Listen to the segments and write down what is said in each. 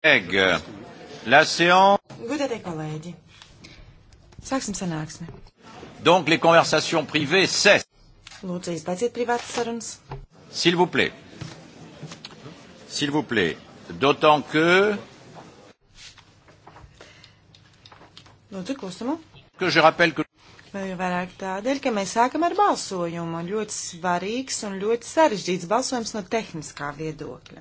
Godātie kolēģi, sāksim sanāksmi. Donc, les conversations privées cessent. Lūdzu, izbeidziet privātas sarunas. S'il vous plaît. S'il vous plaît. D'autant que. Lūdzu, klusumu. Que je rappelle que. Vēl jau vairāk tādēļ, ka mēs sākam ar balsojumu. Ļoti svarīgs un ļoti sarežģīts balsojums no tehniskā viedokļa.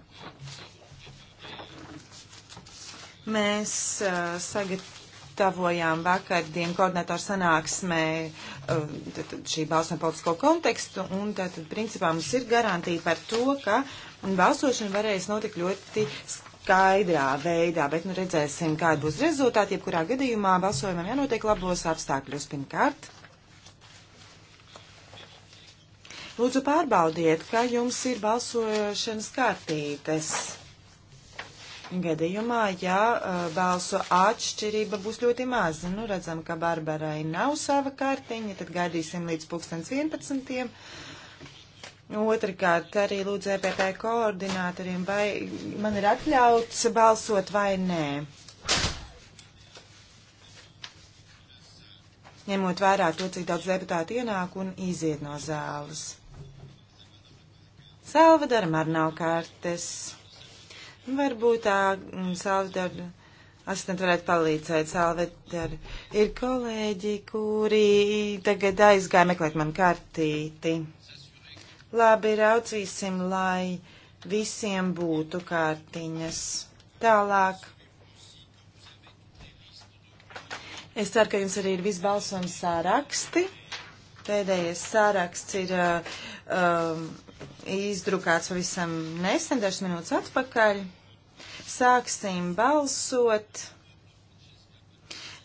Mēs uh, sagatavojām vakardien koordinatoru sanāksmē uh, tad, šī balsojuma politisko kontekstu, un tātad principā mums ir garantīja par to, ka balsošana varēs notikt ļoti skaidrā veidā, bet nu redzēsim, kāda būs rezultāti. Jebkurā gadījumā balsojumam jānotiek labos apstākļos pirmkārt. Lūdzu pārbaudiet, kā jums ir balsošanas kartītes gadījumā, ja uh, balsu atšķirība būs ļoti maza. Nu, redzam, ka Barbarai nav sava kartiņa, tad gaidīsim līdz 2011. Otrakārt, arī lūdzu EPP koordinātoriem, vai man ir atļauts balsot vai nē. Ņemot vērā to, cik daudz deputāti ienāk un iziet no zāles. Salvadara man nav kārtas. Varbūt tā mm, Salvador asistenti varētu palīdzēt. Salvador ir kolēģi, kuri tagad aizgāja meklēt man kartīti. Labi, raucīsim, lai visiem būtu kārtiņas. Tālāk. Es ceru, ka jums arī ir viss balsojums sāraksti. Pēdējais sāraksts ir uh, um, izdrukāts pavisam nesen, dažas minūtes atpakaļ. Sāksim balsot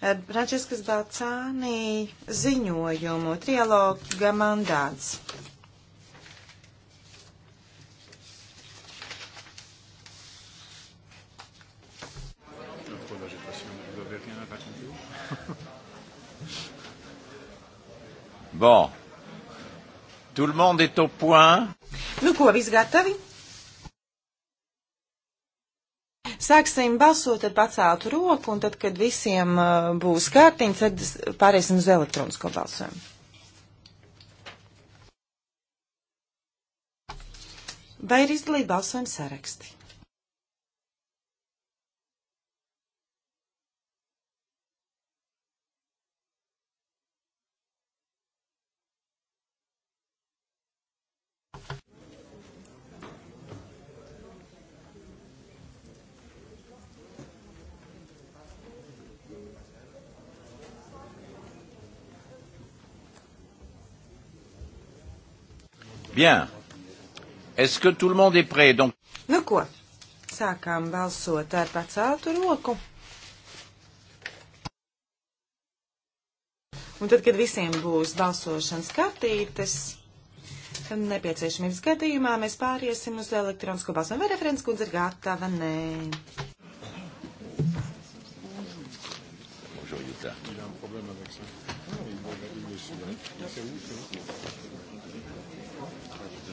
ar Frančiskas Balcānī ziņojumu trialoga mandāts. Bon. Tout le monde est au point. Nu, ko, viss gatavi? Sāksim balsot ar paceltu roku, un tad, kad visiem uh, būs kārtiņas, tad pāriesim uz elektronisko balsojumu. Vai ir izdalīti balsojuma saraksti? Bien. Est-ce que tout le monde est prêt? Donc... Nu ko, sākām balsot ar paceltu roku. Un tad, kad visiem būs balsošanas kartītes, nepieciešamības gadījumā mēs pāriesim uz elektronisko balsojumu. Vai referents kundze ir gatava? Nē. Bonjour, Jutta. Il a un problème avec ça. Ah, il, il, il, il, il, il, il, il, il,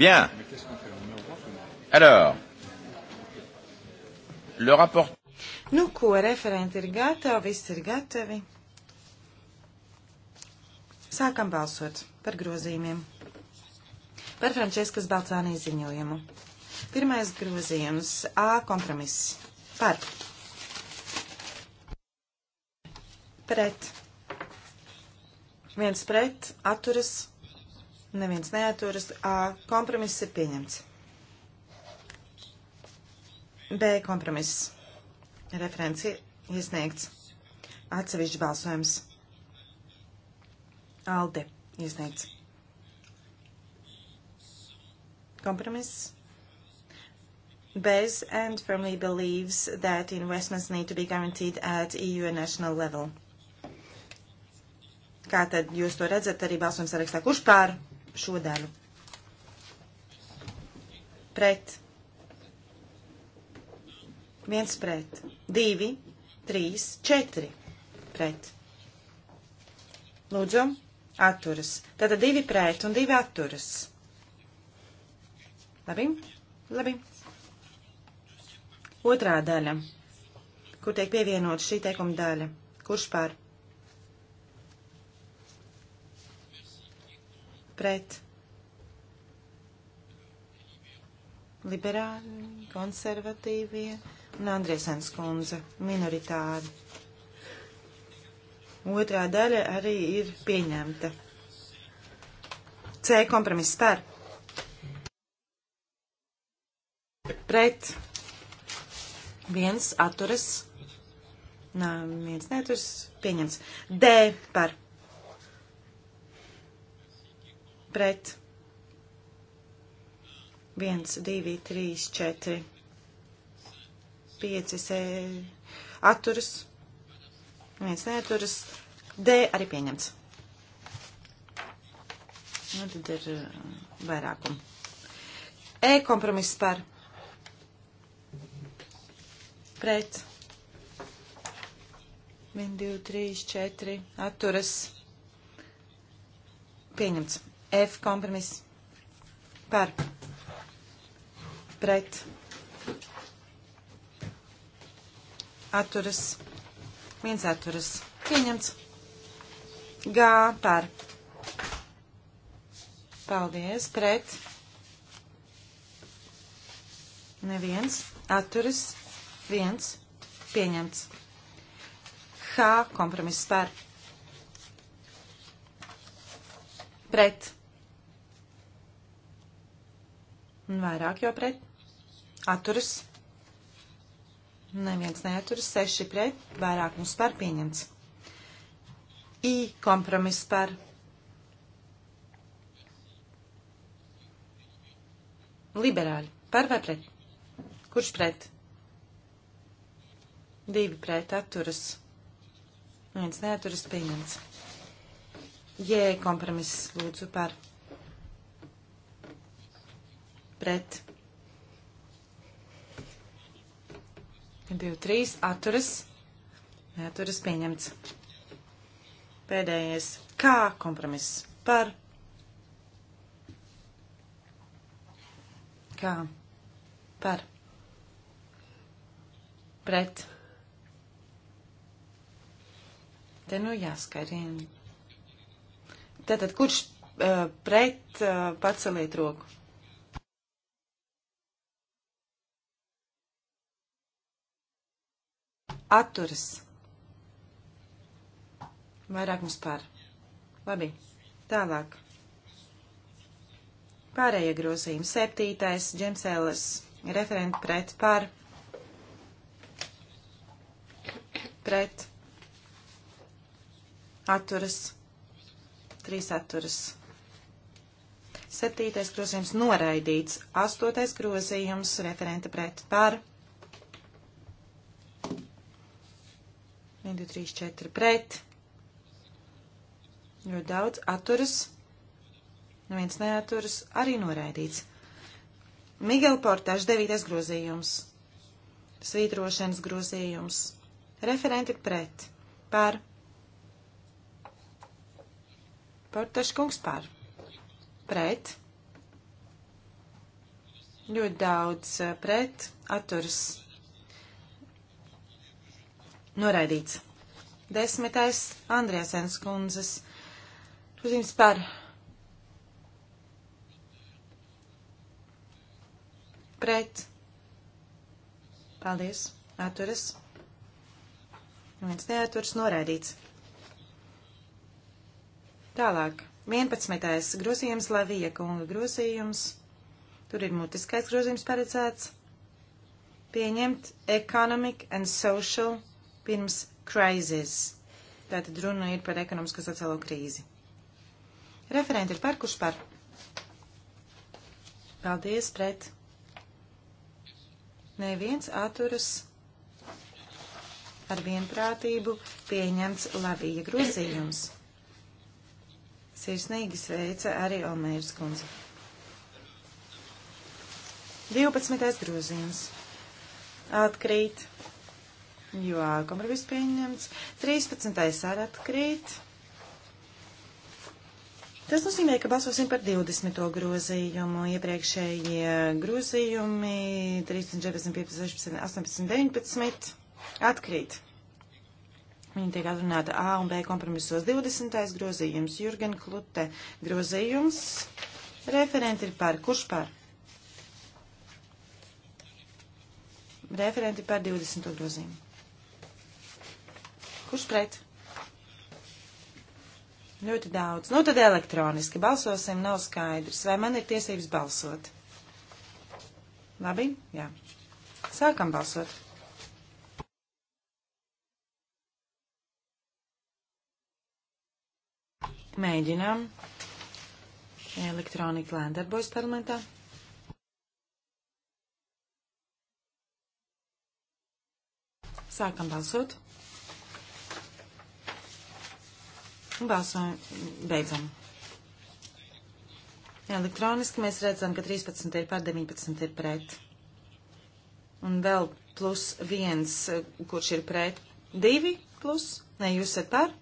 Bien. Alors, le rapport. Nu, ko referenti ir gatavi, viss ir gatavi. Sākam balsot par grozījumiem. Par Frančiskas Balcānī ziņojumu. Pirmais grozījums - A kompromiss. Par. Pret. Viens pret, atturas, neviens neaturas, A kompromiss ir pieņemts. B kompromiss. Referents ir iesniegts. Atsevišķi balsojums. Alde iesniegts. Kompromiss. Bez and firmly believes that investments need to be guaranteed at EU and national level. Kā tad jūs to redzat arī balsojums sarakstā? Kurš pār? šo daļu. Pret. Viens pret. Divi, trīs, četri. Pret. Lūdzu, atturas. Tātad divi pret un divi atturas. Labi? Labi. Otrā daļa, kur tiek pievienot šī teikuma daļa. Kurš pār? pret liberāļi, konservatīvie un Andriesens kundze minoritāri. Otrā daļa arī ir pieņemta. C kompromiss par. Pret viens atturas. Nā, viens neturas pieņems. D par pret 1, 2, 3, 4, 5, 6, atturas, viens neaturas, D arī pieņemts. Nu, tad ir uh, vairākumu. E kompromiss par pret 1, 2, 3, 4, atturas, pieņemts. F kompromiss par pret atturas viens atturas pieņemts G par paldies pret neviens atturas viens pieņemts H kompromiss par pret Un vairāk jau pret. Atturas. Neviens neaturas. Seši pret. Vairāk mums par pieņemts. I kompromiss par. Liberāļi. Par vai pret? Kurš pret? Divi pret atturas. Viens neaturas pieņemts. Jē, kompromiss lūdzu par pret. 2, 3, atturas, neaturas pieņemts. Pēdējais kā kompromiss par. Kā par. Pret. Te nu jāskarien. Tātad, kurš uh, pret uh, paceliet roku? atturas. Vairāk mums par. Labi, tālāk. Pārējie grozījumi. Septītais, Džemsēlas referenta pret par. Pret. Atturas. Trīs atturas. Septītais grozījums noraidīts. Astotais grozījums referenta pret par 1, 2, 3, 4 pret. Ļoti daudz atturas. Neviens neaturas. Arī noraidīts. Miguel Portašs 9. grozījums. Svītrošanas grozījums. Referenti pret. Par. Portašs kungs par. Pret. Ļoti daudz eh, pret. Atturas Noraidīts. Desmitais Andriesens kundzes. Grozījums par. Pret. Paldies. Atturas. Viens neaturas. Noraidīts. Tālāk. 11. grozījums Lavija kunga grozījums. Tur ir mutiskais grozījums paredzēts. Pieņemt Economic and Social pirms crisis. Tātad runa ir par ekonomisko sociālo krīzi. Referenti ir par, kurš par? Paldies, pret. Neviens atturas ar vienprātību pieņemts labīja grozījums. Sirsnīgi sveica arī Olmēras kundze. 12. grozījums. Atkrīt jo kompromiss pieņemts. 13. ar atkrīt. Tas nozīmē, ka balsosim par 20. grozījumu. Iepriekšējie grozījumi 13, 14, 15, 16, 18, 19 atkrīt. Viņi tiek atrunāta A un B kompromisos 20. grozījums, Jurgen Klute grozījums. Referenti ir par. Kurš par? Referenti par 20. grozījumu. Kurš pret? Ļoti daudz. Nu, tad elektroniski balsosim, nav skaidrs. Vai man ir tiesības balsot? Labi, jā. Sākam balsot. Mēģinām. Elektronika lēn darbojas parlamentā. Sākam balsot. Balsojam, beidzam. Elektroniski mēs redzam, ka 13 ir par 19 ir pret. Un vēl plus viens, kurš ir pret. Divi plus? Nē, jūs esat par?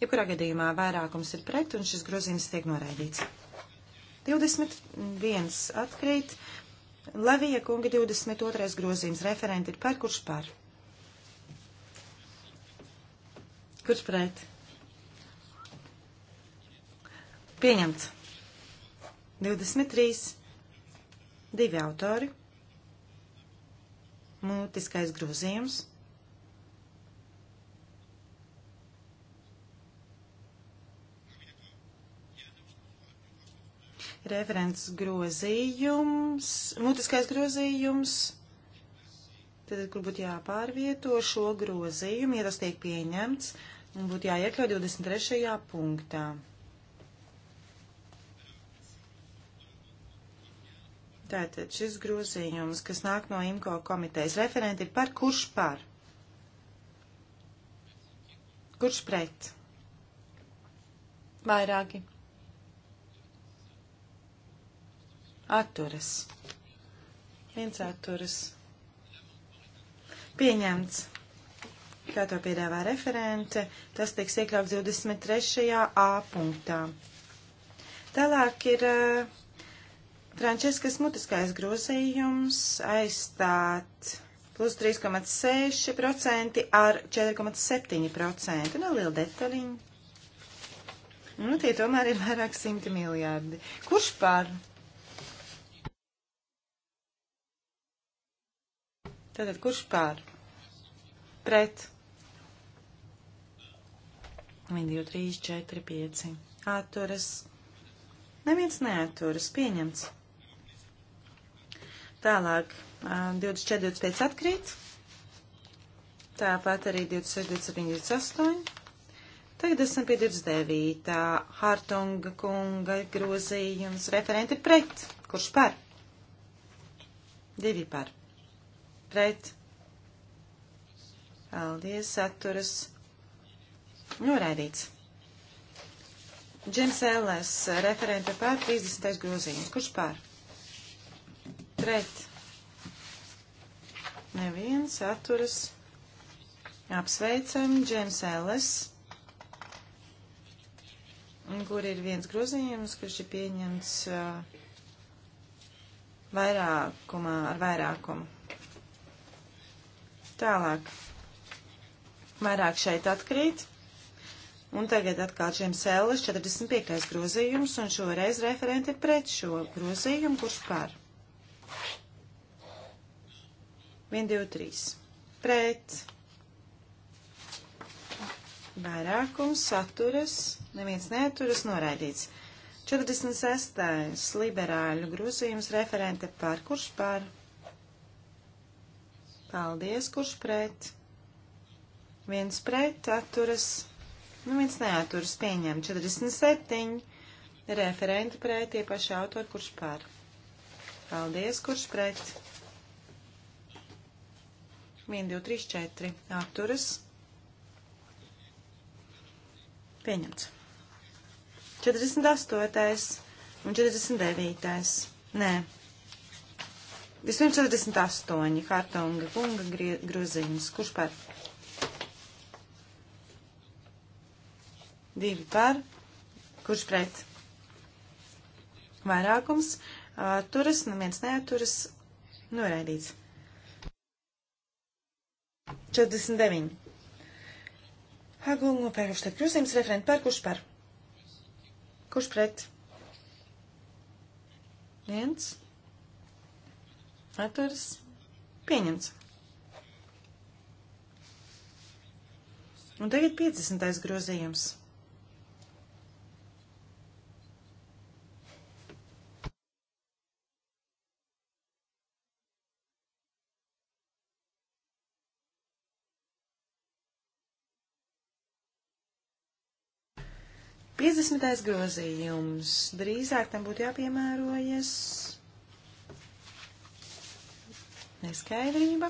Jebkurā gadījumā vairākums ir pret un šis grozījums tiek noraidīts. 21 atkrīt. Levija kunga 22. grozījums referenti ir par, kurš par? Kurš pret? Pieņemts. 23. Divi autori. Mūtiskais grozījums. referents grozījums, mutiskais grozījums, tad, kur būtu jāpārvieto šo grozījumu, ja tas tiek pieņemts, un būtu jāiekļau 23. punktā. Tātad šis grozījums, kas nāk no IMCO komitejas, referenti ir par kurš par? Kurš pret? Vairāki. Atturas. Viens atturas. Pieņemts kā to piedāvā referente, tas tiks iekļauts 23. A punktā. Tālāk ir uh, eh, Frančiskas mutiskais grozījums aizstāt plus 3,6% ar 4,7%. Neliela detaļiņa. Nu, tie tomēr ir vairāk simti miljārdi. Kurš par? Tātad, kurš par? Pret. 1, 2, 3, 4, 5. Atturas. Neviens neaturas. Pieņemts. Tālāk. 24, 25 atkrīt. Tāpat arī 26, 27, 28. Tagad esam pie 29. Hartunga kunga grozījums. Referenti pret. Kurš par? Divi par. Pret. Paldies, atturas. Noraidīts. Džims Ellers, referente pār 30. grozījums. Kurš pār? Pret. Neviens atturas. Apsveicam Džims Ellers. Kur ir viens grozījums, kurš ir pieņemts vairākumā ar vairākumu. Tālāk. Vairāk šeit atkrīt. Un tagad atkal šiem sēles 45. grozījums, un šoreiz referenti pret šo grozījumu, kurš par. 1, 2, 3. Pret. Vairākums, saturas, neviens neaturas, noraidīts. 46. liberāļu grozījums, referente par, kurš par. Paldies, kurš pret. Viens pret, atturas Nu, viens neaturas pieņem 47 referenti pret tie paši autori, kurš pār. Paldies, kurš pret. 1, 2, 3, 4 atturas. Pieņemts. 48. un 49. Nē. Vispirms 48. Hartonga kunga groziņas. Kurš par? Divi par, kurš pret. Vairākums atturas, neviens neaturas, noraidīts. 49. Hagulmu pēkšņi grūzījums referenti par kurš par? Kurš pret? Viens. Atturs. Pieņemts. Un tagad 50. grozījums. 50. grozījums. Drīzāk tam būtu jāpiemērojas neskaidrība.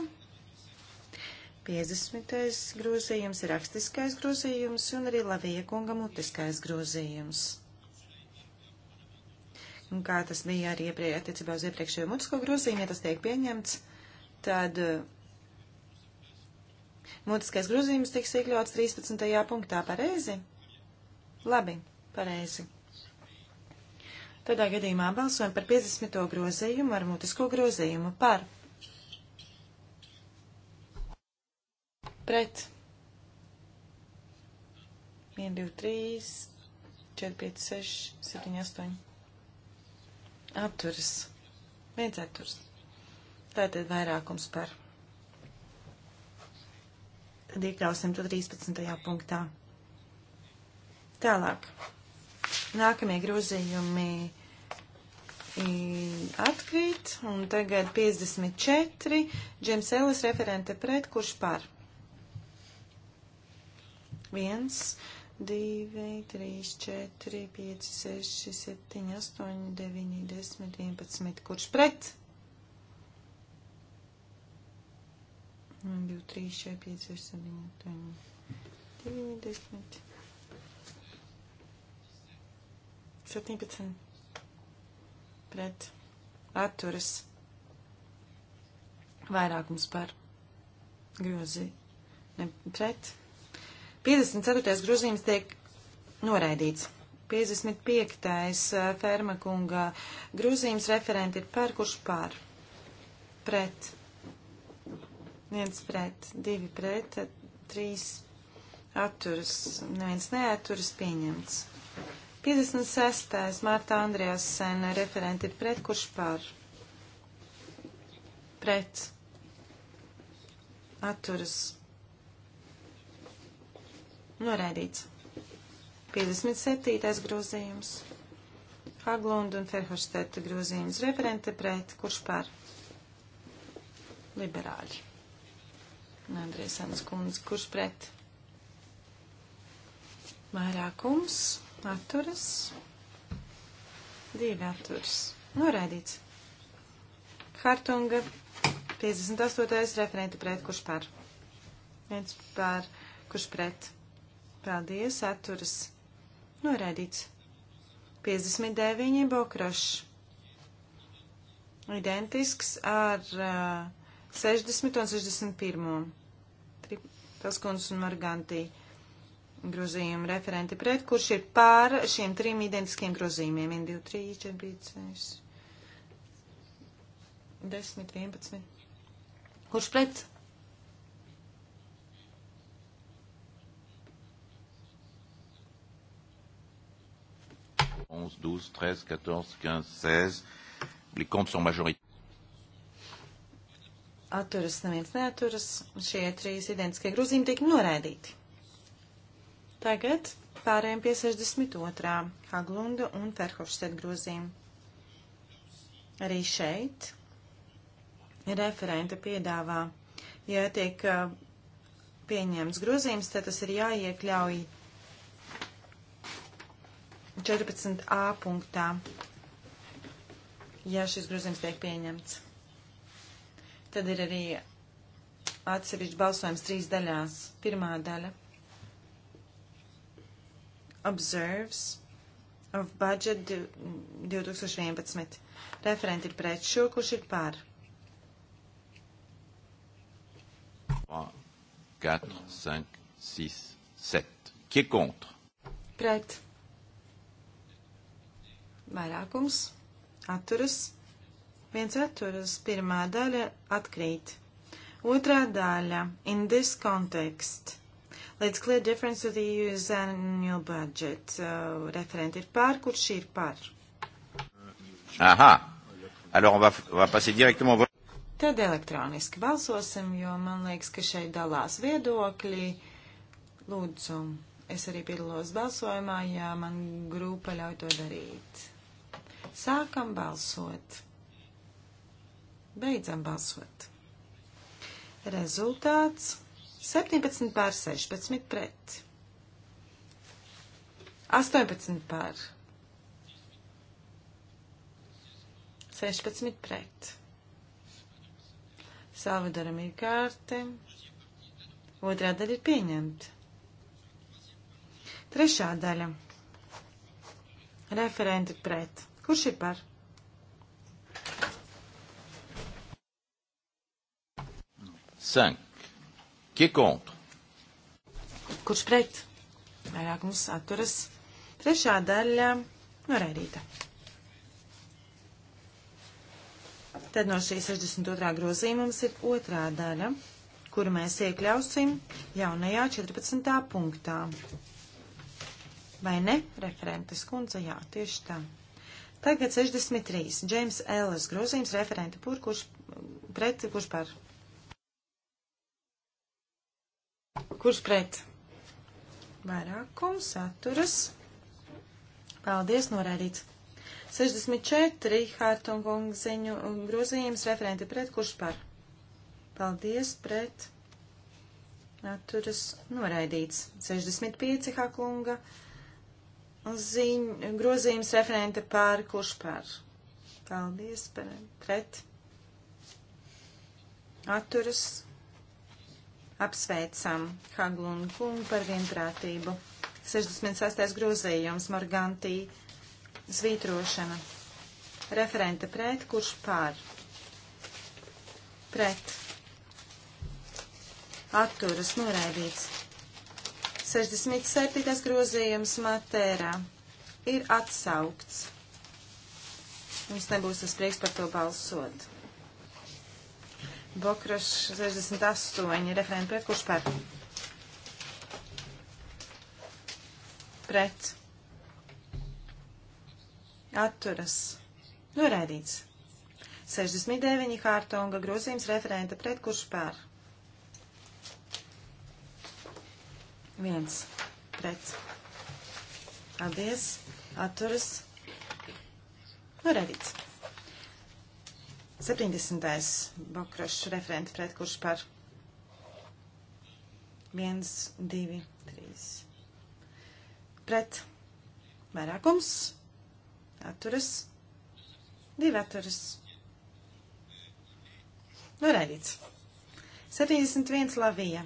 50. grozījums ir rakstiskais grozījums un arī laviekunga mutiskais grozījums. Un kā tas bija arī ieprie, attiecībā uz iepriekšējo mutisko grozījumu, ja tas tiek pieņemts, tad uh, mutiskais grozījums tiks iekļauts 13. punktā pareizi. Labi, pareizi. Tādā gadījumā balsojam par 50. grozījumu ar mutisko grozījumu par. Pret. 1, 2, 3, 4, 5, 6, 7, 8. Atturas. Viens atturs. Tātad vairākums par. Tad iekļausim to 13. punktā. Tālāk. Nākamie grozījumi atkrīt, un tagad 54. Džems Ellis referente pret, kurš par? Viens, divi, trīs, četri, pieci, seši, septiņi, astoņi, deviņi, desmit, vienpadsmit. Kurš pret? 2, 3, 4, 5, 6, 7, 8, 9, 10. 17 pret atturas vairākums par grozi ne, pret. 54. grozījums tiek noraidīts. 55. Eh, ferma kunga grozījums referenti ir par, kurš par. Pret. Viens pret, divi pret, trīs atturas, neviens neaturas pieņemts. 56. Mārta Andrēsena referenti ir pret, kurš pār? Pret. Atturas. Noraidīts. 57. grozījums. Haglund un Ferhorsteta grozījums. Referente pret, kurš pār? Liberāļi. Andrēsenas kundze, kurš pret? Vairākums atturas, divi atturas, noraidīts. Hartunga 58. referenta pret, kurš par, viens par, kurš pret, paldies, atturas, noraidīts. 59. Bokrošs. Identisks ar uh, 60 un 61. Tripelskons un Margantī grozījumu referenti pret, kurš ir pār šiem trim identiskiem grozījumiem. 1, 2, 3, 4, 5, 6, 10, 11. Kurš pret? Onze, douze, treize, quatorze, quinze, seize. Les comptes sont majoritaires. Atturas neviens neaturas. Šie trīs identiskie grozījumi tiek noraidīti. Tagad pārējiem pie 62. Haglundu un Ferhofstedt grozīm. Arī šeit referenta piedāvā, ja tiek uh, pieņemts grozījums, tad tas ir jāiekļauj 14a punktā, ja šis grozījums tiek pieņemts. Tad ir arī atsevišķi balsojums trīs daļās. Pirmā daļa observes of budget 2011. Referenti ir pret šo, kurš ir pār. Qui est contre? Pret. Vairākums. Atturas. Viens atturas. Pirmā daļa atkrīt. Otrā daļa. In this context Let's clear difference to the EU's annual budget. Uh, referent ir par, kurš ir par? Aha. Alors on va, on va passer directement au Tad elektroniski balsosim, jo man liekas, ka šeit dalās viedokļi. Lūdzu, es arī piedalos balsojumā, ja man grupa ļauj to darīt. Sākam balsot. Beidzam balsot. Rezultāts 17 pār 16 pret. 18 pār. 16 pret. Salvadoram ir kārte. Otrā daļa ir pieņemta. Trešā daļa. Referenti pret. Kurš ir par? Sankt. Qui ir contre? Kurš pret? Vairākums atturas. Trešā daļa noraidīta. Tad no šī 62. grozījuma mums ir otrā daļa, kuru mēs iekļausim jaunajā 14. punktā. Vai ne, referentes kundze? Jā, tieši tā. Tagad 63. Džeims Ellis grozījums referenta pur, kurš pret, kurš par Kurš pret? Vairākums atturas. Paldies, norēdīts. 64 Hārtungunga ziņu grozījums referenti pret kurš par. Paldies, pret. Atturas noraidīts. 65 Hakunga ziņu grozījums referenti par kurš par. Paldies, pret. Atturas Apsveicam Haglunu kungu par vienprātību. 68. grozījums Morgantī zvītrošana. Referente pret, kurš pār? Pret. Atturas noraidīts. 67. grozījums Matērā ir atsaukts. Mums nebūs tas prieks par to balsot. Bokrašs 68 referenti pret kurš pēr? Pret. Atturas. Noraidīts. 69 Hārtonga grozījums referenta pret kurš pēr? Viens. Pret. Adies. Atturas. Noraidīts. 70. Bokrašs referenti pret kurš par 1, 2, 3. Pret vairākums atturas, divi atturas. Noraidīts. 71 Lavija.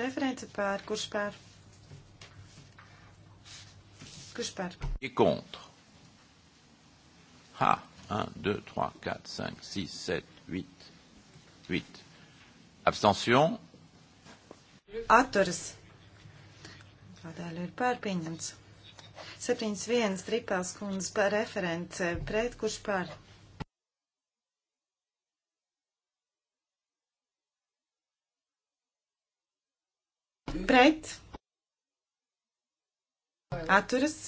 Referenti pār kurš pār? Kurš pār? Et contre. Ha. Ah. 1, 2, 3, 4, 5, 6, 7, 8. 8. Abstention. Atturas. Tādēļ ir pārpieņemts. 7.1. Tripels kundze par referents eh, pret, kurš par? Pret. Atturas.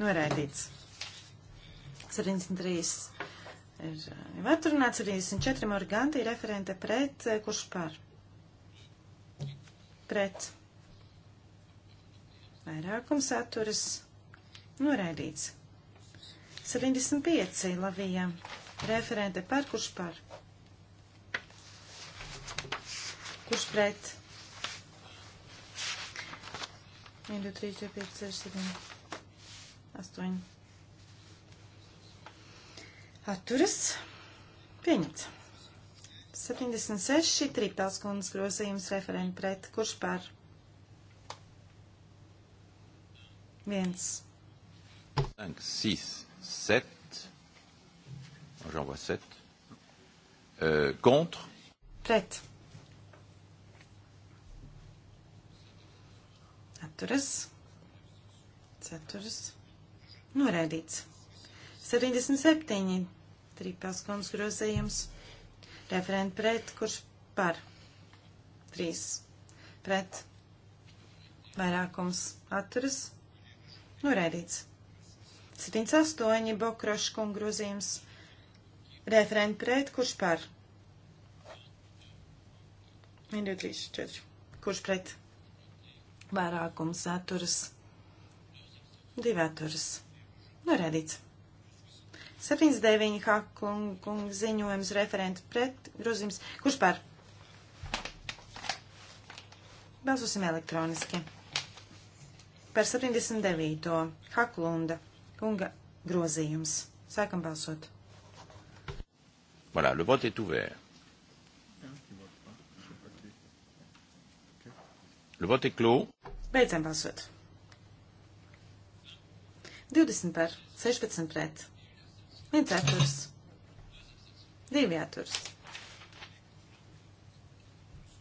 Noraidīts. 73 ir jau atrunāts, 74 Morganti ir referente pret, eh, kurš par? Pret. Vairākums atturas noraidīts. 75 Lavija referente par, kurš par? Kurš pret? 1, 2, 3, 4, 5, 6, 7, 8. Atturas. Pieņemts. 76. Trīptās kundas grozījums referenti pret. Kurš par? Viens. 5, 6, 7. J'en vois 7. Euh, contre. Pret. Atturas. Ceturas. Noraidīts. 77. Trīpelskons grozījums. Referent pret, kurš par? Trīs. Pret. Vairākums atturas. Noraidīts. 78 Bokroškunga grozījums. Referent pret, kurš par? 1, 2, 3, 4. Kurš pret? Vairākums atturas. Divi atturas. Noraidīts. 79 Hakunga kung, ziņojums referenta pret grozījums. Kurš par? Balsosim elektroniski. Par 79. Haklunda kunga grozījums. Sākam balsot. Voilà, le vote est ouvert. Le vote est clos. Beidzam balsot. 20 par, 16 pret. Viens atturs. Divi atturs.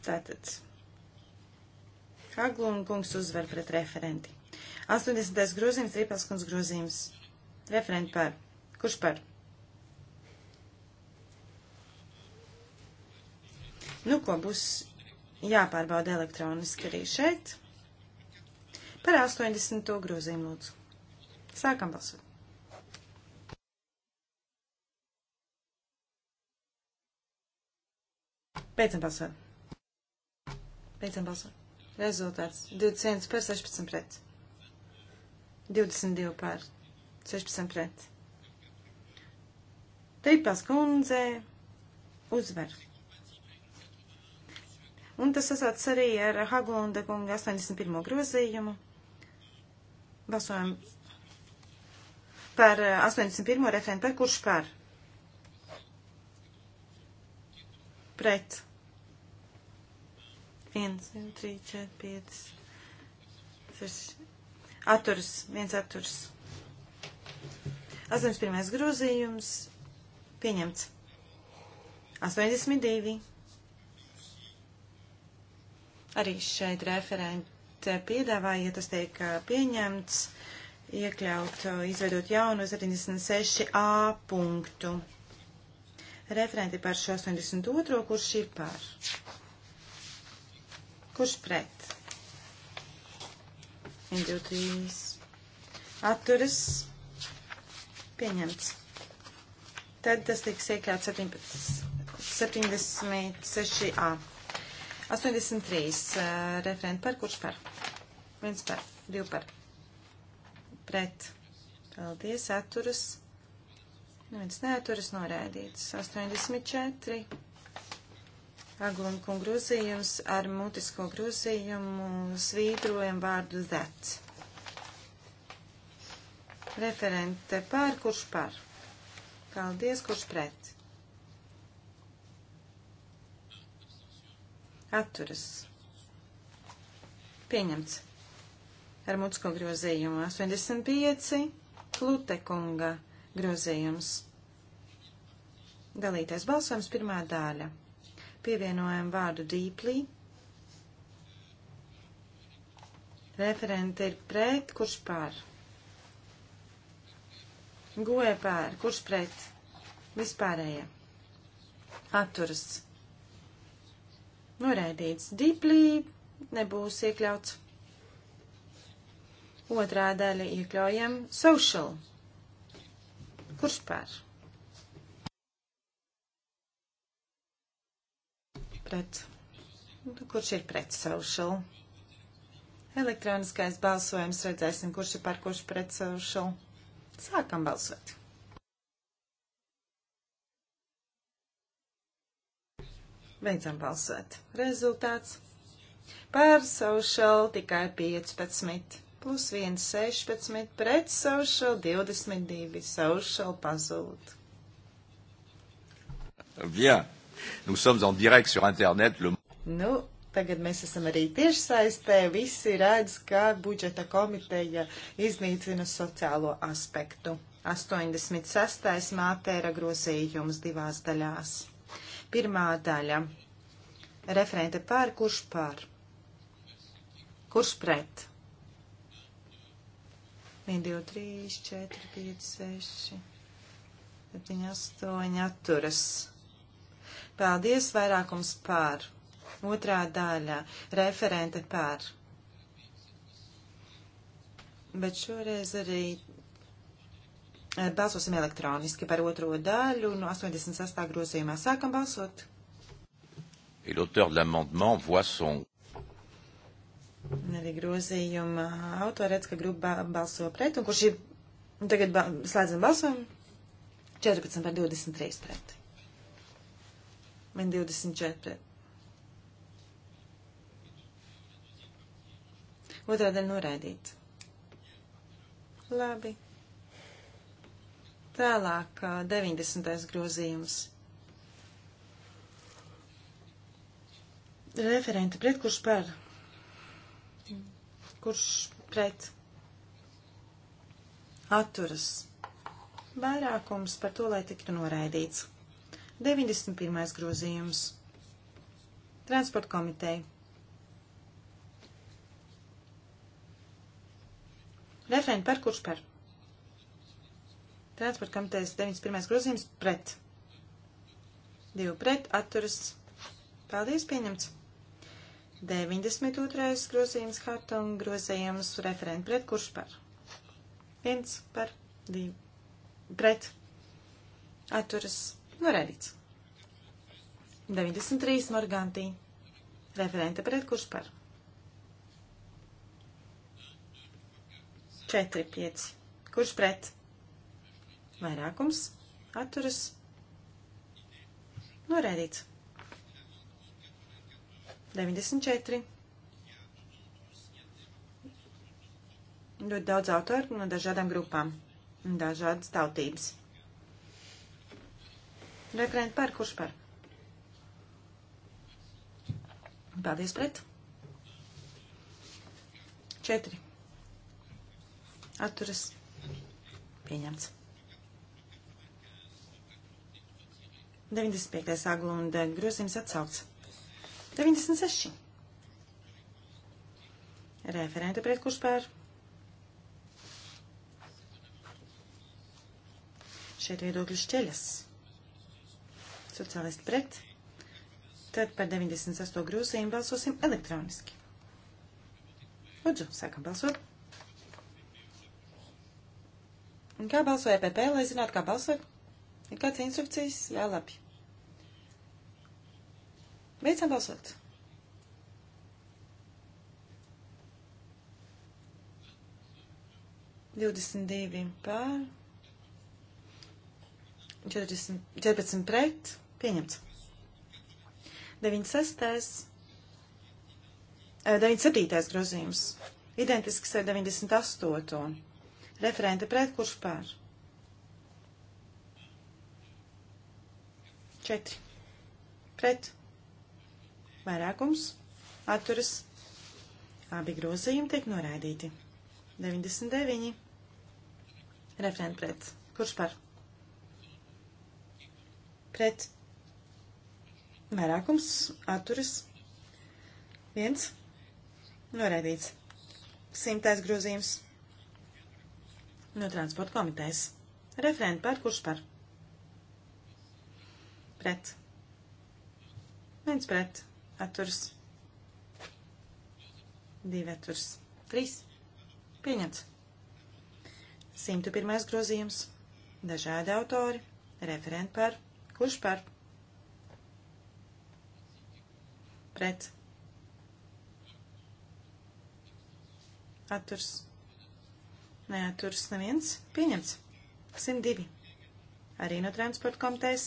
Tātad. Haglund kungs uzvar pret referenti. 80. grozījums, Rīpelskunds grozījums. Referenti par. Kurš par? Nu, ko būs jāpārbauda elektroniski arī šeit. Par 80. grozījumu lūdzu. Sākam balsot. Beidzam balsot. Beidzam balsot. Rezultāts 21 par 16 pret. 22 par 16 pret. Teipas kundze uzvar. Un tas sasāc arī ar Haglunda kunga 81. grozījumu. Balsojam par 81. Eh, referentu, par kurš par? Pret. 1, 2, 3, 4, 5, 6. Atturs, viens atturs. 81. grozījums pieņemts. 82. Arī šeit referente piedāvāja, ja tas tiek pieņemts, iekļaut, izveidot jaunu 76a punktu. Referenti par šo 82. kurš ir par. Kurš pret? 1, 2, 3. Atturas pieņemts. Tad tas tiks iekļauts 76a. 83 eh, referenti par kurš par? Viens par, divi par. Pret. Paldies, atturas. Neviens neaturas norēdīts. 84 Aglunku grozījums ar mutisko grozījumu svītrojam vārdu that. Referente pār, kurš par? Paldies, kurš pret? Atturas. Pieņemts. Ar mutisko grozījumu 85. Klutekunga grozījums. Dalītais balsojums pirmā daļa pievienojam vārdu deeply. Referente ir pret, kurš pār? Goja pār, kurš pret? Vispārējie. Atturas. Noraidīts. Deeply nebūs iekļauts. Otrā daļa iekļaujam social. Kurš pār? Pret. Nu, kurš ir pret social? Elektroniskais balsojums. Redzēsim, kurš ir par kurš pret social. Sākam balsot. Beidzam balsot. Rezultāts. Par social tikai 15 plus 1, 16, pret social 22, social pazūd. Bien. Nous sommes en direct sur Internet. Le... Nu, tagad mēs esam arī tiešsaistē. Visi redz, ka budžeta komiteja iznīcina sociālo aspektu. 86. mātēra grozījums divās daļās. Pirmā daļa. Referente pār, kurš pār? Kurš pret? 1, 2, 3, 4, 5, 6, 7, 8, atturas Paldies, vairākums pār. Otrā daļa - referente pār. Bet šoreiz arī eh, balsosim elektroniski par otro daļu no 88. grozījumā. Sākam balsot. Et l'auteur de l'amendement voit son. Arī grozījuma autora redz, ka grupa balso pret, un kurš ir tagad ba slēdzam balsojumu 14 par 23 pret. Men 24. Otrā daļa noraidīt. Labi. Tālāk 90. grozījums. Referenti pret kurš par? Kurš pret? Atturas. Vairākums par to, lai tiktu noraidīts. 91. grozījums. Transporta komiteja. Referenti par kurš par? Transporta komitejas 91. grozījums pret. Divu pret atturas. Paldies, pieņemts. 92. grozījums Hartung grozījums referenti pret kurš par? Viens par divu. Pret. Atturas Noraidīts. 93 Morgantī. Referente pret kurš par? 4, 5. Kurš pret? Vairākums. Atturas. Noraidīts. 94. Ļoti daudz autoru no dažādām grupām un dažādas tautības. Referenti par, kurš par? Paldies pret. Četri. Atturas. Pieņemts. 95. aglunda grozījums atsaukts. 96. Referenta pret kurš pār. Šeit viedokļu šķeļas sociālisti pret. Tad par 98. grozījumu balsosim elektroniski. Lūdzu, sākam balsot. Un kā balso EPP, lai zinātu, kā balsot? Ir kāds instrukcijas? Jā, labi. Beidzam balsot. Divdesmit divi pār. 40, 14 pret. Pieņemts. 96. 97. grozījums. Identisks ar 98. Referente pret kurš pār? 4. Pret. Vairākums. Atturas. Abi grozījumi tiek noraidīti. 99. Referente pret. Kurš par? Pret. Vairākums atturas viens noraidīts. Simtais grozījums no transporta komitejas. Referenti par kurš par? Pret. Viens pret. Atturs. Divi atturs. Trīs. Pieņemts. 101. grozījums. Dažādi autori. Referenti par. Kurš par? pret atturs neaturs neviens pieņemts 102 arī no transporta komitejas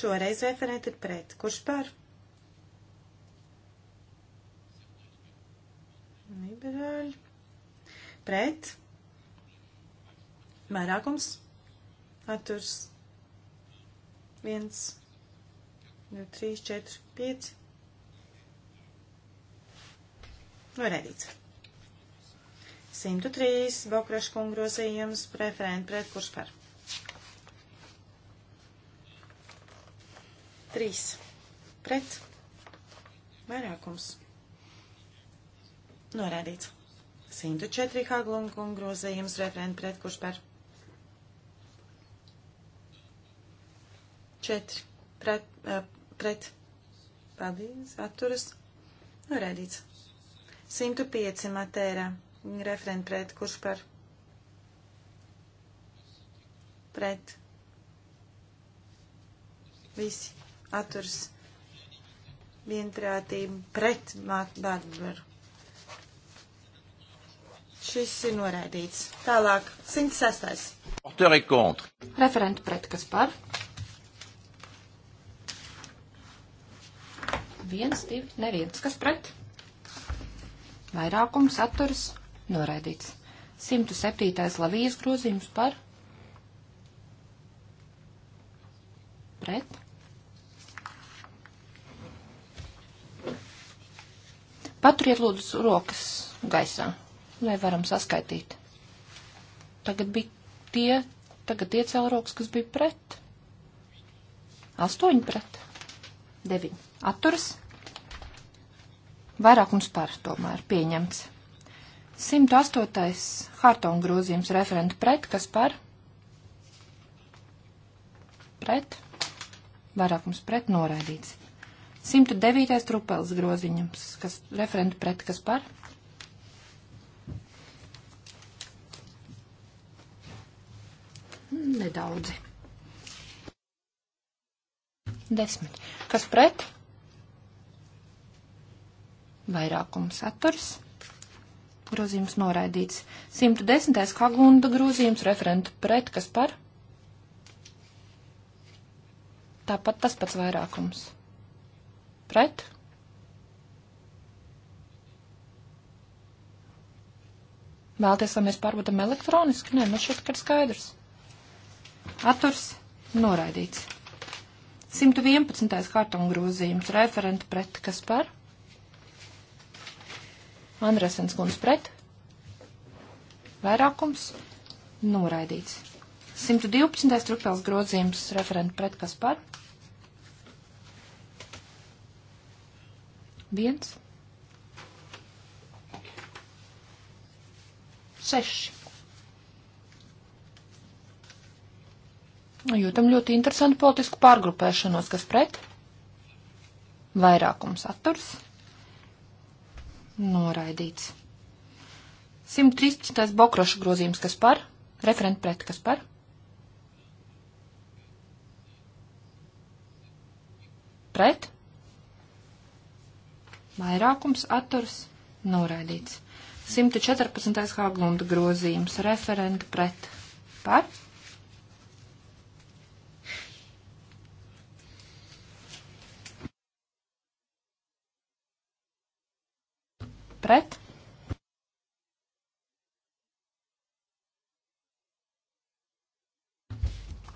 šoreiz referenti ir pret kurš par liberāļi pret vairākums atturs 1 2 3 4 5 Noraidīts. 103 Bokraškunga grozījums, preferenti pret kurš par. 3 pret vairākums. Norādīts. 104 Haglunga grozījums, referenti pret kurš par. 4 pret, eh, pret. Paldies, atturas. Norādīts. 105 matērā referenta pret, kurš par pret. Visi atturs vienprātību pret Bārbaru. Šis ir noraidīts. Tālāk, 106. Referenta pret, kas par? Viens, divi, neviens, kas pret? Vairākums atturas noraidīts. 107. lavijas grozījums par pret. Paturiet lūdzu rokas gaisā, lai varam saskaitīt. Tagad bija tie, tagad iecēla rokas, kas bija pret. Astoņi pret. Deviņi. Atturas. Vairākums par tomēr pieņemts. 108. Hartonga grozījums referenta pret, kas par? Pret. Vairākums pret noraidīts. 109. trupels groziņums, kas referenta pret, kas par? Nedaudzi. Desmit. Kas pret? Vairākums atturs. Grozījums noraidīts. 110. Kaglunda grozījums referentu pret, kas par? Tāpat tas pats vairākums. Pret? Vēlties, lai mēs pārbaudām elektroniski? Nē, man šķiet, ka ir skaidrs. Atturs noraidīts. 111. kārtuma grozījums referenta pret kas par? Andresens kundze pret. Vairākums noraidīts. 112. trupels grozījums referenta pret kas par? Viens. Seši. Jūtam ļoti interesantu politisku pārgrupēšanos, kas pret? Vairākums atturs. Noraidīts. 113. bokrošu grozījums, kas par? Referent pret, kas par? Pret? Vairākums atturs noraidīts. 114. Haglunda grozījums referenta pret par pret.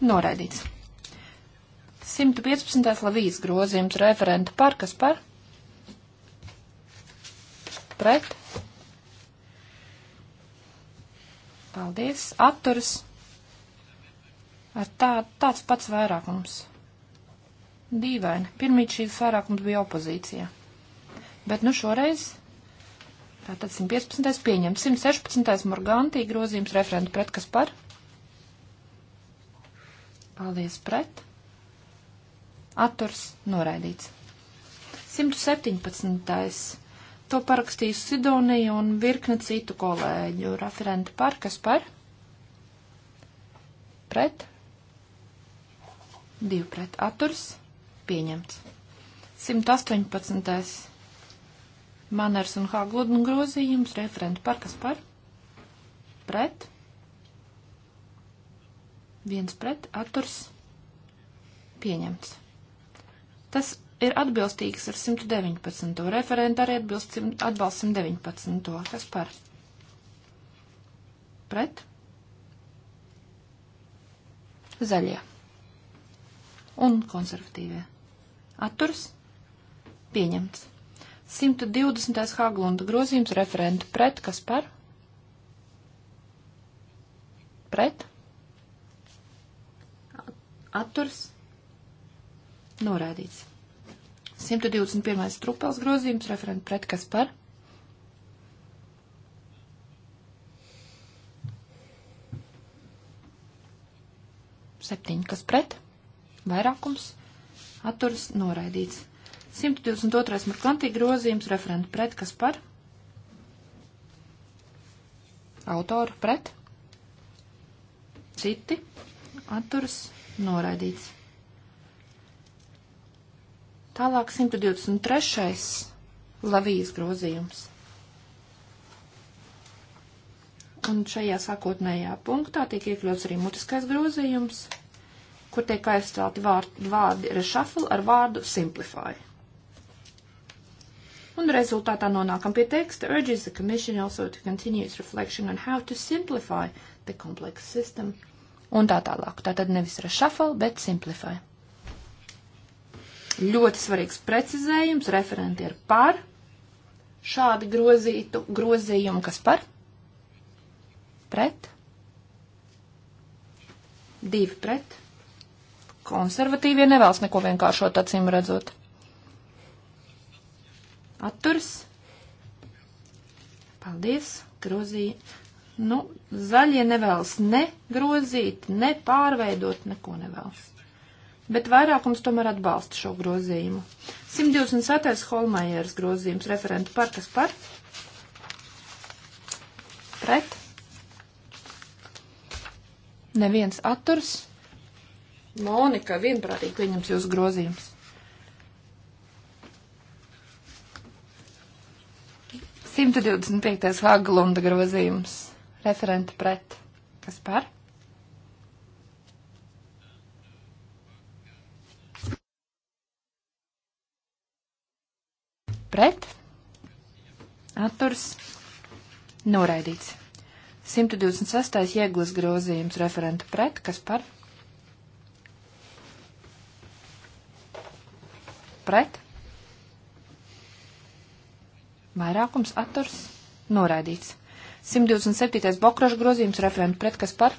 Noraidīts. 115. lavijas grozījums referenta par, kas par? Pret. Paldies. Atturas. Ar tā, tāds pats vairākums. Dīvaini. Pirmīt šīs vairākums bija opozīcija. Bet nu šoreiz Tātad 115. pieņemts. 116. morgantī grozījums referentu pret kas par? Paldies pret. Atturs noraidīts. 117. To parakstīju Sidonija un virkne citu kolēģu. Referenti par kas par? Pret. Divi pret. Atturs. Pieņemts. 118. Manars un Hagludna grozījums, referenti par kas par? Pret. Viens pret, atturs pieņemts. Tas ir atbilstīgs ar 119. Referenti arī atbilst, atbalst 119. Kas par? Pret. Zaļie. Un konservatīvie. Atturs pieņemts. 120. Haglunda grozījums referentu pret, kas par? Pret? Atturs? Norādīts. 121. strupels grozījums referentu pret, kas par? Septiņi, kas pret? Vairākums? Atturs? Noraidīts. 122. marklantī grozījums referenta pret, kas par? Autoru pret? Citi? Atturas noraidīts. Tālāk 123. lavijas grozījums. Un šajā sākotnējā punktā tiek iekļauts arī mutiskais grozījums, kur tiek aizstāti vārdi, vārdi reshuffle ar vārdu simplify un rezultātā nonākam pie teksta urges the Commission also to continue its reflection on how to simplify the complex system. Un tā tālāk. Tā tad nevis reshuffle, bet simplify. Ļoti svarīgs precizējums, referenti ir par šādi grozītu grozījumu, kas par? Pret? Divi pret? Konservatīvie nevēlas neko vienkāršot, acīm redzot. Atturs. Paldies. Grozī. Nu, zaļie nevēlas ne grozīt, ne pārveidot, neko nevēlas. Bet vairākums tomēr atbalsta šo grozījumu. 127. Holmajers grozījums referentu par kas par? Pret? Neviens atturs. Monika vienprātīgi pieņems jūsu grozījumus. 125. Haglunda grozījums. Referenta pret. Kas par? Pret. Atturs. Noraidīts. 126. ieglas grozījums. Referenta pret. Kas par? Pret. Vairākums atturs noraidīts. 127. bokrašu grozījums referentu pret kas par?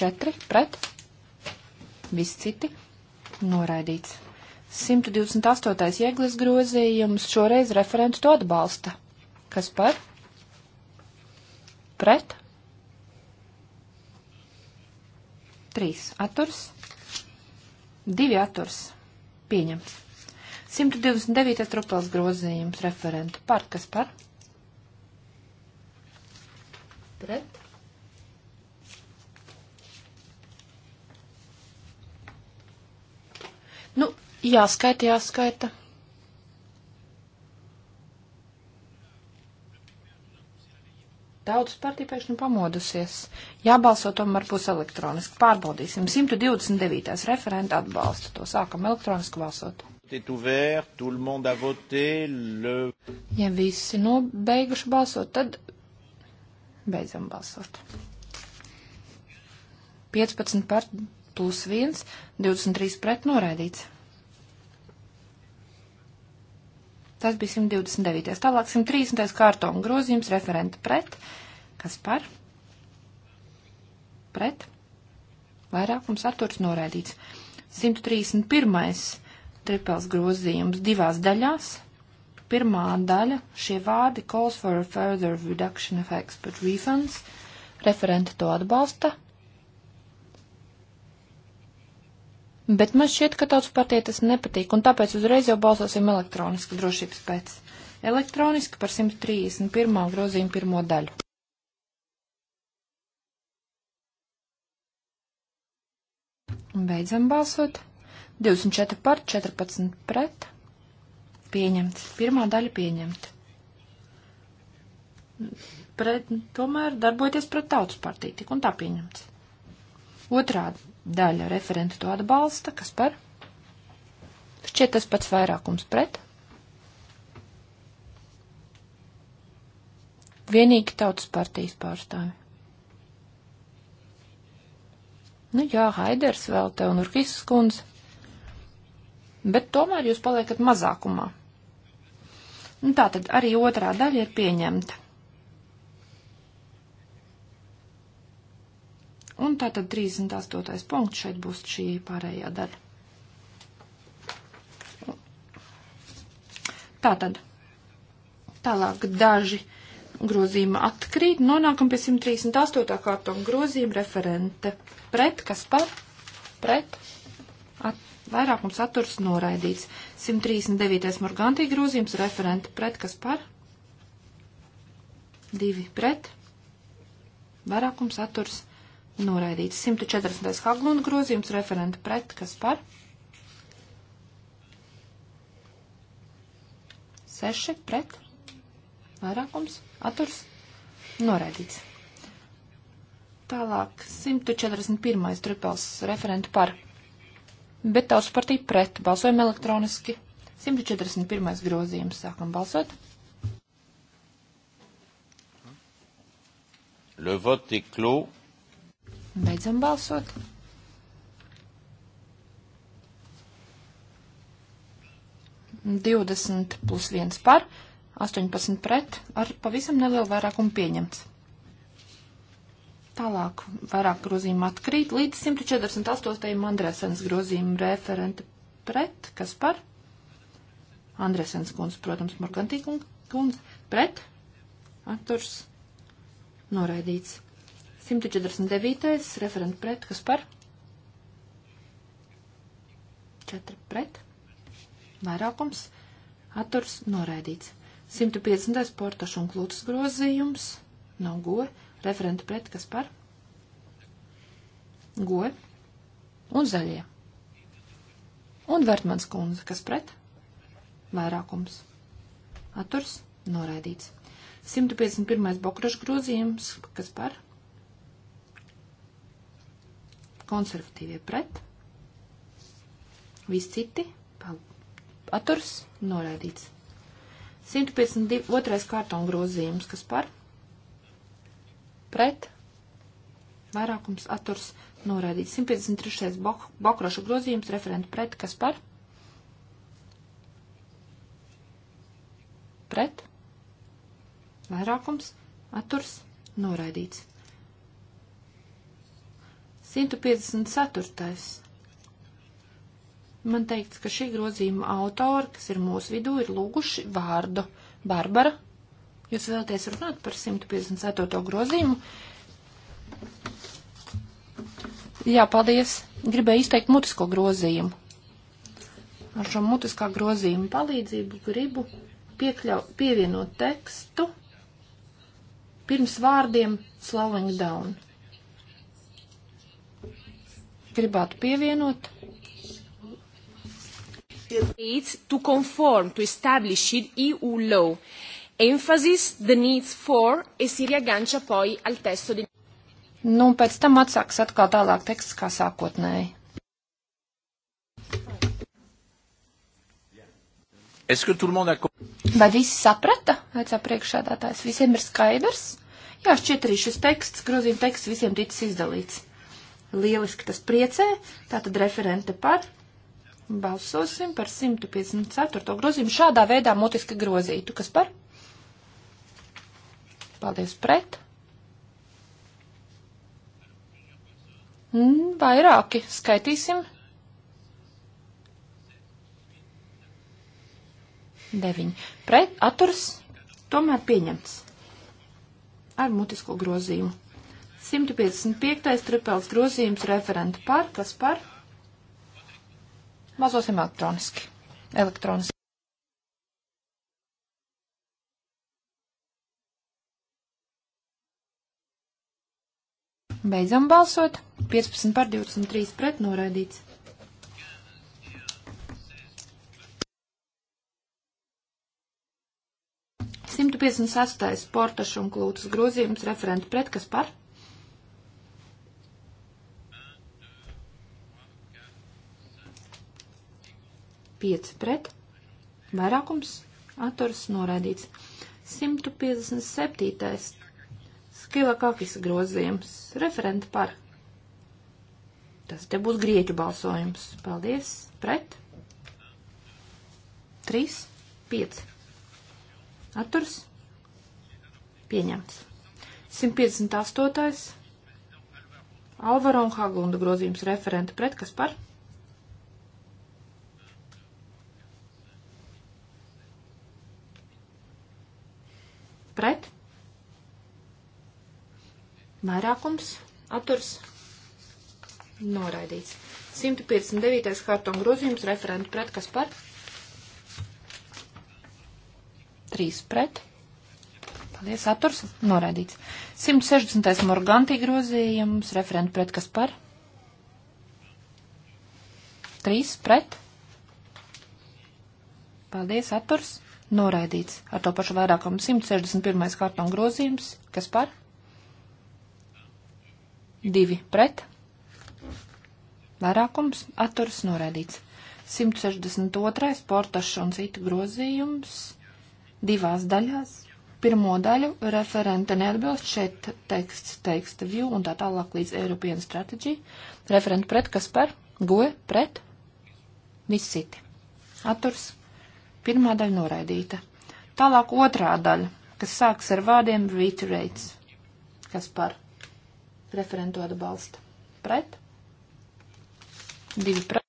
4 pret. Visi citi noraidīts. 128. ieglis grozījums šoreiz referentu to atbalsta. Kas par? Pret. 3 atturs. 2 atturs. Pieņemts. 129. trupels grozījums referentu par, kas par? Pret. Nu, jāskaita, jāskaita. Tautas partija pēkšņi pamodusies. Jābalso tomēr būs elektroniski. Pārbaudīsim. 129. referenta atbalsta. To sākam elektroniski balsot. Ja visi nobeiguši balsot, tad beidzam balsot. 15 par plus 1, 23 pret noraidīts. Tas bija 129. Tālāk 130. kārtona grozījums referenta pret. Kas par? Pret. Vairākums atturs noraidīts. 131. Trepels grozījums divās daļās. Pirmā daļa šie vārdi calls for a further reduction of export refunds. Referenti to atbalsta. Bet man šķiet, ka tautas partijai tas nepatīk, un tāpēc uzreiz jau balsosim elektroniski drošības pēc. Elektroniski par 131. grozījumu pirmo daļu. Beidzam balsot. 24 par, 14 pret. Pieņemts. Pirmā daļa pieņemta. Pret, tomēr darboties pret tautas partiju, tik un tā pieņemts. Otrā daļa referenta to atbalsta, kas par? Šķiet tas pats vairākums pret. Vienīgi tautas partijas pārstāvi. Nu jā, Haiders vēl te un Urkisas kundze bet tomēr jūs paliekat mazākumā. Un nu, tā tad arī otrā daļa ir pieņemta. Un tā tad 38. punkts šeit būs šī pārējā daļa. Tā tad. Tālāk daži grozījuma atkrīt. Nonākam pie 138. kārtuma grozījuma referente. Pret, kas par? Pret. At Vairākums atturs noraidīts. 139. Morgantī grozījums referenta pret kas par? Divi pret. Vairākums atturs noraidīts. 140. Haglunda grozījums referenta pret kas par? Seši pret. Vairākums atturs noraidīts. Tālāk 141. tripels referentu par bet tautas partija pret. Balsojam elektroniski. 141. grozījums. Sākam balsot. Le vote est clos. Beidzam balsot. Divdesmit plus viens par, astoņpadsmit pret, ar pavisam nelielu vairākumu pieņemts. Tālāk vairāk grozījumu atkrīt līdz 148. Andresens grozījumu referente pret, kas par? Andresens kundze, protams, Morgantī kundze, pret, atturs, noraidīts. 149. referente pret, kas par? 4 pret, vairākums, atturs, noraidīts. 150. portašu un klūtas grozījums, nav no goja referentu pret, kas par, goja un zaļie. Un Vertmans kundze, kas pret, vairākums. Atturs noraidīts. 151. bokrašu grozījums, kas par, konservatīvie pret, visi citi, atturs noraidīts. 152. kārtona grozījums, kas par, konservatīvie pret, pret, vairākums atturs noraidīts. 153. Bok, bokrošu grozījums, referenta pret, kas par? Pret, vairākums atturs noraidīts. 154. Man teikts, ka šī grozījuma autori, kas ir mūsu vidū, ir lūguši vārdu Barbara Jūs vēlaties runāt par 154. grozījumu? Jā, paldies. Gribēju izteikt mutisko grozījumu. Ar šo mutiskā grozījuma palīdzību gribu piekļau, pievienot tekstu pirms vārdiem slowing down. Gribētu pievienot. It's to conform to established EU law emphasis, the needs for, e si riaggancia poi al testo di... Nu, un pēc tam atsāks atkal tālāk teksts kā sākotnēji. Vai visi saprata? Vecā priekšādātājs visiem ir skaidrs? Jā, šķiet arī šis teksts, grozījuma teksts visiem ticis izdalīts. Lieliski tas priecē, tātad referente par balsosim par 154. grozījumu šādā veidā mutiski grozītu. Kas par? Paldies pret. Mm, vairāki skaitīsim. Deviņi. Pret atturs tomēr pieņemts. Ar mutisko grozījumu. 155. tripels grozījums referenta par, kas par? Mazosim elektroniski. Elektroniski. Beidzam balsot. 15 par 23 pret noraidīts. Simtu piecdesmit sastais sportašu un klūtas grozījums referentu pret, kas par? Pieci pret, vairākums, atturs noraidīts. 157. Skilakakis grozījums. Referenti par. Tas te būs grieķu balsojums. Paldies. Pret. 3, 5. Atturs. Pieņemts. 158. Alvaro un Haglunda grozījums referenta pret, kas par? Pret? Vairākums atturs noraidīts. 159. kārtuma grozījums referentu pret kas par? 3 pret. Paldies, atturs noraidīts. 160. morgantī grozījums referentu pret kas par? 3 pret. Paldies, atturs noraidīts. Ar to pašu vairākumu 161. kārtuma grozījums kas par? 3 2 pret, vairākums atturas norēdīts. 162. portašs un citu grozījums divās daļās. Pirmo daļu referente neatbilst šeit teksts, teksta view un tā tālāk līdz European Strategy. Referente pret, kas par? Goe, pret, visi citi. Atturs, pirmā daļa noraidīta. Tālāk otrā daļa, kas sāks ar vārdiem reiterates, kas par? Referentu atbalsta. Pret. Divi pret.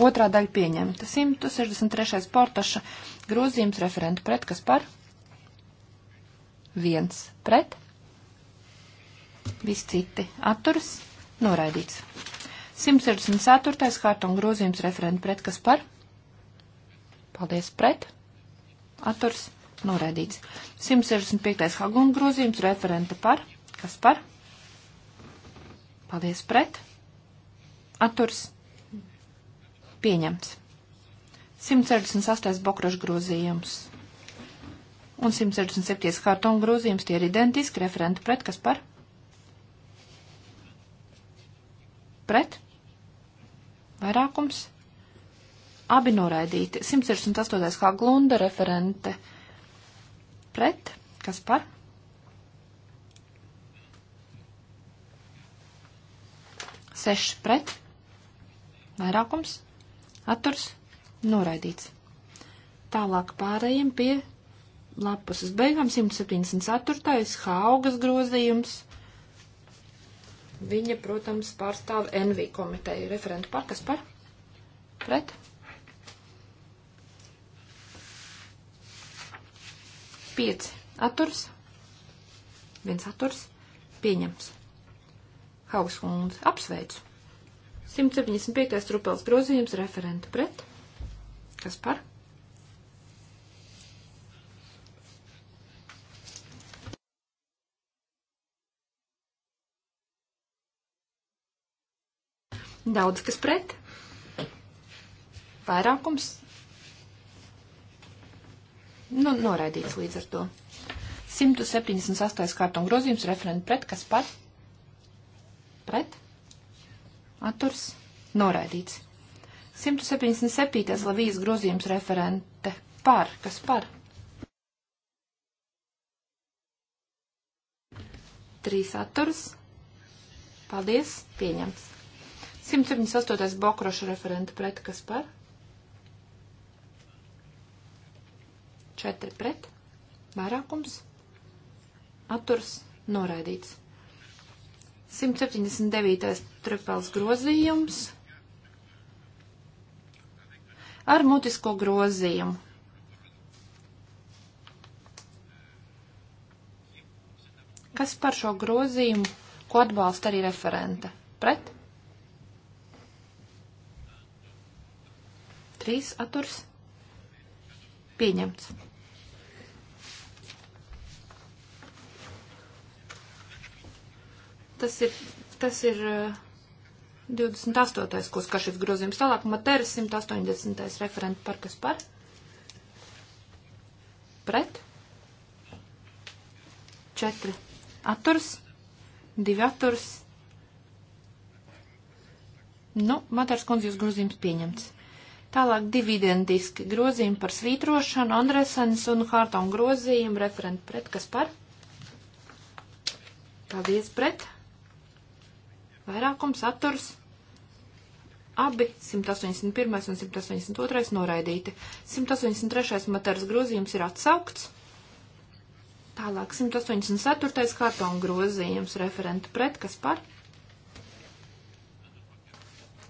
Otrā daļa pieņemta. 163. portaša grozījums referentu pret, kas par? Viens pret. Visi citi atturas. Noraidīts. 164. kārtuma grozījums referentu pret, kas par? Paldies pret. Atturs Noraidīts. 165. Haguna grozījums referenta par. Kas par? Paldies pret. Atturs. Pieņemts. 168. Bokraša grozījums un 167. kartona grozījums tie ir identiski, referenti pret, kas par? Pret? Vairākums? Abi noraidīti. 168. kā glunda referente pret, kas par? Seši pret, vairākums, atturs, noraidīts. Tālāk pārējiem pie lapas uz beigām 174. haugas grozījums. Viņa, protams, pārstāv NV komiteju referentu par, kas par? Pret? 5 atturs, viens atturs, pieņems. Haugs kundze, apsveicu. 175. trupels grozījums referentu pret. Kas par? Daudz kas pret. Vairākums Nu, noraidīts līdz ar to. 178. kārtuma grozījums referenta pret, kas par? Pret? Atturs? Noraidīts. 177. Lavijas grozījums referente par, kas par? Trīs atturs. Paldies, pieņemts. 178. Bokroša referenta pret, kas par? 4 pret, vairākums, atturs noraidīts. 179. trepels grozījums ar mutisko grozījumu. Kas par šo grozījumu, ko atbalsta arī referente? Pret? Trīs aturs pieņemts. Tas ir, tas ir 28. Uh, ko skar šis grozījums. Tālāk Materis 180. referenta par kas par? Pret? 4 atturs, 2 atturs. Nu, Materis kundze jūs grozījums pieņemts. Tālāk divi identiski grozījumi par svītrošanu, Andresens un Hārtaun grozījumu, referenta pret kas par? Paldies pret! vairākums atturs abi 181. un 182. noraidīti. 183. materas grozījums ir atsaukts. Tālāk 184. kartona grozījums referenta pret, kas par?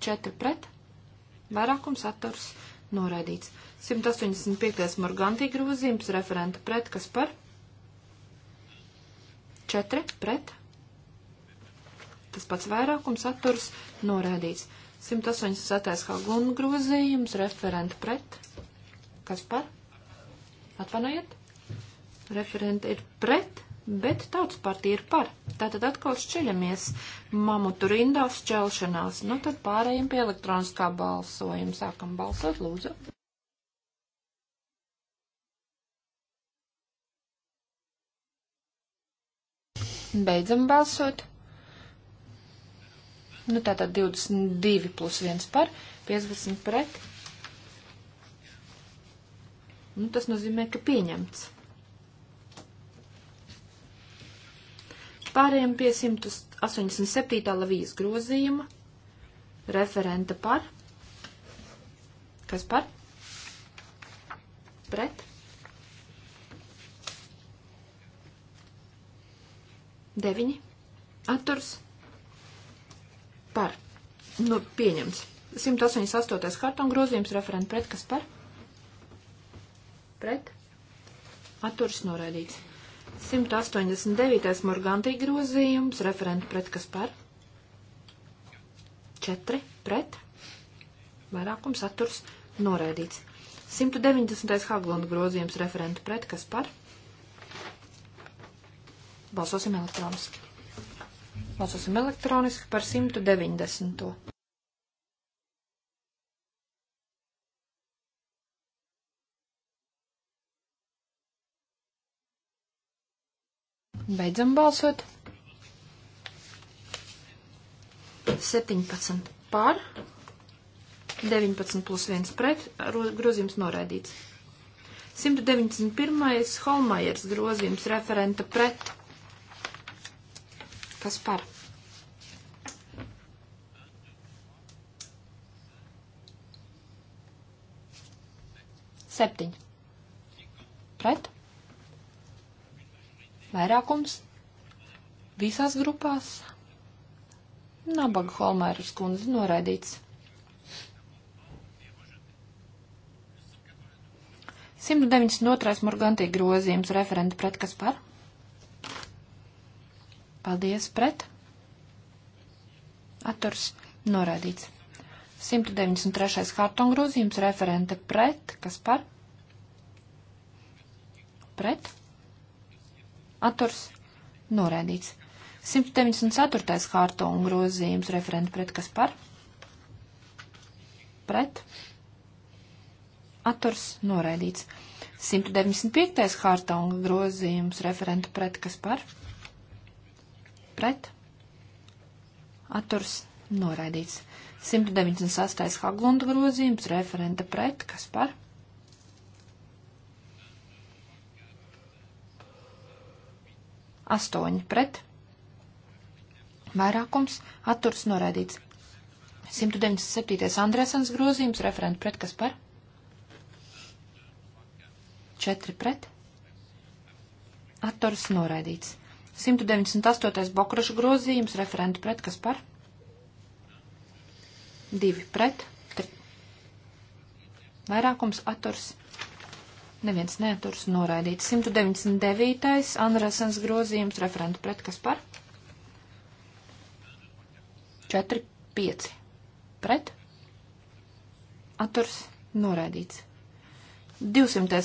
4 pret. Vairākums atturs noraidīts. 185. morgantī grozījums referenta pret, kas par? 4 pret. Tas pats vairākums atturs norādīts. 187. Haglund grozījums, referenta pret. Kas par? Atvainojiet. Referenta ir pret, bet tautas partija ir par. Tātad atkal šķeļamies mamutu rindās šķelšanās. Nu tad pārējiem pie elektroniskā balsojuma. Sākam balsot, lūdzu. Beidzam balsot. Nu, tātad 22 plus 1 par, 15 pret. Nu, tas nozīmē, ka pieņemts. Pārējiem pie 187. lavijas grozījuma. Referenta par. Kas par? Pret. Deviņi. Atturs par. Nu, pieņemts. 188. kartona grozījums referenta pret, kas par? Pret. Atturis noraidīts. 189. morgantī grozījums referenta pret, kas par? 4 pret. Vairākums atturis noraidīts. 190. Haglunda grozījums referenta pret, kas par? Balsosim elektroniski. Balsosim elektroniski par 190. Beidzam balsot. 17 pār, 19 plus 1 pret, grozījums noraidīts. 191. Holmajers grozījums referenta pret Kas par? Septiņi. Pret? Vairākums? Visās grupās? Nabaga Holmēras kundze noraidīts. 192. morgantī grozījums referenta pret kas par? Paldies pret. Atturs norādīts. 193. kārtong grozījums referente pret. Kas par? Pret. Atturs norādīts. 194. kārtong grozījums referente pret. Kas par? Pret. Atturs norādīts. 195. kārtong grozījums referente pret. Kas par? Pret pret, atturs noraidīts. 198. Haglunda grozījums, referenta pret, kas par? Astoņi pret, vairākums, atturs noraidīts. 197. Andresens grozījums, referenta pret, kas par? Četri pret, atturs noraidīts. 198. bokrašu grozījums, referentu pret, kas par? Divi pret, tri. Vairākums atturs. Neviens neaturs noraidīts. 199. Andresens grozījums, referentu pret, kas par? Četri, pieci. Pret. Atturs noraidīts. 200.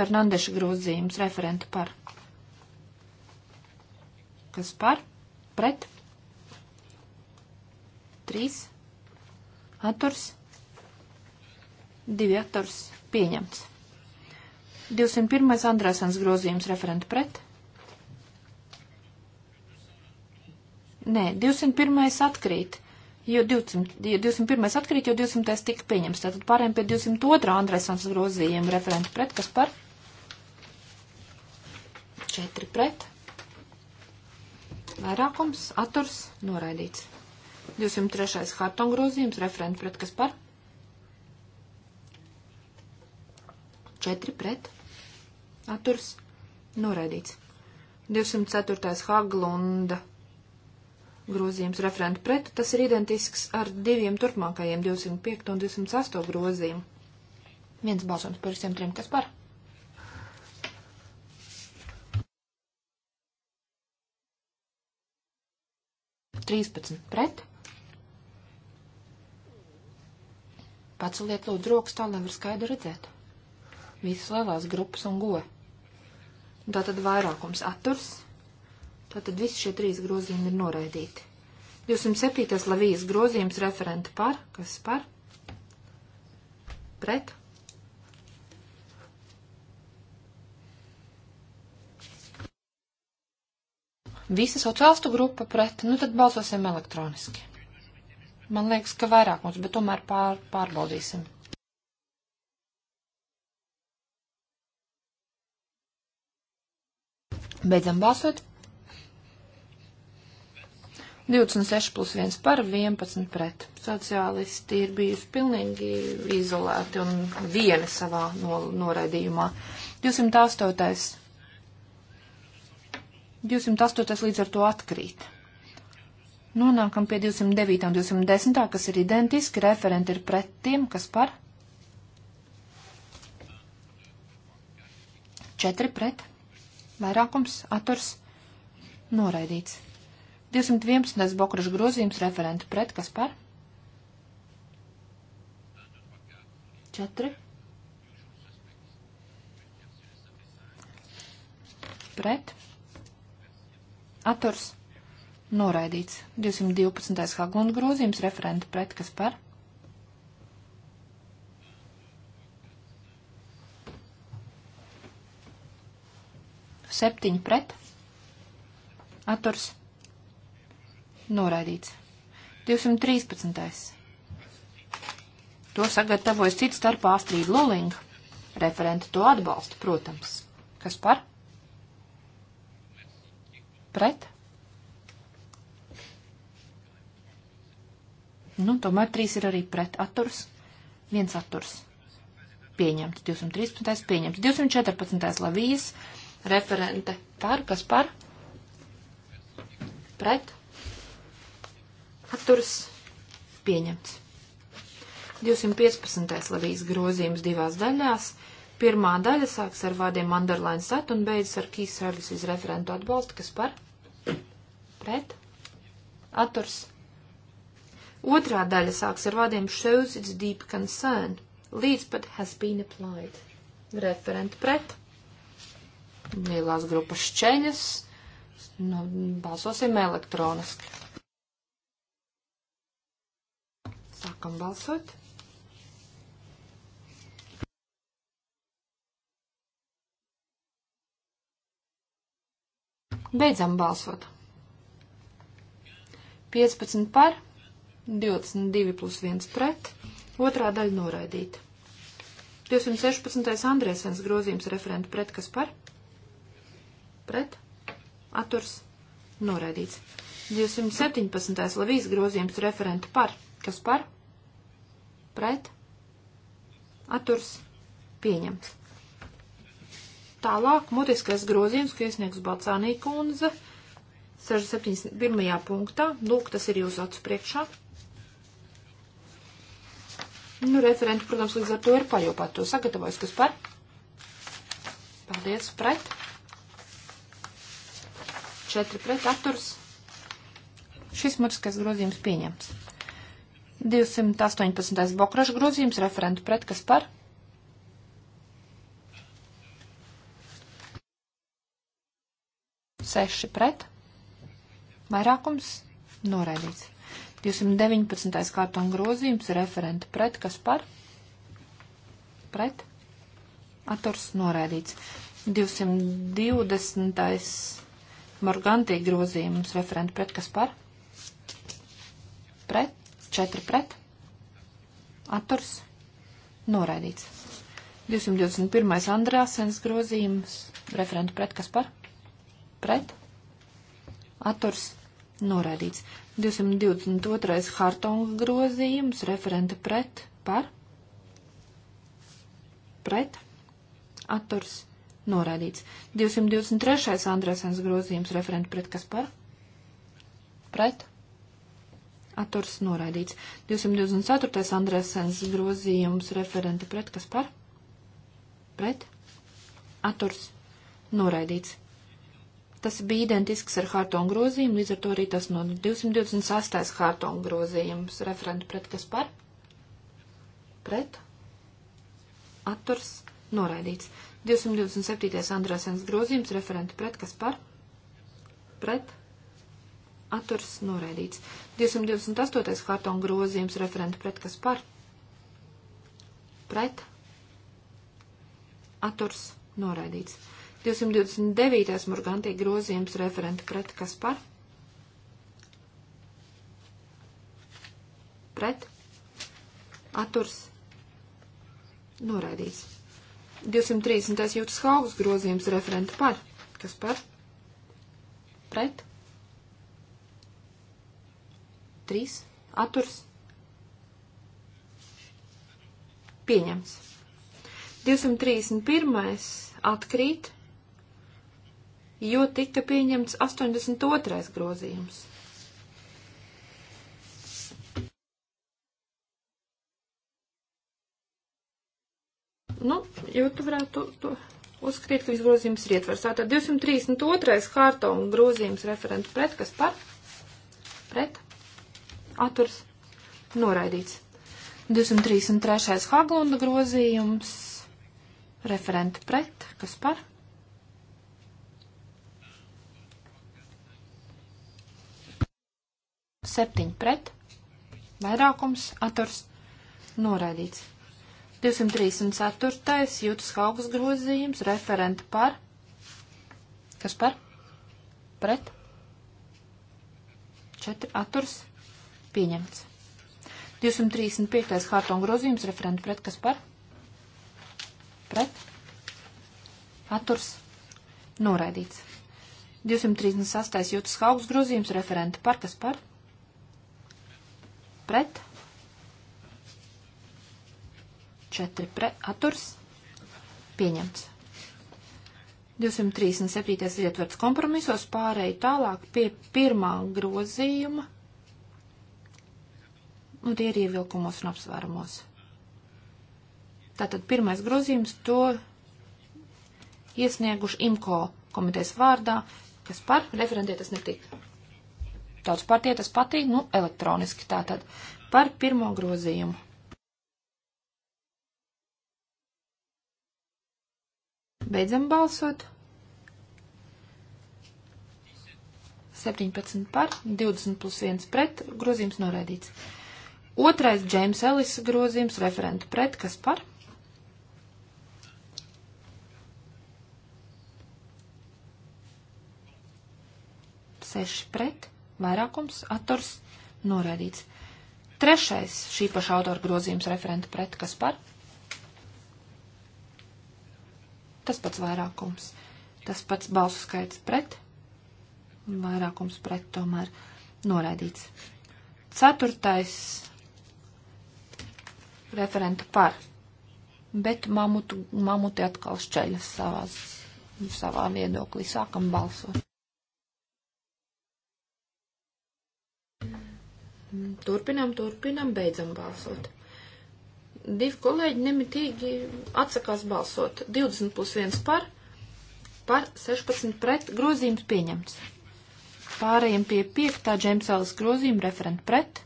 Fernandeša grozījums, referentu par? Kas par? Pret? Trīs. Atturs. Divi atturs. Pieņemts. 201. Andrēsens grozījums referenta pret. Nē, 201. atkrīt. Jo 200, 201. atkrīt, jo 200. tika pieņems. Tātad pārējiem pie 202. Andresons grozījuma referenta pret, kas par? 4 pret. Vairākums, atturs, noraidīts. 203. Hartonga grozījums, referenti pret kas par? 4 pret, atturs, noraidīts. 204. Haglunda grozījums referentu pret, tas ir identisks ar diviem turpmākajiem 205 un 208 grozījumu. Viens balsojums par visiem trim, kas par? 13 pret. Paceliet lūdzu rokas tā, lai var skaidri redzēt. Visas lielās grupas un goja. Tātad vairākums atturs. Tātad visi šie trīs grozījumi ir noraidīti. 207. Lavijas grozījums referenta par, kas par, pret, visa sociālistu grupa pret, nu tad balsosim elektroniski. Man liekas, ka vairāk mums, bet tomēr pār, pārbaudīsim. Beidzam balsot. 26 plus 1 par 11 pret. Sociālisti ir bijusi pilnīgi izolēti un vieni savā no, noraidījumā. 208. 208. līdz ar to atkrīt. Nonākam pie 209. un 210. kas ir identiski, referenti ir pret tiem, kas par. 4 pret. Vairākums atturs noraidīts. 211. bokrašu grozījums referenti pret, kas par. 4 pret atturs noraidīts. 212. Haglund grozījums referenta pret, kas par? Septiņi pret, atturs noraidīts. 213. To sagatavojas cits starpā Astrīda Lulinga. Referenti to atbalsta, protams. Kas par? Pret? Nu, tomēr trīs ir arī pret atturs. Viens atturs. Pieņemts. 213. pieņemts. 214. lavijas referente par, kas par? Pret? Atturs. Pieņemts. 215. lavijas grozījums divās daļās. Pirmā daļa sāks ar vārdiem underline sat un beidzas ar key services referentu atbalstu, kas par? pret, atturs. Otrā daļa sāks ar vārdiem shows its deep concern, līdz pat has been applied. Referenti pret, lielās grupas šķeļas, nu, balsosim elektroniski. Sākam balsot. Beidzam balsot. 15 par, 22 plus 1 pret, otrā daļa noraidīta. 216. Andriesens grozījums referentu pret, kas par? Pret, atturs, noraidīts. 217. Lavijas grozījums referentu par, kas par? Pret, atturs, pieņemts. Tālāk mutiskais grozījums, ko iesniegs Balcānī kundze. 61. punktā. Lūk, tas ir jūsu acu priekšā. Nu, referenti, protams, līdz ar to ir pajopāt to sagatavojas, kas par. Paldies, pret. 4 pret atturs. Šis murskais grozījums pieņemts. 218. bokraša grozījums, referentu pret, kas par. seši pret. Vairākums noraidīts. 219. kārtām grozījums referenta pret, kas par? Pret. Aturs noraidīts. 220. Morgantī grozījums referenta pret, kas par? Pret. 4 pret. Aturs noraidīts. 221. Andrāsens grozījums referenta pret, kas par? Pret atturs noraidīts. 222. Hartonga grozījums, referenta pret, par, pret, atturs noraidīts. 223. Andrēsens grozījums, referenta pret, kas par, pret, atturs noraidīts. 224. Andrēsens grozījums, referenta pret, kas par, pret, atturs noraidīts. Tas bija identisks ar Hārtonga grozījumu, līdz ar to arī tas no 228. Hārtonga grozījums. Referenti pret kas par? Pret? Atturs? Noraidīts. 227. Andrēsens grozījums. Referenti pret kas par? Pret? Atturs? Noraidīts. 228. Hārtonga grozījums. Referenti pret kas par? Pret? Atturs? Noraidīts. 229. Morgantī grozījums referenta pret kas par? Pret? Aturs? Noraidīts. 230. jūtas haugas grozījums referenta par? Kas par? Pret? Trīs? Aturs? Pieņems. 231. atkrīt jo tika pieņemts 82. grozījums. Nu, jo tu varētu to, to uzskatīt, ka viss grozījums ir ietvers. Tātad 232. kārta un grozījums referentu pret, kas par? Pret. Aturs. Noraidīts. 233. Haglunda grozījums referenti pret, kas par? 7 pret, vairākums atturs noraidīts. 234. jūtas haugas grozījums, referenta par. Kas par? Pret. 4 atturs pieņemts. 235. hārtona grozījums, referenta pret. Kas par? Pret. Atturs noraidīts. 238. jūtas haugas grozījums, referenta par. Kas par? Pret pret, 4 pret, atturs, pieņemts. 237. ir ietverts kompromisos, pārēju tālāk pie pirmā grozījuma. Nu, tie ir ievilkumos un apsvērumos. Tātad pirmais grozījums to iesnieguši IMCO komitejas vārdā, kas par referentē tas netika Tautas partija tas patīk, nu, elektroniski tātad. Par pirmo grozījumu. Beidzam balsot. 17 par, 20 plus 1 pret, grozījums noraidīts. Otrais Džeims Ellis grozījums, referenta pret, kas par? Seši pret vairākums atturs norādīts. Trešais šī paša autora grozījums referenta pret kas par? Tas pats vairākums. Tas pats balsu skaits pret. Vairākums pret tomēr noraidīts. Ceturtais referenta par. Bet mamutu, mamuti atkal šķeļas savās, savā viedoklī. Sākam balsot. Turpinām, turpinām, beidzam balsot. Divi kolēģi nemitīgi atsakās balsot. 20 plus 1 par, par 16 pret, grozījums pieņemts. Pārējiem pie 5. Džemsēlas grozījuma referenta pret.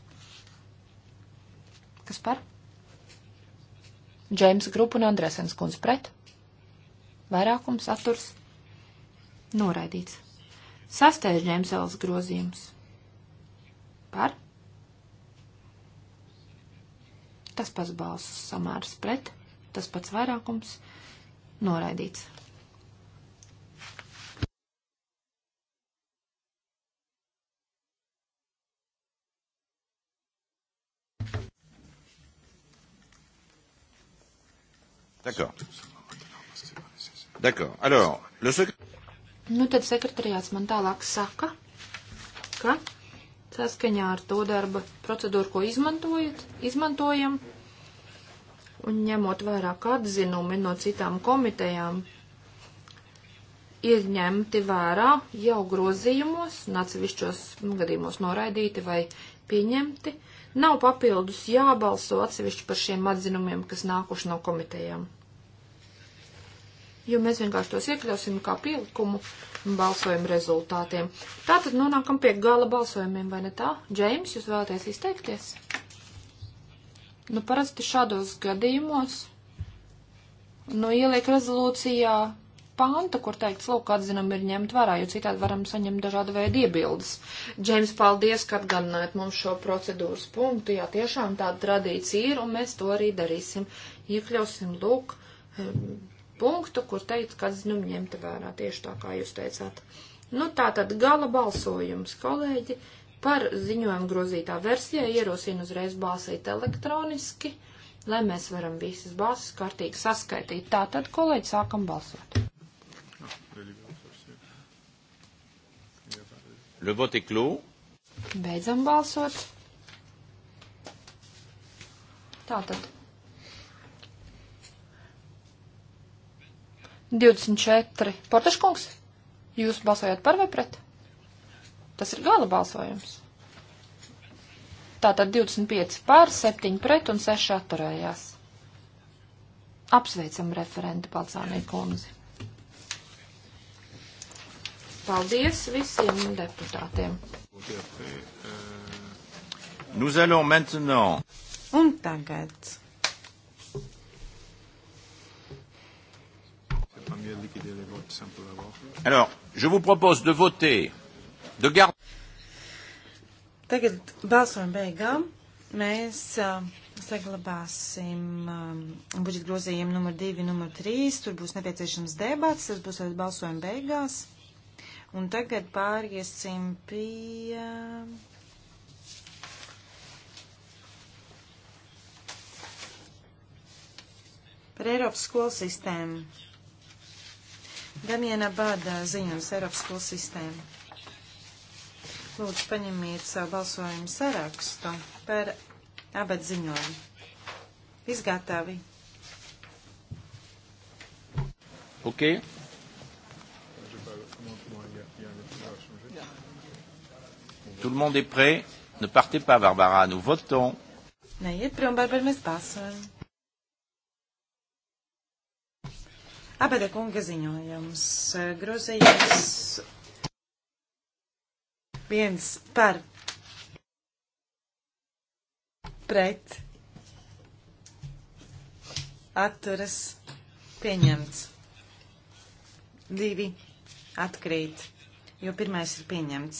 Kas par? Džeims Grupa un Andresens kundze pret. Vairākums atturs noraidīts. Sastais Džemsēlas grozījums. Par? Tas pats balsu samērs pret, tas pats vairākums noraidīts. D'accord. D'accord. Alors, le secrétariat. Nu, tad sekretariāts man tālāk saka, ka saskaņā ar to darba procedūru, ko izmantojam, un ņemot vairāk atzinumi no citām komitejām, ir ņemti vērā jau grozījumos, un atsevišķos gadījumos noraidīti vai pieņemti. Nav papildus jābalso atsevišķi par šiem atzinumiem, kas nākuši no komitejām jo mēs vienkārši tos iekļausim kā pielikumu balsojumu rezultātiem. Tātad nonākam pie gala balsojumiem, vai ne tā? Džeims, jūs vēlaties izteikties? Nu, parasti šādos gadījumos, nu, ieliek rezolūcijā panta, kur teikts, lūk, atzinam ir ņemt vērā, jo citādi varam saņemt dažādu veidu iebildes. Džeims, paldies, ka atgādinājāt mums šo procedūras punktu. Jā, tiešām tāda tradīcija ir, un mēs to arī darīsim. Iekļausim, lūk, punktu, kur teica, ka atzinumu ņemta vērā tieši tā, kā jūs teicāt. Nu, tā tad gala balsojums, kolēģi, par ziņojumu grozītā versijā ierosina uzreiz balsīt elektroniski, lai mēs varam visas balsis kārtīgi saskaitīt. Tā tad, kolēģi, sākam balsot. Le vote est clos. Beidzam balsot. Tātad 24. Portaškungs, jūs balsojat par vai pret? Tas ir gala balsojums. Tātad 25 pār, 7 pret un 6 atturējās. Apsveicam referentu Palcānī kundzi. Paldies visiem deputātiem. Nous allons maintenant. Un tagad Alors, je vous propose de voter, de garder. Tagad balsojam beigām. Mēs uh, saglabāsim um, budžeta grozījumu numur 2, numur 3. Tur būs nepieciešams debats, tas būs arī balsojuma beigās. Un tagad pāriesim pie. Uh, par Eiropas skolu sistēmu. Damiena Bādā ziņojums Eiropas skolu sistēma. Lūdzu, paņemiet savu balsojumu sarakstu par abad ziņojumu. Viss gatavi. Ok. Tout le monde est prêt Ne partez pas, Barbara. Nous votons. Neiet prom, Barbara, mēs balsojam. Abada kunga ziņojums. Grozījums viens par pret atturas pieņemts. Divi atkrīt, jo pirmais ir pieņemts.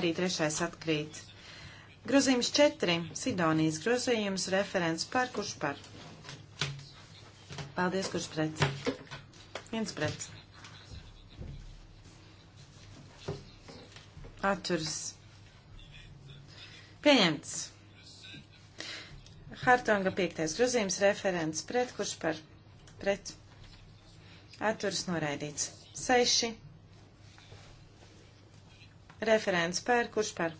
Arī trešais atkrīt. Grozījums 4. Sidonijas grozījums referents par kurš par. Paldies, kurš pret viens pret. Atturas. Pieņemts. Hartonga piektais grozījums referents pret, kurš par pret. Atturas noraidīts. Seši. Referents par, kurš par.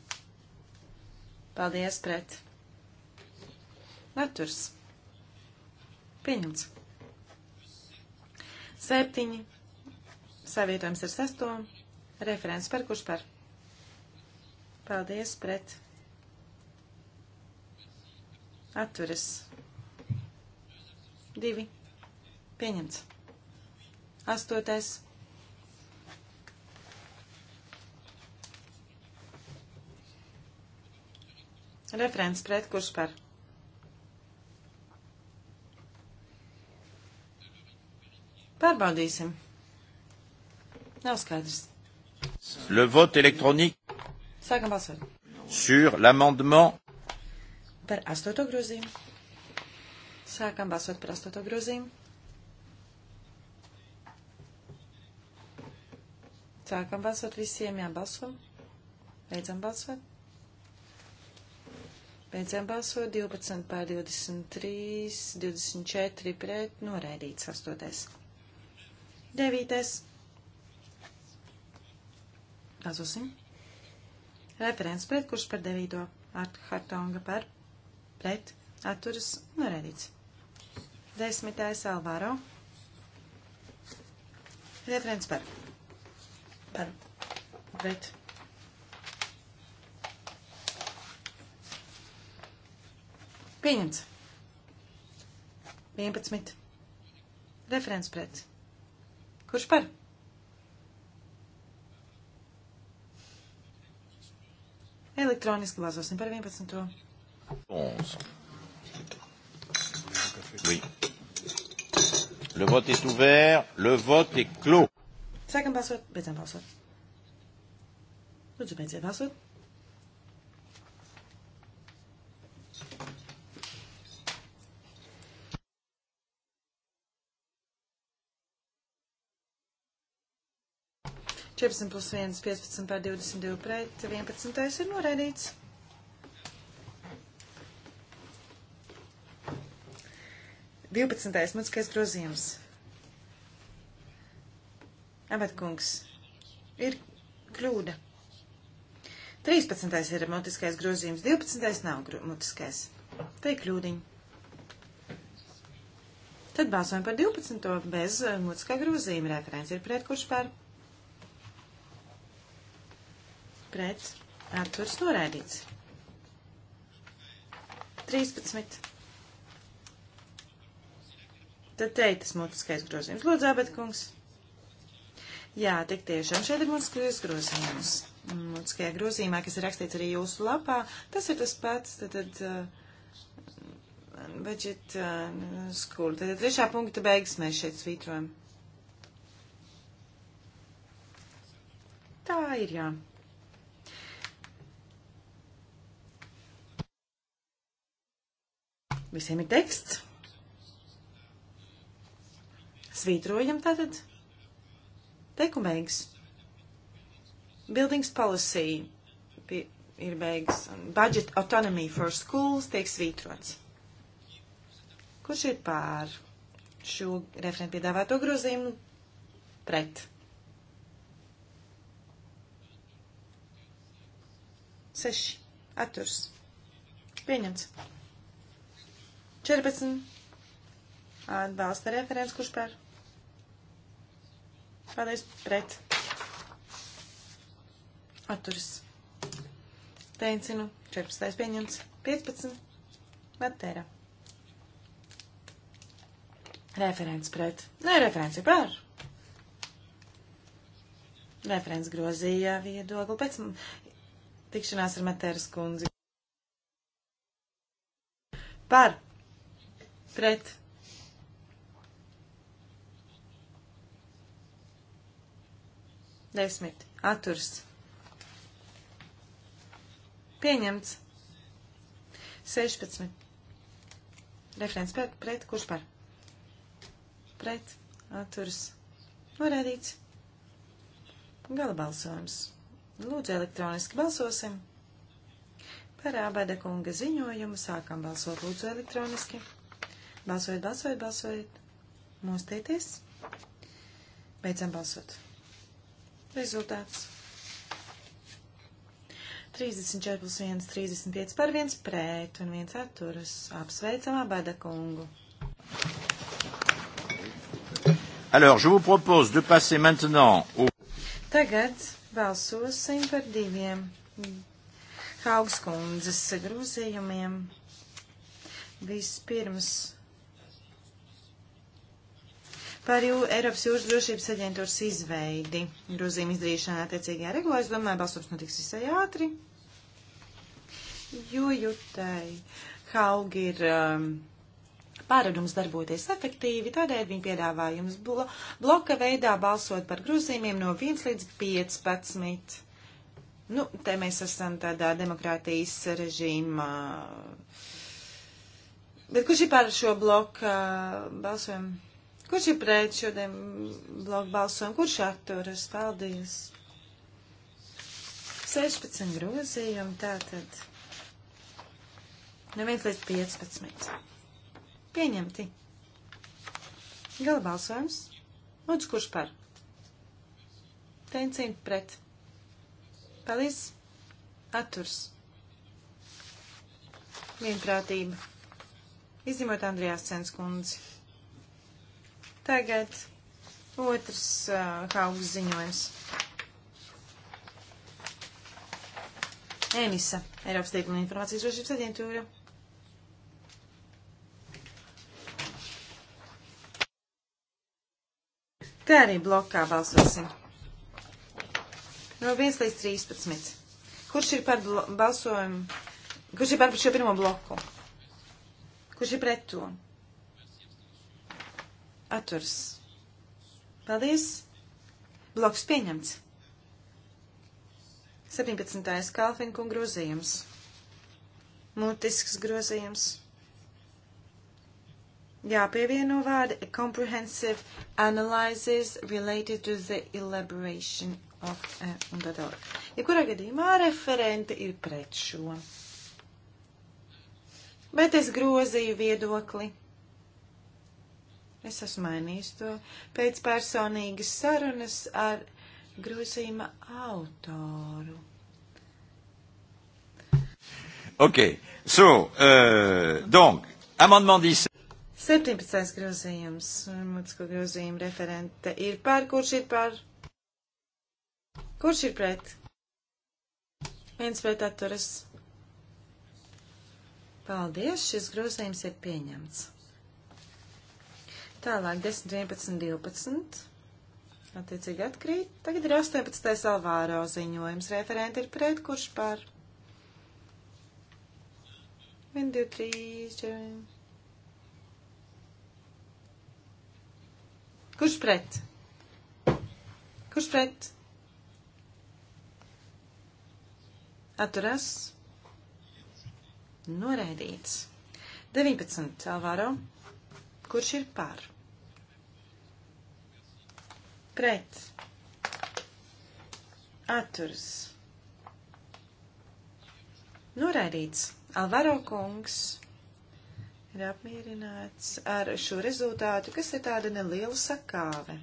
Paldies pret. Atturs. Pieņemts. 7. Savietojums ar 6. Referents par kurš par. Paldies pret. Atturas. 2. Pieņemts. 8. Referents pret kurš par. Pārbaudīsim. Nav skaidrs. Le vote électronique. Sākam balsot. Sur l'amendement. Par astoto grozījumu. Sākam balsot par astoto grozījumu. Sākam balsot visiem, jābalso. Beidzam balsot. Beidzam balsot 12 pār 23, 24 pret, noraidīts 8. Devītais. Pazusim. Referents pret, kurš par devīto ar Hartonga par pret atturas norēdīts. Desmitais Alvaro. Referents par. Par. Pret. Pieņemts. 11. Referents pret. Kurš par? Elektroniski balsosim par 11. 11. Oui. Le vote est ouvert, le vote est clos. Sākam balsot, beidzam balsot. Lūdzu, beidziet balsot. 14 plus 1, 15 pār 22 pret, 11 ir noraidīts. Divpadsmitais mutiskais grozījums. Abatkungs, ir kļūda. 13. ir mutiskais grozījums, 12. nav mutiskais. Te ir kļūdiņa. Tad balsojam par 12. bez eh, mutiskā grozījuma. Referents ir pret kurš par. pret atturs noraidīts. 13. Tad teitas mutiskais grozījums. Lūdzu, Abetkungs. Jā, tik tiešām šeit ir mutiskais grozījums. Mutiskajā grozījumā, kas ir rakstīts arī jūsu lapā, tas ir tas pats. Tad, tad, budžet uh, uh skolu. Tad trešā punkta beigas mēs šeit svītrojam. Tā ir, jā. Visiem ir teksts. Svītrojam tātad. Teku beigas. Buildings policy Pie, ir beigas. Un budget autonomy for schools tiek svītrots. Kurš ir pār šo referentu piedāvāto grozījumu? Pret. 6. Atturs. Pieņemts. 14. Atbalsta referents, kurš par? Paldies, pret. Atturis. Teicinu, 14. pieņemts. 15. Matēra. Referents pret. Nē, referents ir par. Referents grozīja viedokli pēc tikšanās ar Matēras kundzi. Par pret desmit atturs pieņemts 16 referents pret, pret kurš par pret atturs norādīts gala balsojums lūdzu elektroniski balsosim par ābēda kunga ziņojumu sākam balsot lūdzu elektroniski. Balsojiet, balsojiet, balsojiet. Mostieties. Beidzam balsot. Rezultāts. 34 plus 1, 35 par 1 pret un 1 atturas. Apsveicam abada kungu. Alors, je vous propose de passer maintenant au... Tagad balsosim par diviem Haugskundzes grozījumiem. Vispirms par jū, Eiropas jūras drošības aģentūras izveidi. Grozījuma izdarīšana attiecīgajā regulā, es domāju, balsojums notiks visai ātri, jo jutai Haugi ir um, pārādums darboties efektīvi, tādēļ viņa piedāvājums blo bloka veidā balsot par grozījumiem no 1 līdz 15. Nu, te mēs esam tādā demokrātijas režīmā. Bet kurš ir par šo bloku uh, balsojumu? Kurš ir pret šodien bloku balsojumu? Kurš atturas? Paldies! 16 grozījumi, tātad no 1 līdz 15. Pieņemti. Gala balsojums. Lūdzu, kurš par? Tencīni pret. Paldies. Atturs. Vienprātība. Izņemot Andrijās Censkundzi. Tagad otrs uh, haugs ziņojums. ENISA, Eiropas tīkla un informācijas drošības aģentūra. Te arī blokā balsosim. No 1 līdz 13. Kurš ir par balsojumu? Kurš ir par šo pirmo bloku? Kurš ir pret to? atturas. Paldies. Bloks pieņemts. 17. Kalfinku grozījums. Mutisks grozījums. Jāpievieno vārdi a comprehensive analysis related to the elaboration of uh, un tā tālāk. Jebkurā gadījumā referente ir pret šo. Bet es grozīju viedokli. Es esmu mainījis to pēc personīgas sarunas ar grozījuma autoru. Ok, so, uh, donc, amendement 10. 17. grozījums, mutisko grozījumu referente ir par, kurš ir par, kurš ir pret? Viens pret atturas. Paldies, šis grozījums ir pieņemts. Tālāk 10, 11, 12. Attiecīgi atkrīt. Tagad ir 18. alvāro ziņojums. Referenti ir pret, kurš par. 1, 2, 3, 4. Kurš pret? Kurš pret? Atturas. Noraidīts. 19. Alvaro. Kurš ir par? pret atturas noraidīts. Alvaro kungs ir apmierināts ar šo rezultātu, kas ir tāda neliela sakāve.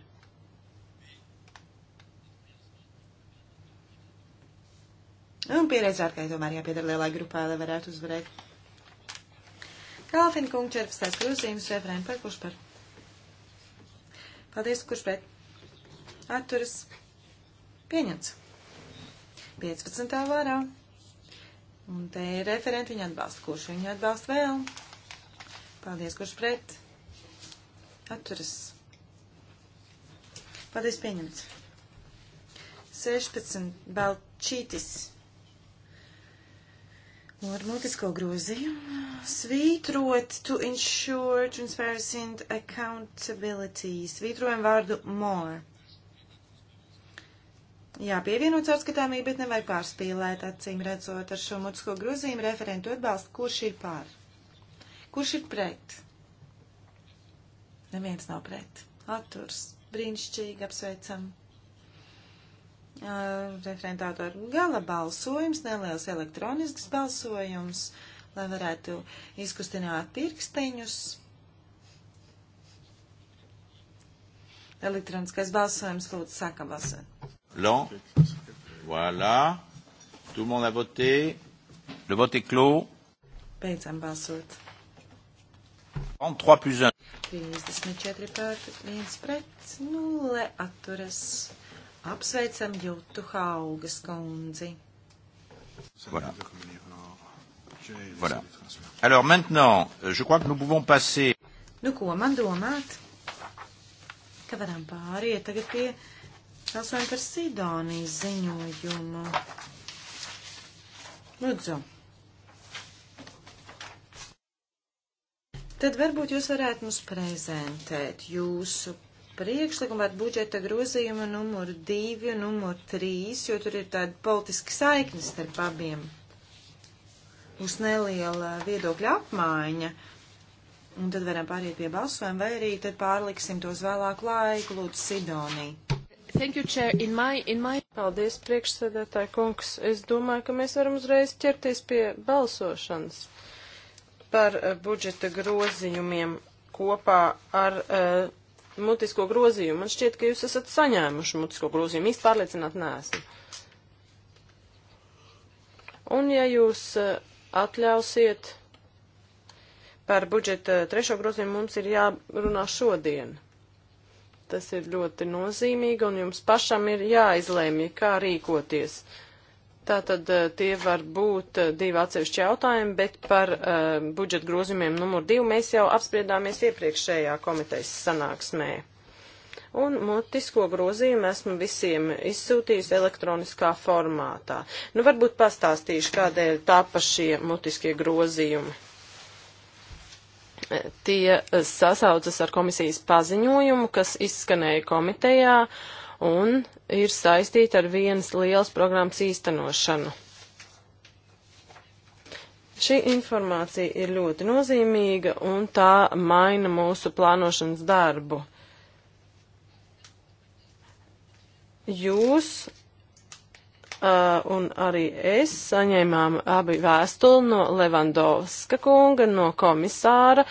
Un pieredze ārkai tomēr jāpiedara lielai grupā, lai varētu uzvarēt. Kalfin kungs 14. grozījums referēm par kurš par. Paldies, kurš pret atturas pieņemts. 15. vārā. Un te ir referenti, viņa atbalsta. Kurš viņa atbalsta vēl? Paldies, kurš pret? Atturas. Paldies, pieņemts. 16. Balčītis. Ar mutisko grozījumu svītrot to ensure transparency and accountability. Svītrojam vārdu more jāpievieno caurskatāmību, bet nevajag pārspīlēt, acīm redzot, ar šo mutisko grozījumu referentu atbalstu, kurš ir pār. Kurš ir pret? Neviens nav pret. Atturs. Brīnišķīgi apsveicam. Uh, referentāto ar gala balsojums, neliels elektronisks balsojums, lai varētu izkustināt pirksteņus. Elektroniskais balsojums lūdzu sākam balsot. Blanc. Voilà. Tout le monde a voté. Le vote est clos. Beidzam balsot. 33 plus 1. 34 pār 1 pret 0 atturas. Apsveicam Jūtu Haugas kundzi. Voilà. Voilà. Alors maintenant, je crois que nous pouvons passer. Nu ko man domāt, ka varam pāriet tagad pie Balsojam par Sidonijas ziņojumu. Lūdzu. Tad varbūt jūs varētu mums prezentēt jūsu priekšlikumu ar budžeta grozījumu numuru 2 un numuru 3, jo tur ir tāda politiska saikne starp abiem. Būs neliela viedokļa apmaiņa. Un tad varam pāriet pie balsojuma, vai arī tad pārliksim tos vēlāk laiku, lūdzu, Sidonī. Thank you, Chair. In my, in my... Paldies, priekšsēdētāji kungs. Es domāju, ka mēs varam uzreiz ķerties pie balsošanas par uh, budžeta grozījumiem kopā ar uh, mutisko grozījumu. Man šķiet, ka jūs esat saņēmuši mutisko grozījumu. Īsti pārliecināt neesmu. Un ja jūs uh, atļausiet par budžeta trešo grozījumu, mums ir jārunā šodien. Tas ir ļoti nozīmīgi, un jums pašam ir jāizlēmj, kā rīkoties. Tātad eh, tie var būt eh, divi atsevišķi jautājumi, bet par uh, budžeta grozījumiem numur divu mēs jau apspriedāmies iepriekšējā komitejas sanāksmē. Un mutisko grozījumu esmu visiem izsūtījusi elektroniskā formātā. Nu, varbūt pastāstīšu, kādēļ tāpa šie mutiskie grozījumi tie eh, sasaucas ar komisijas paziņojumu, kas izskanēja komitejā un ir saistīti ar vienas lielas programmas īstenošanu. Šī informācija ir ļoti nozīmīga un tā maina mūsu plānošanas darbu. Jūs Uh, un arī es saņēmām abi vēstuli no Levandovska kunga, no komisāra,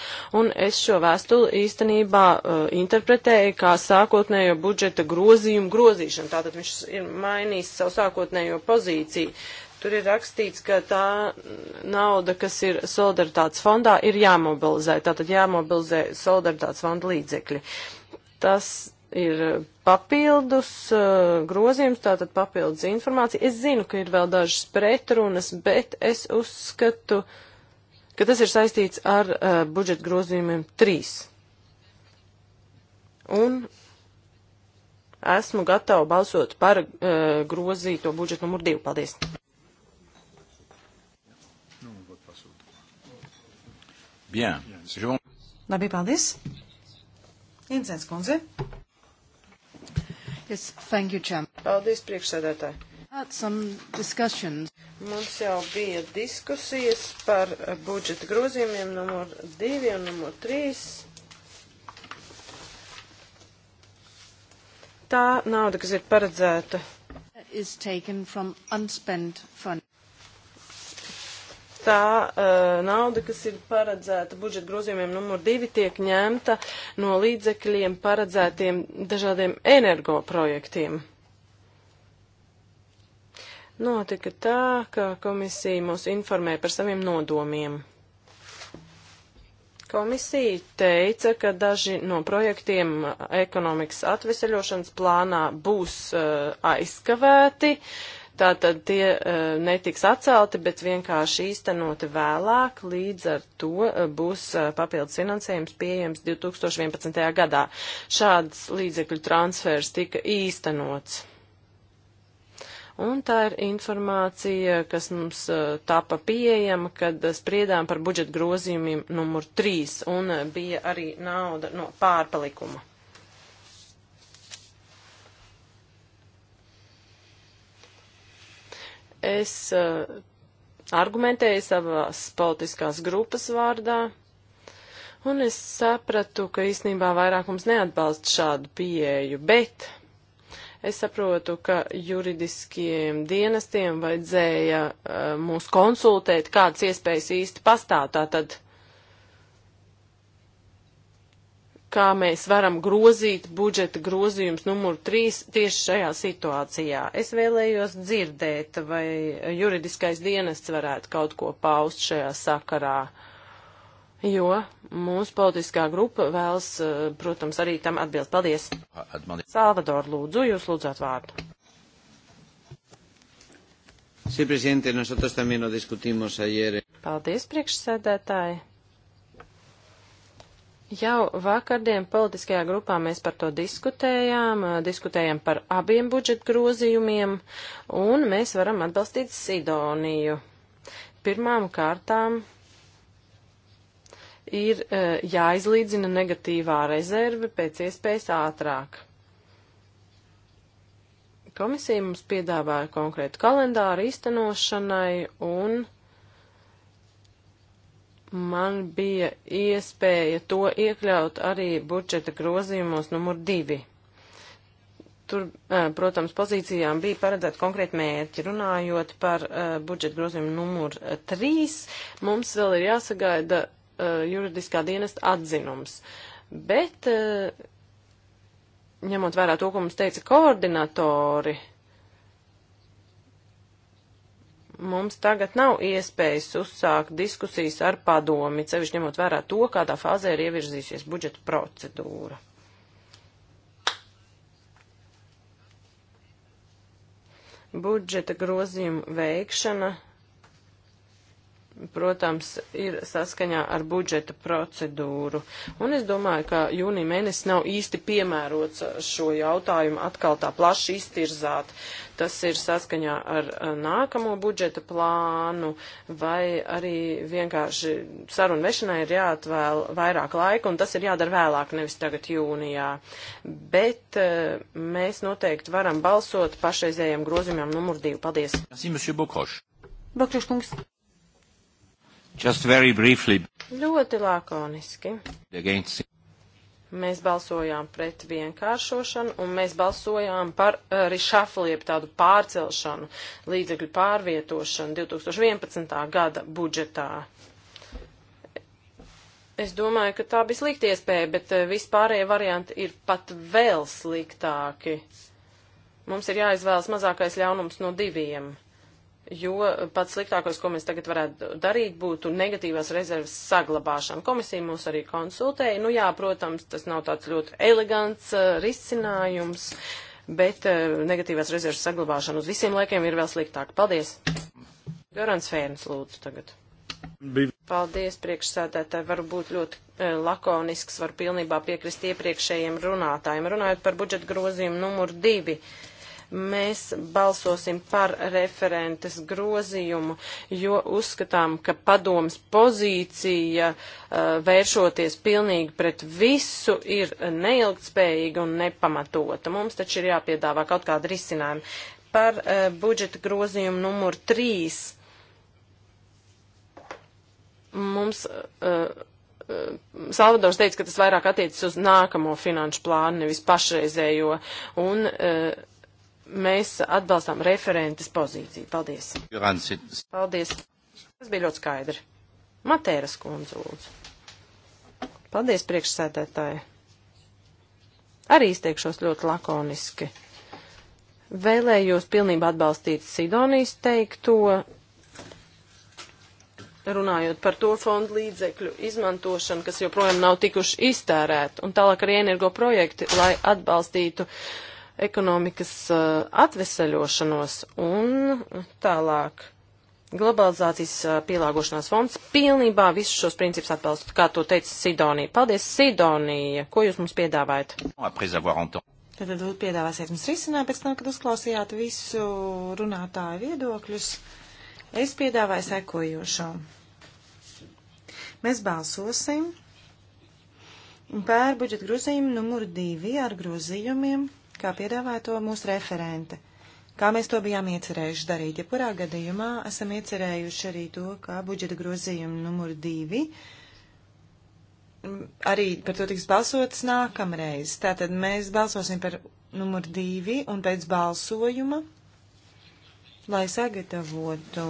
un es šo vēstuli īstenībā uh, interpretēju kā sākotnējo budžeta grozījumu grozīšanu. Tātad viņš ir mainījis savu sākotnējo pozīciju. Tur ir rakstīts, ka tā nauda, kas ir solidaritātes fondā, ir jāmobilizē. Tātad jāmobilizē solidaritātes fonda līdzekļi. Tas ir papildus eh, grozījums, tātad papildus informācija. Es zinu, ka ir vēl dažas pretrunas, bet es uzskatu, ka tas ir saistīts ar uh, budžeta grozījumiem 3. Un esmu gatava balsot par uh, grozīto budžetu numur 2. Paldies! Bien. Labi, paldies. Incents kundze. Yes, thank you, Jim. Paldies, priekšsēdētāji. Mums jau bija diskusijas par budžeta grozījumiem numur 2 un numur 3. Tā nauda, kas ir paredzēta, is taken from unspent fund tā uh, nauda, kas ir paredzēta budžeta grozījumiem numur divi, tiek ņemta no līdzekļiem paredzētiem dažādiem energoprojektiem. Notika tā, ka komisija mūs informēja par saviem nodomiem. Komisija teica, ka daži no projektiem ekonomikas atveseļošanas plānā būs uh, aizkavēti, uh, Tātad tie uh, netiks atcelti, bet vienkārši īstenoti vēlāk, līdz ar to uh, būs uh, papildus finansējums pieejams 2011. gadā. Šāds līdzekļu transfers tika īstenots. Un tā ir informācija, kas mums tapa pieejama, kad spriedām par budžeta grozījumiem numur 3 un bija arī nauda no pārpalikuma. Es uh, argumentēju savas politiskās grupas vārdā, un es sapratu, ka īstenībā vairākums neatbalsta šādu pieeju, bet Es saprotu, ka juridiskiem dienestiem vajadzēja uh, mūs konsultēt, kādas iespējas īsti pastāv. Tātad kā mēs varam grozīt budžeta grozījums numur 3 tieši šajā situācijā. Es vēlējos dzirdēt, vai juridiskais dienests varētu kaut ko paust šajā sakarā, jo mūsu politiskā grupa vēlas, eh, protams, arī tam atbilst. Paldies! Salvador, lūdzu, jūs lūdzāt vārdu. Sí, presidente, nosotros también lo discutimos ayer. Paldies, priekšsēdētāji. Jau vakardien politiskajā grupā mēs par to diskutējām, diskutējām par abiem budžeta grozījumiem, un mēs varam atbalstīt Sidoniju. Pirmām kārtām ir jāizlīdzina negatīvā rezerve pēc iespējas ātrāk. Komisija mums piedāvāja konkrētu kalendāru īstenošanai un man bija iespēja to iekļaut arī budžeta grozījumos numur divi. Tur, protams, pozīcijām bija paredzēta konkrēta mērķi. Runājot par uh, budžeta grozījumu numur 3, mums vēl ir jāsagaida uh, juridiskā dienesta atzinums. Bet, uh, ņemot vērā to, ko mums teica koordinatori, uh, mums tagad nav iespējas uzsākt diskusijas ar padomi, cevišķi ņemot vērā to, kādā fāzē ir ievirzīsies budžeta procedūra. Budžeta grozījuma veikšana protams, ir saskaņā ar budžeta procedūru. Un es domāju, ka jūnija mēnesis nav īsti piemērots šo jautājumu atkal tā plaši iztirzāt. Tas ir saskaņā ar eh, nākamo budžeta plānu, vai arī vienkārši sarunu vešanai ir jāatvēl vairāk laika, un tas ir jādara vēlāk, nevis tagad jūnijā. Bet eh, mēs noteikti varam balsot pašreizējiem grozījumiem numur divu. Paldies! Bokroškungs. Just very briefly. Ļoti lakoniski. Against. Mēs balsojām pret vienkāršošanu un mēs balsojām par uh, eh, rišafliep tādu pārcelšanu, līdzekļu pārvietošanu 2011. gada budžetā. Es domāju, ka tā bija slikta iespēja, bet eh, vispārējie varianti ir pat vēl sliktāki. Mums ir jāizvēlas mazākais ļaunums no diviem jo pats sliktākais, ko mēs tagad varētu darīt, būtu negatīvās rezerves saglabāšana. Komisija mūs arī konsultēja. Nu jā, protams, tas nav tāds ļoti elegants uh, risinājums, bet uh, negatīvās rezerves saglabāšana uz visiem laikiem ir vēl sliktāk. Paldies! Gorans Fērns lūdzu tagad. Paldies, priekšsēdētāji. Varu būt ļoti e, lakonisks, varu pilnībā piekrist iepriekšējiem runātājiem. Runājot par budžeta grozījumu numuru divi. Uh, Mēs balsosim par referentes grozījumu, jo uzskatām, ka padomas pozīcija uh, vēršoties pilnīgi pret visu ir neilgtspējīga un nepamatota. Mums taču ir jāpiedāvā kaut kāda risinājuma. Par uh, budžeta grozījumu numur 3 mums. Uh, uh, Salvadors teica, ka tas vairāk attiecas uz nākamo finanšu plānu, nevis pašreizējo. Un uh, mēs atbalstām referentes pozīciju. Paldies. Juransit. Paldies. Tas bija ļoti skaidri. Matēras kundze lūdzu. Paldies priekšsēdētāji. Arī izteikšos ļoti lakoniski. Vēlējos pilnībā atbalstīt Sidonijas teikto, runājot par to fondu līdzekļu izmantošanu, kas joprojām nav tikuši iztērēti, un tālāk arī energo projekti, lai atbalstītu uh, ekonomikas eh, atveseļošanos un tālāk. Globalizācijas eh, pielāgošanās fonds pilnībā visus šos principus atbalsta, kā to teica Sidonija. Paldies, Sidonija! Ko jūs mums piedāvājat? Tad jūs piedāvāsiet mums risinājumu pēc tam, kad uzklausījāt visu runātāju viedokļus. Es piedāvāju sekojošo. Mēs balsosim par budžeta grozījumu numuru divi ar grozījumiem kā piedāvāja to mūsu referente. Kā mēs to bijām iecerējuši darīt, ja kurā gadījumā esam iecerējuši arī to, kā budžeta grozījuma numur divi. Mm, arī par to tiks balsots nākamreiz. Tātad mēs balsosim par numur divi un pēc balsojuma, lai sagatavotu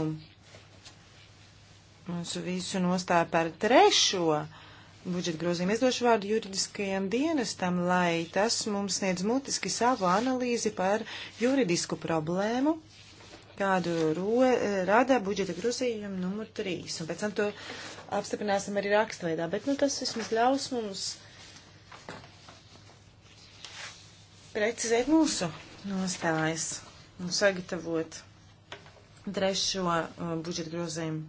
mūsu visu nostāju par trešo budžeta grozījumu. Es došu vārdu juridiskajam dienestam, lai tas mums sniedz mutiski savu analīzi par juridisku problēmu, kādu ro, rada budžeta grozījumu numur 3. Un pēc tam to apstiprināsim arī rakstveidā. Bet nu, tas vismaz ļaus mums precizēt mūsu nostājas un sagatavot trešo uh, budžeta grozījumu.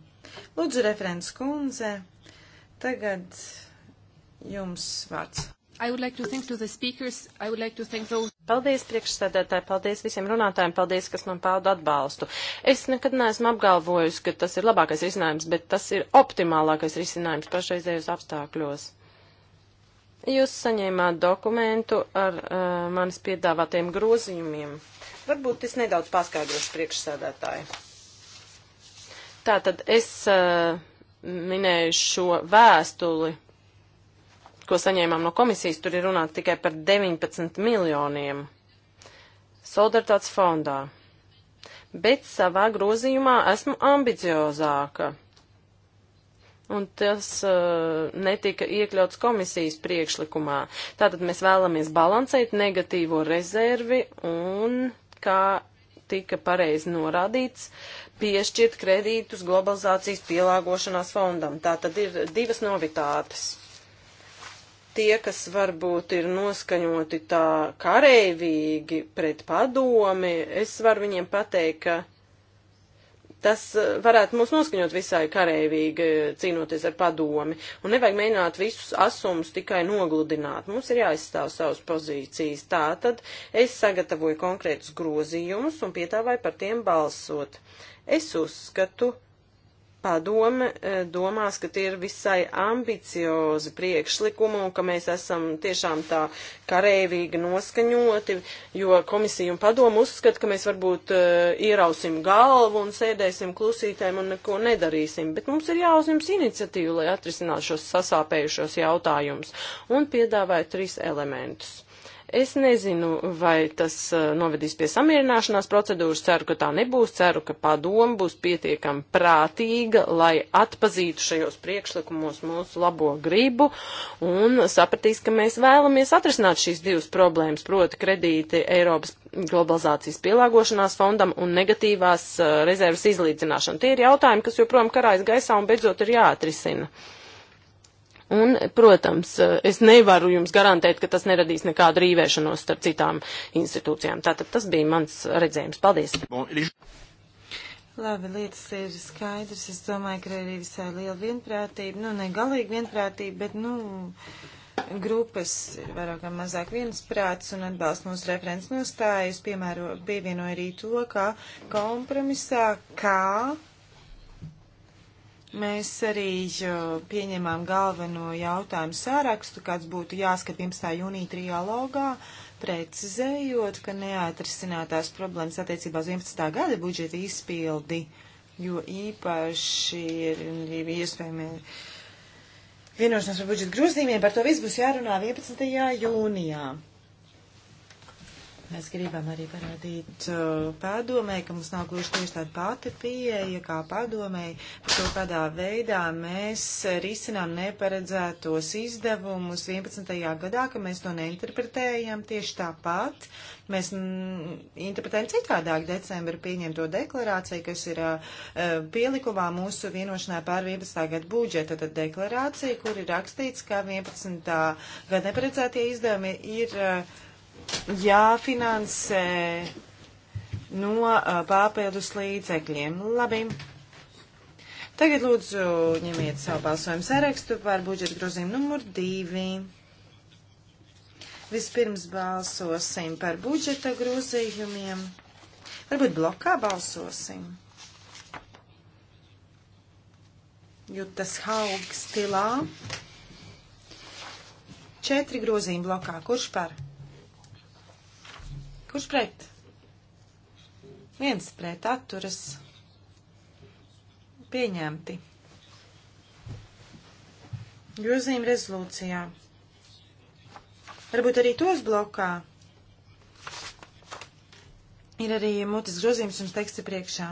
Lūdzu, referents kundze. Tagad jums vārds. Like to to like to those... Paldies priekšsēdētāji, paldies visiem runātājiem, paldies, kas man pauda atbalstu. Es nekad neesmu apgalvojusi, ka tas ir labākais risinājums, bet tas ir optimālākais risinājums pašreizējos apstākļos. Jūs saņēmāt dokumentu ar uh, manis piedāvātiem grozījumiem. Varbūt es nedaudz paskaidrošu priekšsēdētāju. Tātad es uh, minēju šo vēstuli, ko saņēmām no komisijas, tur ir runāts tikai par 19 miljoniem solidaritātes fondā. Bet savā grozījumā esmu ambiciozāka. Un tas uh, netika iekļauts komisijas priekšlikumā. Tātad mēs vēlamies balansēt negatīvo rezervi un kā tika pareizi norādīts, piešķirt kredītus globalizācijas pielāgošanās fondam. Tā tad ir divas novitātes. Tie, kas varbūt ir noskaņoti tā kareivīgi pret padomi, es varu viņiem pateikt, ka Tas eh, varētu mūs noskaņot visai kareivīgi eh, cīnoties ar padomi. Un nevajag mēģināt visus asumus tikai nogludināt. Mums ir jāizstāv savas pozīcijas. Tā tad es sagatavoju konkrētus grozījumus un pietāvāju par tiem balsot. Es uzskatu, padome eh, domās, ka tie ir visai ambiciozi priekšlikumi un ka mēs esam tiešām tā karēvīgi noskaņoti, jo komisija un padome uzskata, ka mēs varbūt uh, ierausim galvu un sēdēsim klusītēm un neko nedarīsim, bet mums ir jāuzņems iniciatīva, lai atrisinātu šos sasāpējušos jautājumus un piedāvāju trīs elementus. Es nezinu, vai tas uh, novedīs pie samierināšanās procedūras. Ceru, ka tā nebūs. Ceru, ka padoma būs pietiekami prātīga, lai atpazītu šajos priekšlikumos mūsu labo gribu un sapratīs, ka mēs vēlamies atrisināt šīs divas problēmas, proti kredīti Eiropas globalizācijas pielāgošanās fondam un negatīvās uh, rezerves izlīdzināšanu. Tie ir jautājumi, kas joprojām karājas gaisā un beidzot ir jāatrisina. Un, protams, es nevaru jums garantēt, ka tas neradīs nekādu rīvēšanos starp citām institūcijām. Tātad tas bija mans redzējums. Paldies! Labi, lietas ir skaidrs. Es domāju, ka arī visai liela vienprātība. Nu, ne galīgi vienprātība, bet, nu, grupas ir vairāk vai mazāk viens prāts un atbalsts mūsu referents nostājas. Piemēro, pievienoju arī to, ka kompromisā, kā. Ka Mēs arī pieņemām galveno jautājumu sārakstu, kāds būtu jāskat 11. jūnija trialogā, precizējot, ka neatrisinātās problēmas attiecībā uz 11. gada budžeta izpildi, jo īpaši ir, ir iespējami vienošanās par budžeta grozījumiem, par to viss būs jārunā 11. jūnijā. Mēs gribam arī parādīt uh, padomē, ka mums nav gluži tieši tāda pati pieeja kā padomē, par to, kādā veidā mēs risinām neparedzētos izdevumus 11. gadā, ka mēs to neinterpretējam tieši tāpat. Mēs m, mm, interpretējam citādāk decembra pieņemto deklarāciju, kas ir uh, uh pielikumā mūsu vienošanā par 11. gadu budžeta. Tad deklarācija, kur ir rakstīts, ka 11. gada neparedzētie izdevumi ir. Uh, jāfinansē no uh, papildus līdzekļiem. Labi. Tagad lūdzu ņemiet savu balsojumu sarakstu par budžeta grozījumu numur divi. Vispirms balsosim par budžeta grozījumiem. Varbūt blokā balsosim. Jūtas haugs stilā. Četri grozījumi blokā. Kurš par? Kurš pret? Viens pret atturas. Pieņemti. Grozījuma rezolūcijā. Varbūt arī tos blokā. Ir arī mutes grozījums un teksti priekšā.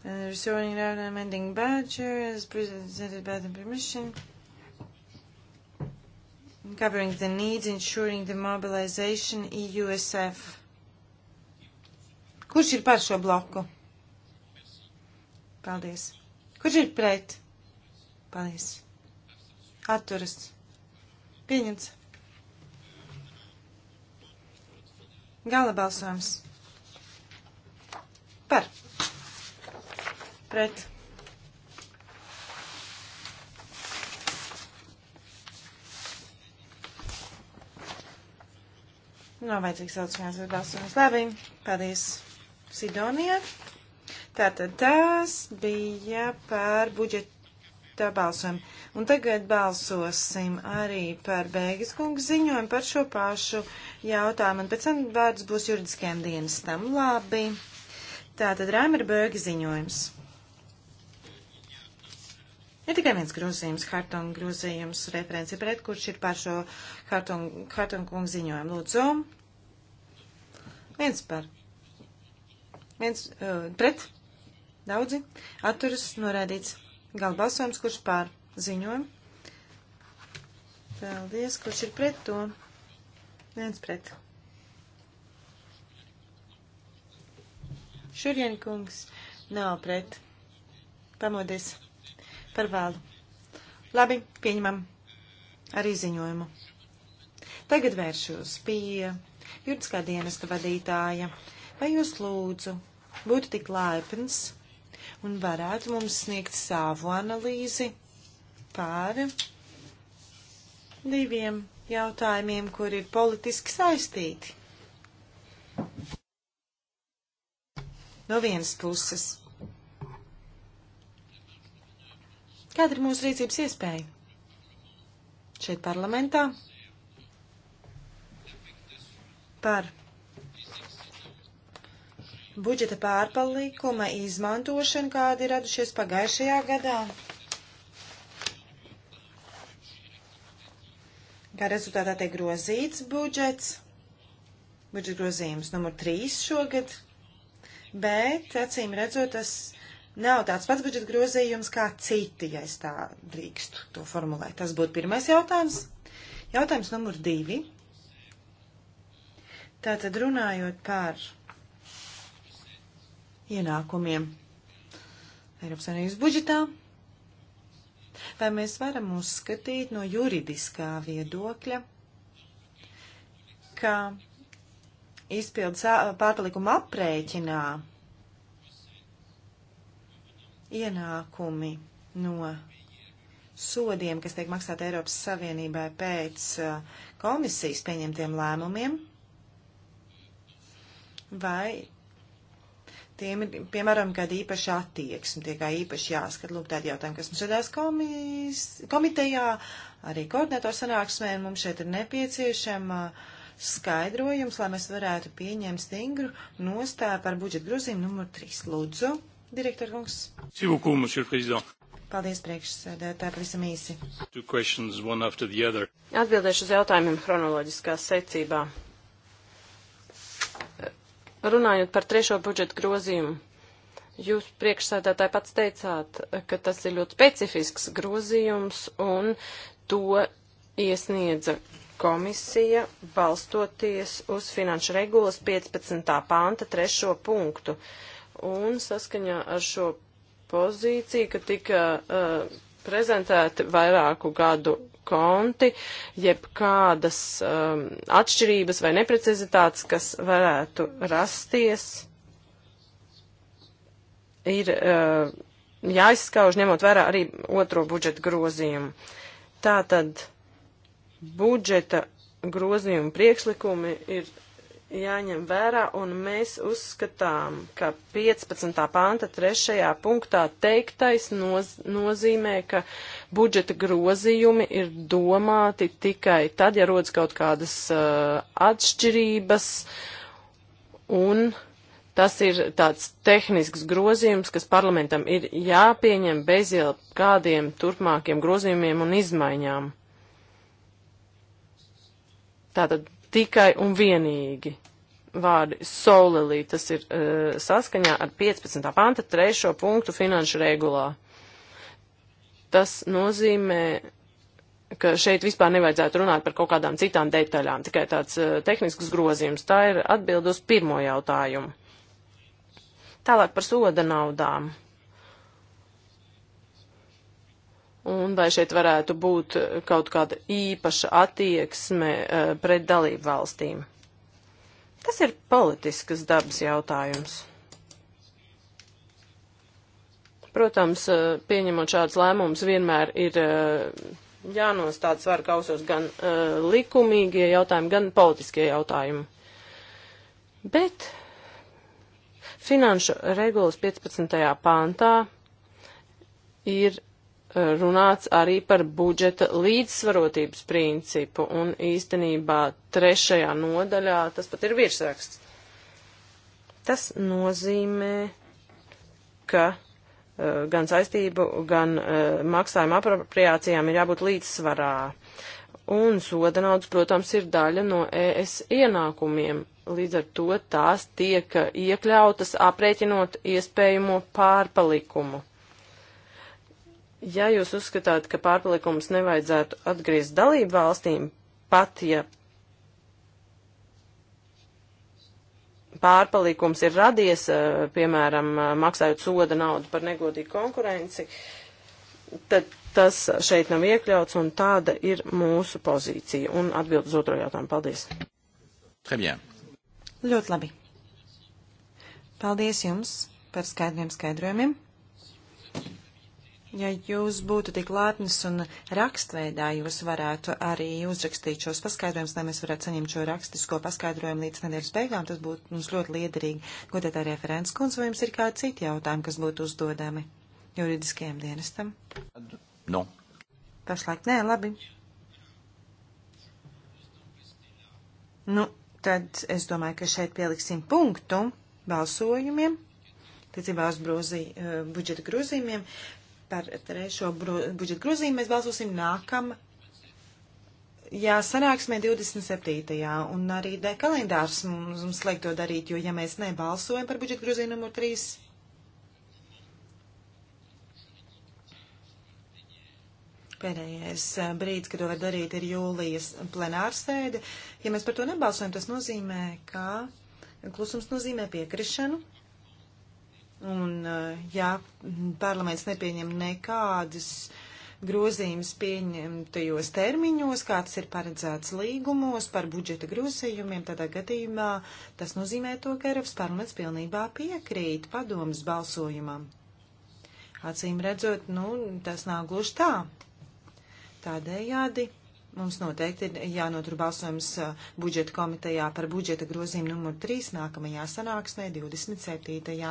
Uh, restoring round amending badger as presented by the permission covering the needs, ensuring the mobilization EUSF. Kurš ir par šo bloku? Paldies. Kurš ir pret? Paldies. Atturas. Pieņemts. Gala balsojums. Par. Pret. Nav vajadzīgs daudz viens balsojums. Labi, paldies Sidonijā. Tātad tas bija par budžeta balsojumu. Un tagad balsosim arī par Bēgas kungu ziņojumu par šo pašu jautājumu. Un pēc tam vārds būs juridiskajam dienestam. Labi. Tātad Raimer Bēga ziņojums. Ir tikai viens grozījums, Hartonga grozījums, referenci pret, kurš ir par šo Hartonga Hartong kungu ziņojumu. Lūdzu, viens par, viens uh, pret, daudzi, atturas norādīts. Gal balsojums, kurš pār ziņojumu. Paldies, kurš ir pret to. Viens pret. Šurien kungs nav pret. Pamodies par vēlu. Labi, pieņemam arī ziņojumu. Tagad vēršos pie juridiskā dienesta vadītāja. Vai jūs lūdzu būtu tik laipns un varētu mums sniegt savu analīzi par diviem jautājumiem, kur ir politiski saistīti? No vienas puses Kāda ir mūsu rīcības iespēja? Šeit parlamentā par budžeta pārpalikuma izmantošanu, kādi ir radušies pagājušajā gadā. Kā rezultātā tiek grozīts budžets, budžeta grozījums numur 3 šogad, bet, acīm redzot, tas nav tāds pats budžeta grozījums kā citi, ja es tā drīkstu to formulēt. Tas būtu pirmais jautājums. Jautājums numur divi. Tātad runājot par ienākumiem Eiropas Savienības budžetā, vai mēs varam uzskatīt no juridiskā viedokļa, ka izpildes pārpalikuma aprēķinā Ienākumi no sodiem, kas tiek maksāti Eiropas Savienībai pēc uh, komisijas pieņemtiem lēmumiem, vai tiem ir, piemēram, kāda īpaša attieksme, tie kā īpaši jāskat, lūk, tādi jautājumi, kas mums nu radās komis, komitejā, arī koordinatoru sanāksmē, un mums šeit ir nepieciešama skaidrojums, lai mēs varētu pieņemt stingru nostāju par budžeta grozījumu numur 3. Lūdzu direktor kungs. Sīvūkumu, monsieur prezident. Paldies, priekšsēdētāji, pavisam īsi. Atbildēšu uz jautājumiem chronoloģiskā secībā. Runājot par trešo budžetu grozījumu, Jūs priekšsēdētāji pats teicāt, ka tas ir ļoti specifisks grozījums un to iesniedza komisija balstoties uz finanšu regulas 15. panta trešo punktu. Uh, Un saskaņā ar šo pozīciju, ka tika uh, prezentēti vairāku gadu konti, jeb kādas um, atšķirības vai neprecizitātes, kas varētu rasties, ir uh, jāizskauž, ņemot vērā arī otro budžeta grozījumu. Tātad budžeta grozījumu priekšlikumi ir jāņem vērā, un mēs uzskatām, ka 15. panta trešajā punktā teiktais noz nozīmē, ka budžeta grozījumi ir domāti tikai tad, ja rodas kaut kādas uh, atšķirības, un tas ir tāds tehnisks grozījums, kas parlamentam ir jāpieņem bez jau kādiem turpmākiem grozījumiem un izmaiņām. Tātad tikai un vienīgi vārdi solelī, tas ir uh, saskaņā ar 15. panta trešo punktu finanšu regulā. Tas nozīmē, ka šeit vispār nevajadzētu runāt par kaut kādām citām detaļām, tikai tāds uh, tehnisks grozījums. Tā ir atbild uz pirmo jautājumu. Tālāk par soda naudām. Un vai šeit varētu būt kaut kāda īpaša attieksme uh, pret dalību valstīm? Tas ir politiskas dabas jautājums. Protams, eh, pieņemot šādus lēmumus, vienmēr ir eh, jānostāda svaru kausos gan likumīgie jautājumi, gan politiskie jautājumi. Bet finanšu regulas 15. pāntā ir runāts arī par budžeta līdzsvarotības principu, un īstenībā trešajā nodaļā tas pat ir virsraksts. Tas nozīmē, ka eh, gan saistību, gan uh, maksājuma apropriācijām ir jābūt līdzsvarā. Un soda naudas, protams, ir daļa no ES ienākumiem. Līdz ar to tās tiek eh, iekļautas aprēķinot iespējamo pārpalikumu. Ja jūs uzskatāt, ka pārpalikums nevajadzētu atgriezt dalību valstīm, pat ja pārpalikums ir radies, eh, piemēram, eh, maksājot soda naudu par negodīgu konkurenci, tad tas šeit nav iekļauts, un tāda ir mūsu pozīcija. Un atbild uz otro jautājumu. Paldies. Très bien. Ļoti labi. Paldies jums par skaidriem skaidrojumiem. Ja jūs būtu tik lātnis un rakstveidā, jūs varētu arī uzrakstīt šos paskaidrojumus, lai mēs varētu saņemt šo rakstisko paskaidrojumu līdz nedēļas beigām, tas būtu mums ļoti liederīgi. Godētā referents kundze, vai jums ir kādi citi jautājumi, kas būtu uzdodami juridiskajam dienestam? No. Pašlaik nē, labi. Nu, tad es domāju, ka šeit pieliksim punktu balsojumiem. Ticībā uz brūzī, eh, budžeta grozījumiem par trešo budžetu grozījumu mēs balsosim nākam. Jā, sanāksmē 27. Jā, un arī kalendārs mums, mums liek to darīt, jo ja mēs nebalsojam par budžetu grozījumu numur 3, pēdējais eh, brīdis, kad to var darīt, ir jūlijas plenārsēde. Ja mēs par to nebalsojam, tas nozīmē, ka klusums nozīmē piekrišanu Un, eh, ja parlaments nepieņem nekādus grozījumus pieņemtajos termiņos, kā tas ir paredzēts līgumos par budžeta grozījumiem, tādā gadījumā tas nozīmē to, ka Eiropas parlaments pilnībā piekrīt padomas balsojumam. Acīm redzot, nu, tas nav gluži tā. Tādējādi mums noteikti ir jānotur balsojums eh, budžeta komitejā par budžeta grozījumu numur 3 nākamajā sanāksmē 27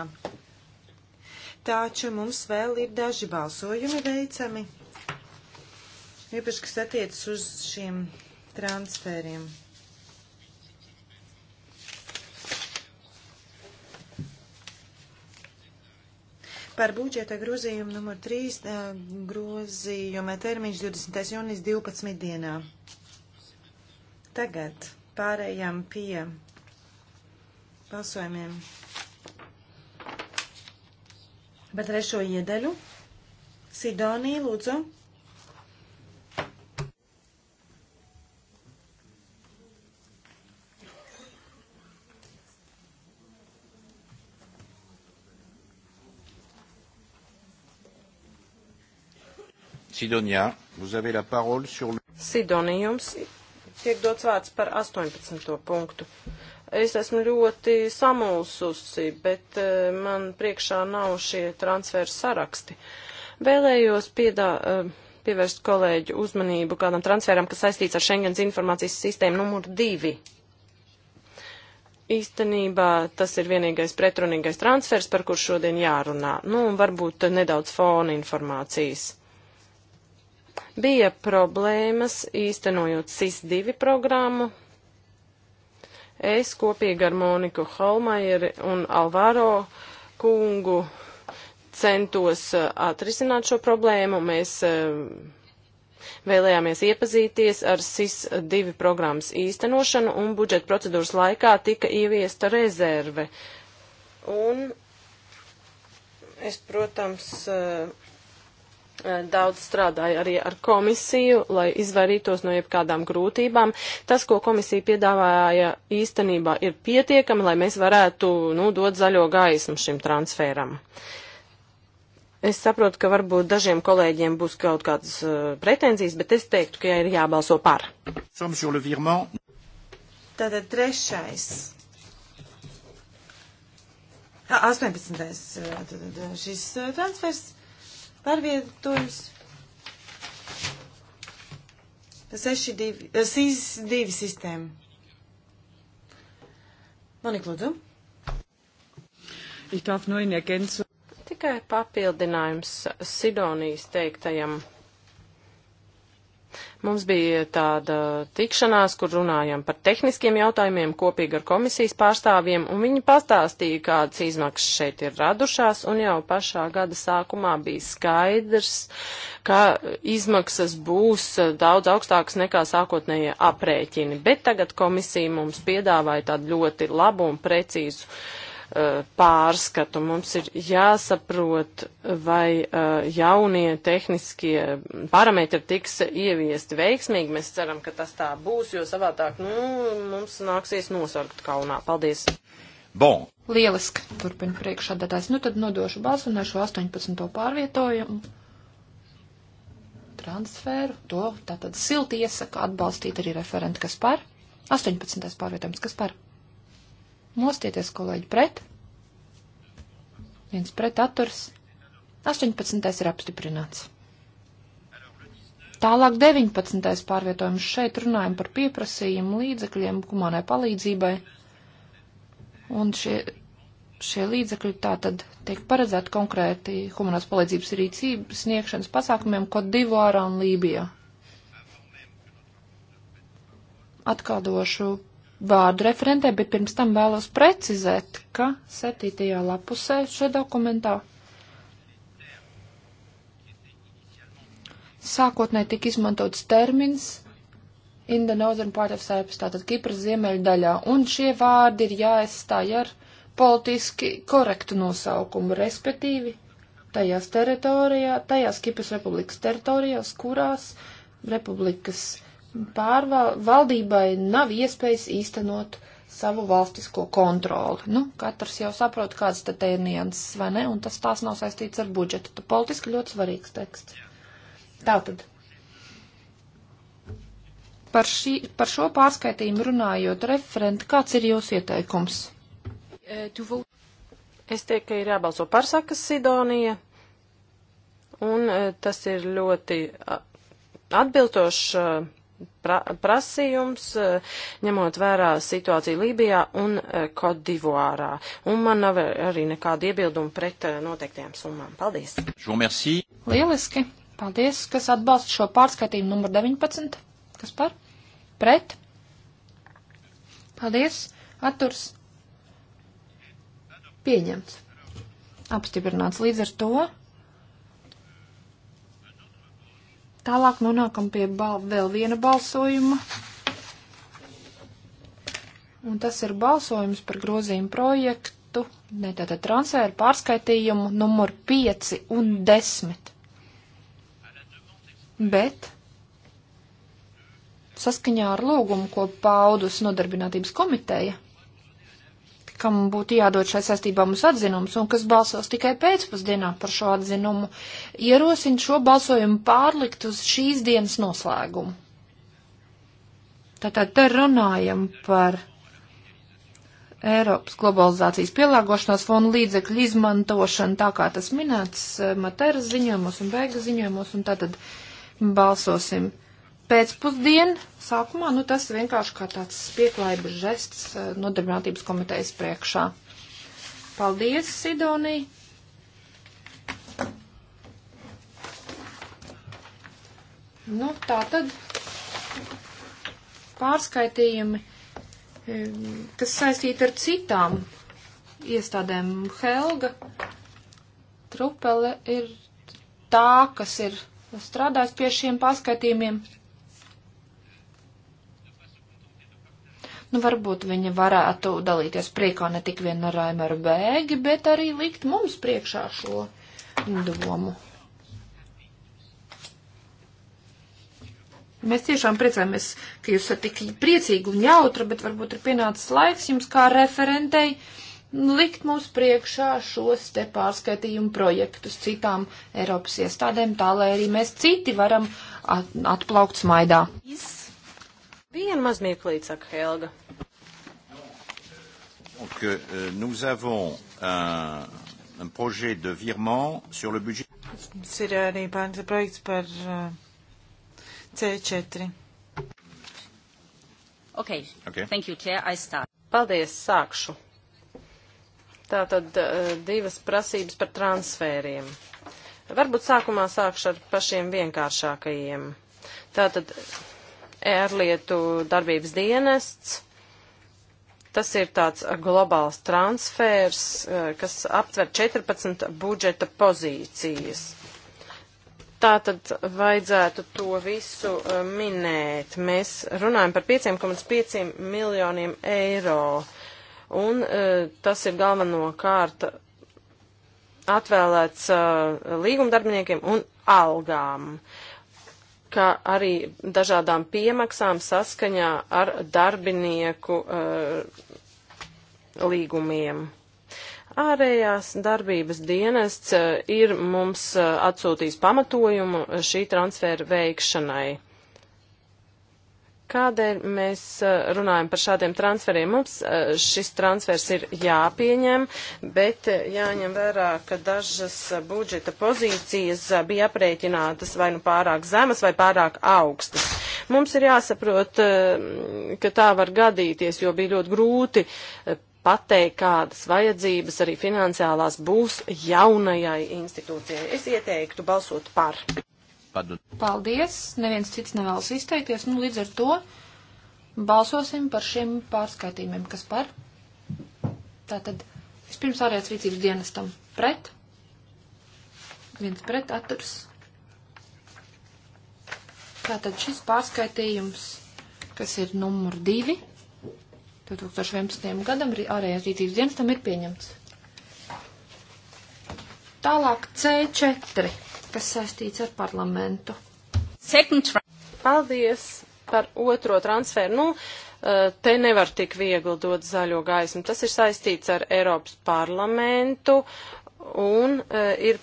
taču mums vēl ir daži balsojumi veicami, īpaši, kas attiecas uz šiem transferiem. par budžeta grozījumu numur 3 grozījuma termiņš 20. jūnijas 12. dienā. Tagad pārējām pie balsojumiem par trešo iedaļu. Sidonija, lūdzu. Sidonia, vous avez la parole sur le... Sidonijums tiek dots vārds par 18. punktu. Es esmu ļoti samulsusi, bet eh, man priekšā nav šie transferu saraksti. Vēlējos piedā, eh, pievērst kolēģu uzmanību kādam transferam, kas saistīts ar Schengens informācijas sistēmu numur divi. Īstenībā tas ir vienīgais pretrunīgais transfers, par kur šodien jārunā. Nu, un varbūt nedaudz fona informācijas bija problēmas īstenojot SIS-2 programmu, Es kopīgi ar Moniku Holmajeri un Alvaro kungu centos uh, atrisināt šo problēmu. Mēs uh, vēlējāmies iepazīties ar SIS-2 programmas īstenošanu un budžeta procedūras laikā tika ieviesta rezerve. Un es, protams, uh, Eh, daudz strādāja arī ar komisiju, lai izvairītos no jebkādām grūtībām. Tas, ko komisija piedāvāja, īstenībā ir pietiekami, lai mēs varētu nu, dot zaļo gaismu šim transferam. Es saprotu, ka varbūt dažiem kolēģiem būs kaut kādas uh, pretenzijas, bet es teiktu, ka ir jābalso par. Tātad trešais. 18. Eh, tātad šis transfers pārvietojums. 6-2, eh, SIS-2 sistēma. Monika, lūdzu. Ich darf nur in ergänzung. Tikai papildinājums Sidonijas teiktajam. Mums bija tāda tikšanās, kur runājām par tehniskiem jautājumiem kopīgi ar komisijas pārstāvjiem, un viņi pastāstīja, kādas izmaksas šeit ir radušās, un jau pašā gada sākumā bija skaidrs, ka izmaksas būs daudz augstākas nekā sākotnējie aprēķini. Bet tagad komisija mums piedāvāja tādu ļoti labu un precīzu uh, Eh, pārskatu. Mums ir jāsaprot, vai eh, jaunie tehniskie parametri tiks ieviesti veiksmīgi. Mēs ceram, ka tas tā būs, jo savādāk nu, mums nāksies nosargt kaunā. Paldies! Bon. Lieliski, turpina priekšādātājs. Nu tad nodošu balsojumu 18. pārvietojumu transferu. To tātad silti iesaka atbalstīt arī referenti, kas par 18. pārvietojums, kas par 18. Mostieties, kolēģi, pret. Viens pret atturs. 18. ir apstiprināts. Tālāk 19. pārvietojums šeit runājam par pieprasījumu līdzekļiem humanai palīdzībai. Un šie, šie līdzekļi tātad tiek paredzēti konkrēti humanās palīdzības rīcības sniegšanas pasākumiem Kodivārā un Lībijā. Atkārdošu vārdu referentē, bet pirms tam vēlos precizēt, ka 7. lapusē šajā dokumentā sākotnē tika izmantots termins in the northern part of Cyprus, tātad Kipras ziemeļu daļā, un šie vārdi ir jāaizstāj ar politiski korektu nosaukumu, respektīvi tajās teritorijā, tajās Kipras republikas teritorijās, kurās republikas pārvaldībai nav iespējas īstenot savu valstisko kontroli. Nu, katrs jau saprot, kāds tad te ir nianses, vai ne, un tas tās nav saistīts ar budžetu. Tu politiski ļoti svarīgs teksts. Tātad. Par, šī, par šo pārskaitījumu runājot, referenti, kāds ir jūsu ieteikums? Es teiktu, ka ir jābalso par sakas Sidonija, un eh, tas ir ļoti atbilstošs pra prasījums, eh, ņemot vērā situāciju Lībijā un Kodivārā. Eh, un man nav arī nekāda iebilduma pret eh, noteiktajām summām. Paldies! Lieliski! Paldies, kas atbalsta šo pārskaitījumu numur 19. Kas par? Pret? Paldies! Atturs! Pieņemts! Apstiprināts līdz ar to. Tālāk nonākam pie bal vēl viena balsojuma. Un tas ir balsojums par grozījumu projektu, ne tātad transferu pārskaitījumu numur 5 un 10. Bet saskaņā ar lūgumu, ko paudus nodarbinātības komiteja kam būtu jādod šai saistībā mums atzinums, un kas balsos tikai pēcpusdienā par šo atzinumu, ierosina šo balsojumu pārlikt uz šīs dienas noslēgumu. Tātad te runājam par Eiropas globalizācijas pielāgošanās fonda līdzekļu izmantošanu, tā kā tas minēts eh, Materas ziņojumos un Beigas ziņojumos, un tātad balsosim. Uh, pēcpusdien sākumā, nu tas vienkārši kā tāds pieklājības žests eh, nodarbinātības komitejas priekšā. Paldies, Sidonija! Nu, tā tad pārskaitījumi, eh, kas saistīti ar citām iestādēm. Helga Trupele ir tā, kas ir strādājis pie šiem pārskaitījumiem. Nu, varbūt viņa varētu dalīties priekā ne tik vien ar Raimaru Bēgi, bet arī likt mums priekšā šo domu. Mēs tiešām priecājamies, ka jūs esat tik priecīgi un jautri, bet varbūt ir pienācis laiks jums kā referentei likt mums priekšā šos te pārskaitījumu projektus citām Eiropas iestādēm, tā lai arī mēs citi varam atplaukt smaidā. Yes. Vienu mazmīklīt, saka Helga. Donc, euh, nous avons un, un projet de virement sur le budget. Mums ir arī pārnes projekts par uh, C4. Okay. okay. Thank you, Chair. I start. Paldies, sākšu. Tātad uh, divas prasības par transfēriem. Varbūt sākumā sākšu ar pašiem vienkāršākajiem. Tātad ērlietu darbības dienests. Tas ir tāds globāls transfers, eh, kas aptver 14 budžeta pozīcijas. Tā tad vajadzētu to visu eh, minēt. Mēs runājam par 5,5 miljoniem eiro, un eh, tas ir galvenokārt atvēlēts līgumdarbiniekiem un algām. Uh, kā arī dažādām piemaksām saskaņā ar darbinieku uh, līgumiem. Ārējās darbības dienests uh, ir mums uh, atsūtījis pamatojumu šī transfera veikšanai. Kādēļ mēs eh, runājam par šādiem transferiem? Mums eh, šis transfers ir jāpieņem, bet eh, jāņem vērā, ka dažas budžeta pozīcijas bija aprēķinātas vai nu pārāk zemas vai pārāk augstas. Mums ir jāsaprot, ka tā var gadīties, jo bija ļoti grūti pateikt, kādas vajadzības arī finansiālās būs jaunajai institūcijai. Es ieteiktu balsot par padu. Paldies, neviens cits nevēlas izteikties, nu līdz ar to balsosim par šiem pārskaitījumiem, kas par. Tātad vispirms ārējās rīcības dienestam pret, viens pret atturs. Tātad šis pārskaitījums, kas ir numur divi, 2011. gadam ārējās rīcības dienestam ir pieņemts. Tālāk C4 kas saistīts ar parlamentu. Paldies par otro transferu. Nu, eh, te nevar tik viegli dot zaļo gaismu. Tas ir saistīts ar Eiropas parlamentu un eh, ir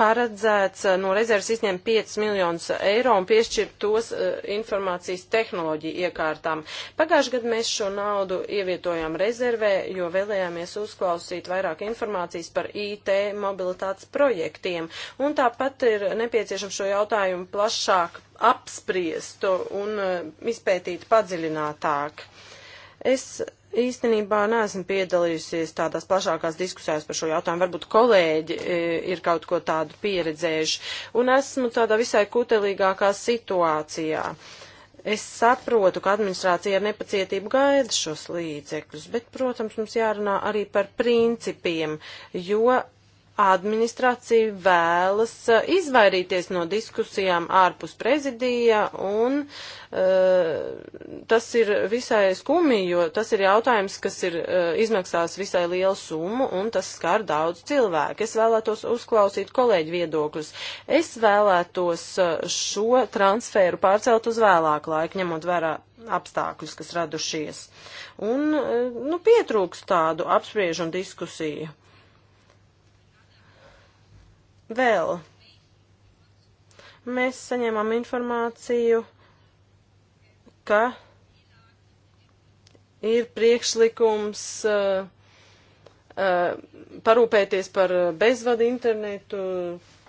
paredzēts eh, no rezerves izņemt 5 miljonus eiro un piešķirt tos uh, informācijas tehnoloģiju iekārtām. Pagājušajā gadā mēs šo naudu ievietojām rezervē, jo vēlējāmies uzklausīt vairāk informācijas par IT mobilitātes projektiem. Un tāpat ir nepieciešams šo jautājumu plašāk apspriest un uh, izpētīt padziļinātāk. Es īstenībā neesmu piedalījusies tādās plašākās diskusijās par šo jautājumu. Varbūt kolēģi e, ir kaut ko tādu pieredzējuši. Un esmu tādā visai kutelīgākā situācijā. Es saprotu, ka administrācija ar nepacietību gaida šos līdzekļus, bet, protams, mums jārunā arī par principiem, jo administrācija vēlas uh, izvairīties no diskusijām ārpus prezidija, un e, tas ir visai skumji, jo tas ir jautājums, kas ir e, izmaksās visai lielu summu, un tas skar daudz cilvēku. Es vēlētos uzklausīt kolēģi viedokļus. Es vēlētos šo transferu pārcelt uz vēlāku laiku, ņemot vērā apstākļus, kas radušies. Un, e, nu, pietrūks tādu apspriežu un diskusiju. Vēl mēs saņēmām informāciju, ka ir priekšlikums uh, uh, parūpēties par bezvadu internetu, uh,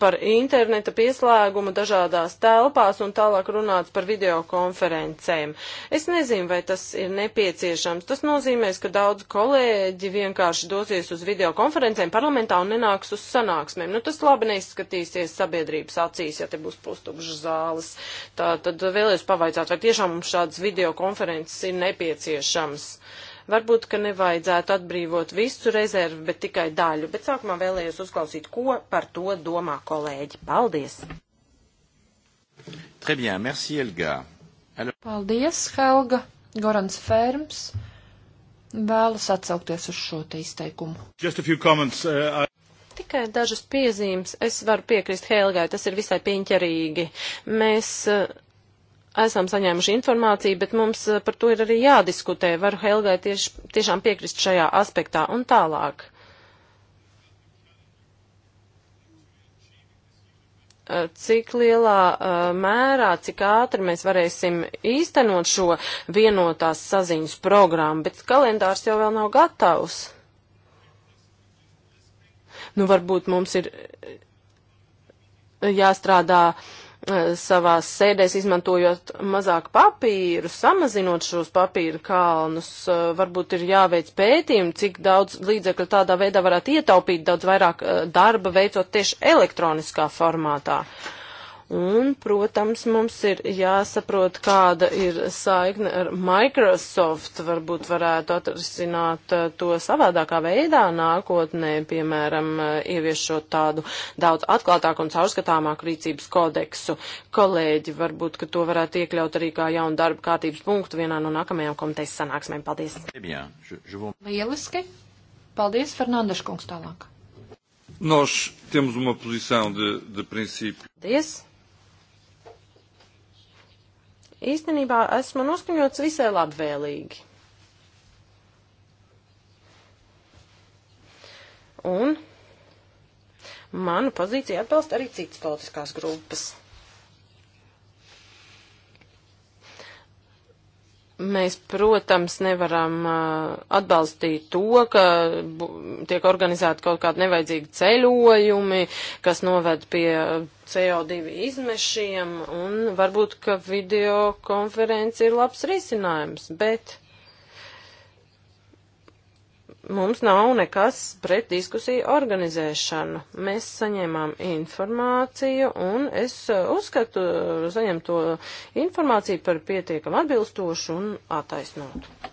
par interneta pieslēgumu dažādās telpās un tālāk runāts par videokonferencēm. Es nezinu, vai tas ir nepieciešams. Tas nozīmēs, ka daudz kolēģi vienkārši dosies uz videokonferencēm parlamentā un nenāks uz sanāksmēm. Nu, tas labi neizskatīsies sabiedrības acīs, ja te būs pustukšas zāles. Tā tad vēlies pavaicāt, vai tiešām mums šādas videokonferences ir nepieciešams. Uh, Varbūt, ka nevajadzētu atbrīvot visu rezervu, bet tikai daļu. Bet sākumā vēlējos uzklausīt, ko par to domā kolēģi. Paldies! Très bien, merci Helga. Alors... Paldies, Helga. Gorans Ferms vēlas atsaukties uz šo te izteikumu. Comments, uh, I... Tikai dažas piezīmes. Es varu piekrist Helgai, tas ir visai pieņķerīgi. Mēs uh, esam saņēmuši informāciju, bet mums eh, par to ir arī jādiskutē. Varu Helgai tieš, tiešām piekrist šajā aspektā un tālāk. Eh, cik lielā eh, mērā, cik ātri mēs varēsim īstenot šo vienotās saziņas programmu, bet kalendārs jau vēl nav gatavs. Nu, varbūt mums ir jāstrādā uh, Eh, savās sēdēs izmantojot mazāk papīru, samazinot šos papīru kalnus, eh, varbūt ir jāveic pētījumi, cik daudz līdzekļu tādā veidā varētu ietaupīt, daudz vairāk eh, darba veicot tieši elektroniskā formātā. Uh, Un, protams, mums ir jāsaprot, kāda ir saikne ar Microsoft. Varbūt varētu atrisināt eh, to savādākā veidā nākotnē, piemēram, eh, ieviešot tādu daudz atklātāku un caurskatāmāku rīcības kodeksu. Kolēģi, varbūt, ka to varētu iekļaut arī kā jaunu darba kārtības punktu vienā no nākamajām komitejas sanāksmēm. Paldies! Eh Lieliski! Paldies, Fernandes kungs tālāk! Nós temos uma posição de, de princípio. Desse? Īstenībā esmu noskaņots visai labvēlīgi. Un manu pozīciju atbalsta arī citas politiskās grupas. Mēs, protams, nevaram uh, atbalstīt to, ka tiek organizēti kaut kādi nevajadzīgi ceļojumi, kas noved pie CO2 izmešiem, un varbūt, ka videokonference ir labs risinājums, bet mums nav nekas pret diskusiju organizēšanu. Mēs saņēmām informāciju un es eh, uzskatu saņemto informāciju par pietiekam atbilstošu un attaisnotu.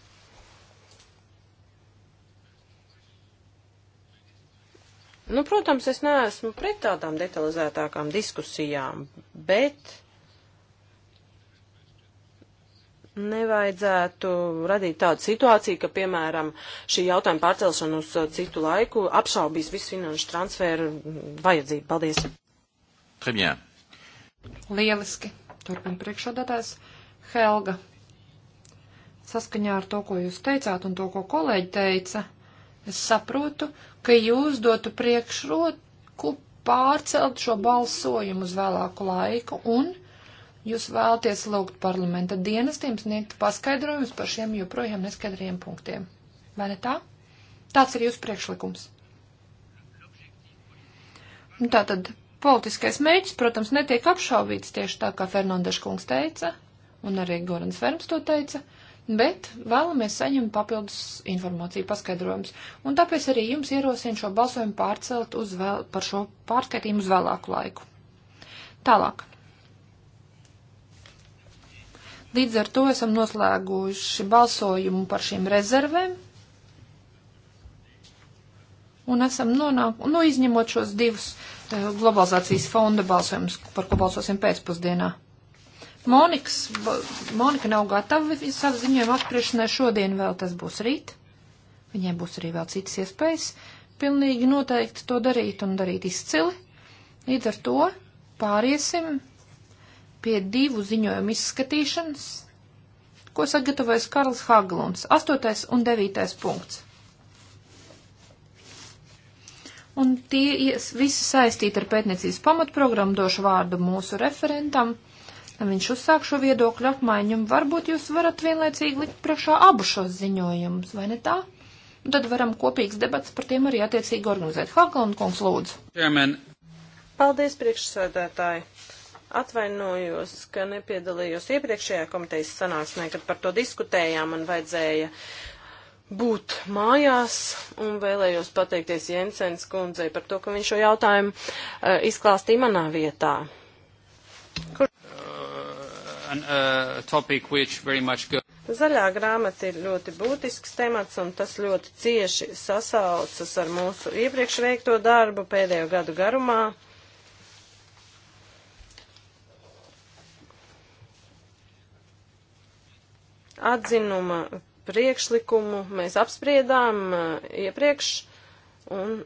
Nu, protams, es neesmu pret tādām detalizētākām diskusijām, bet nevajadzētu radīt tādu situāciju, ka, piemēram, šī jautājuma pārcelšana uz uh, citu laiku apšaubīs visu finanšu transferu vajadzību. Paldies! Très bien. Lieliski! Turpin priekšādātājs Helga. Saskaņā ar to, ko jūs teicāt un to, ko kolēģi teica, es saprotu, ka jūs dotu priekšroku pārcelt šo balsojumu uz vēlāku laiku un Jūs vēlaties lūgt parlamenta dienestiem sniegt paskaidrojumus par šiem joprojām neskaidriem punktiem. Vai ne tā? Tāds ir jūsu priekšlikums. Nu, tātad politiskais mēģis, protams, netiek apšaubīts tieši tā, kā Fernandeša kungs teica, un arī Gorans Ferms to teica, bet vēlamies saņemt papildus informāciju, paskaidrojumus, un tāpēc arī jums ierosinu šo balsojumu pārcelt uz vēl, par šo pārskaitījumu uz vēlāku laiku. Tālāk. Līdz ar to esam noslēguši balsojumu par šīm rezervēm. Un esam nonākuši, nu, izņemot šos divus eh, globalizācijas fonda balsojumus, par ko balsosim pēcpusdienā. Monikas, Monika nav gatava savu ziņojumu apspriešanai šodien, vēl tas būs rīt. Viņai būs arī vēl citas iespējas pilnīgi noteikti to darīt un darīt izcili. Līdz ar to pāriesim pie divu ziņojumu izskatīšanas, ko sagatavojas Karls Haglunds, 8. un 9. punkts. Un tie visi saistīti ar pētniecības pamatprogrammu došu vārdu mūsu referentam, lai viņš uzsāk šo viedokļu apmaiņu, un varbūt jūs varat vienlaicīgi likt priekšā abu šos ziņojumus, vai ne tā? Un tad varam kopīgs debats par tiem arī attiecīgi organizēt. Haglund kungs lūdzu. Chairman. Paldies, priekšsēdētāji. Atvainojos, ka nepiedalījos iepriekšējā komitejas sanāksmē, kad par to diskutējām, man vajadzēja būt mājās un vēlējos pateikties Jensens kundzei par to, ka viņš šo jautājumu uh, izklāstīja manā vietā. Kur... Uh, an, uh, topic which very much goes Zaļā grāmata ir ļoti būtisks temats, un tas ļoti cieši sasaucas ar mūsu iepriekš veikto darbu pēdējo gadu garumā. atzinuma priekšlikumu mēs apspriedām uh, iepriekš, un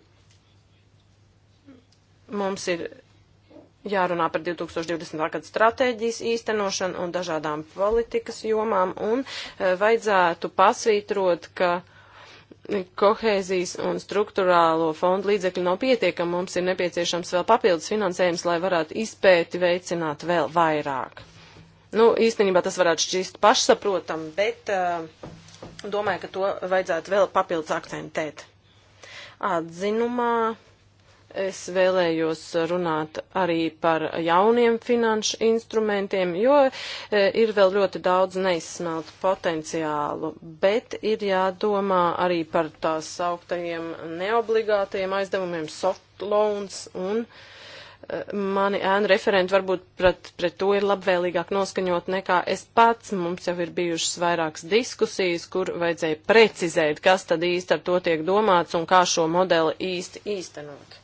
mums ir jārunā par 2020. gada stratēģijas īstenošanu un dažādām politikas jomām, un uh, vajadzētu pasvītrot, ka kohēzijas un struktūrālo fondu līdzekļi nav pietiekami, mums ir nepieciešams vēl papildus finansējums, lai varētu izpēti veicināt vēl vairāk. Nu, īstenībā tas varētu šķist pašsaprotam, bet uh, domāju, ka to vajadzētu vēl papildus akcentēt. Atzinumā es vēlējos runāt arī par jauniem finanšu instrumentiem, jo uh, ir vēl ļoti daudz neizsmelt potenciālu, bet ir jādomā arī par tās augtajiem neobligātajiem aizdevumiem, soft loans un uh, mani ēnu referenti varbūt pret, pret to ir labvēlīgāk noskaņot nekā es pats. Mums jau ir bijušas vairākas diskusijas, kur vajadzēja precizēt, kas tad īsti ar to tiek domāts un kā šo modeli īsti īstenot.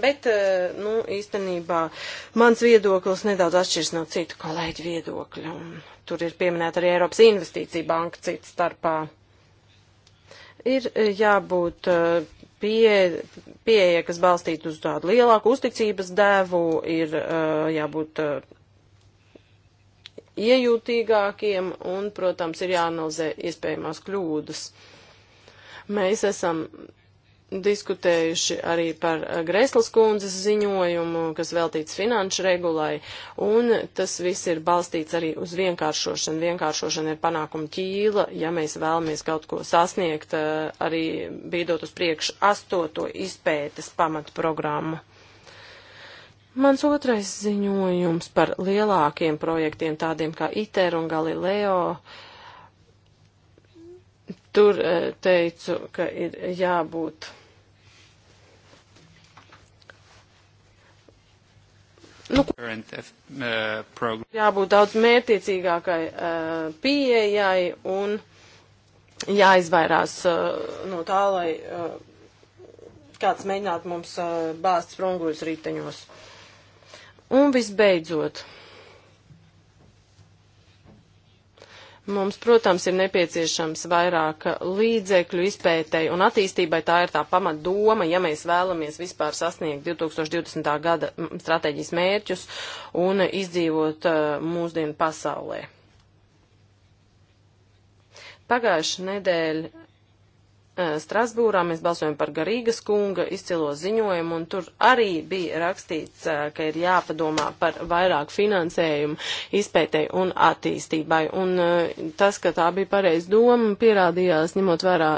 Bet, eh, nu, īstenībā mans viedoklis nedaudz atšķirs no citu kolēģu viedokļa. Tur ir pieminēta arī Eiropas investīcija banka citu starpā. Ir eh, jābūt eh, pie, pieeja, kas balstīta uz tādu lielāku uzticības devu, ir uh, jābūt uh, iejūtīgākiem un, protams, ir jāanalizē iespējamās kļūdas. Mēs esam diskutējuši arī par eh, Greslas kundzes ziņojumu, kas veltīts finanšu regulai, un tas viss ir balstīts arī uz vienkāršošanu. Vienkāršošana ir panākuma ķīla, ja mēs vēlamies kaut ko sasniegt, eh, arī bīdot uz priekšu astoto izpētes pamatu programmu. Mans otrais ziņojums par lielākiem projektiem, tādiem kā ITER un Galileo. Tur eh, teicu, ka ir jābūt Nu, uh, jābūt daudz mērtiecīgākai uh, pieejai un jāizvairās uh, no tā, lai uh, kāds mēģinātu mums uh, bāzt sprunguļus riteņos. Un visbeidzot. Uh, Mums, protams, ir nepieciešams vairāk līdzekļu izpētēji un attīstībai. Tā ir tā pamatdoma, ja mēs vēlamies vispār sasniegt 2020. gada mm, stratēģijas mērķus un izdzīvot eh, mūsdienu pasaulē. Pagājuši nedēļa Eh, Strasbūrā mēs balsojam par Garīgas kunga izcilo ziņojumu, un tur arī bija rakstīts, eh, ka ir jāpadomā par vairāk finansējumu izpētēji un attīstībai. Un eh, tas, ka tā bija pareiz doma, pierādījās ņemot vērā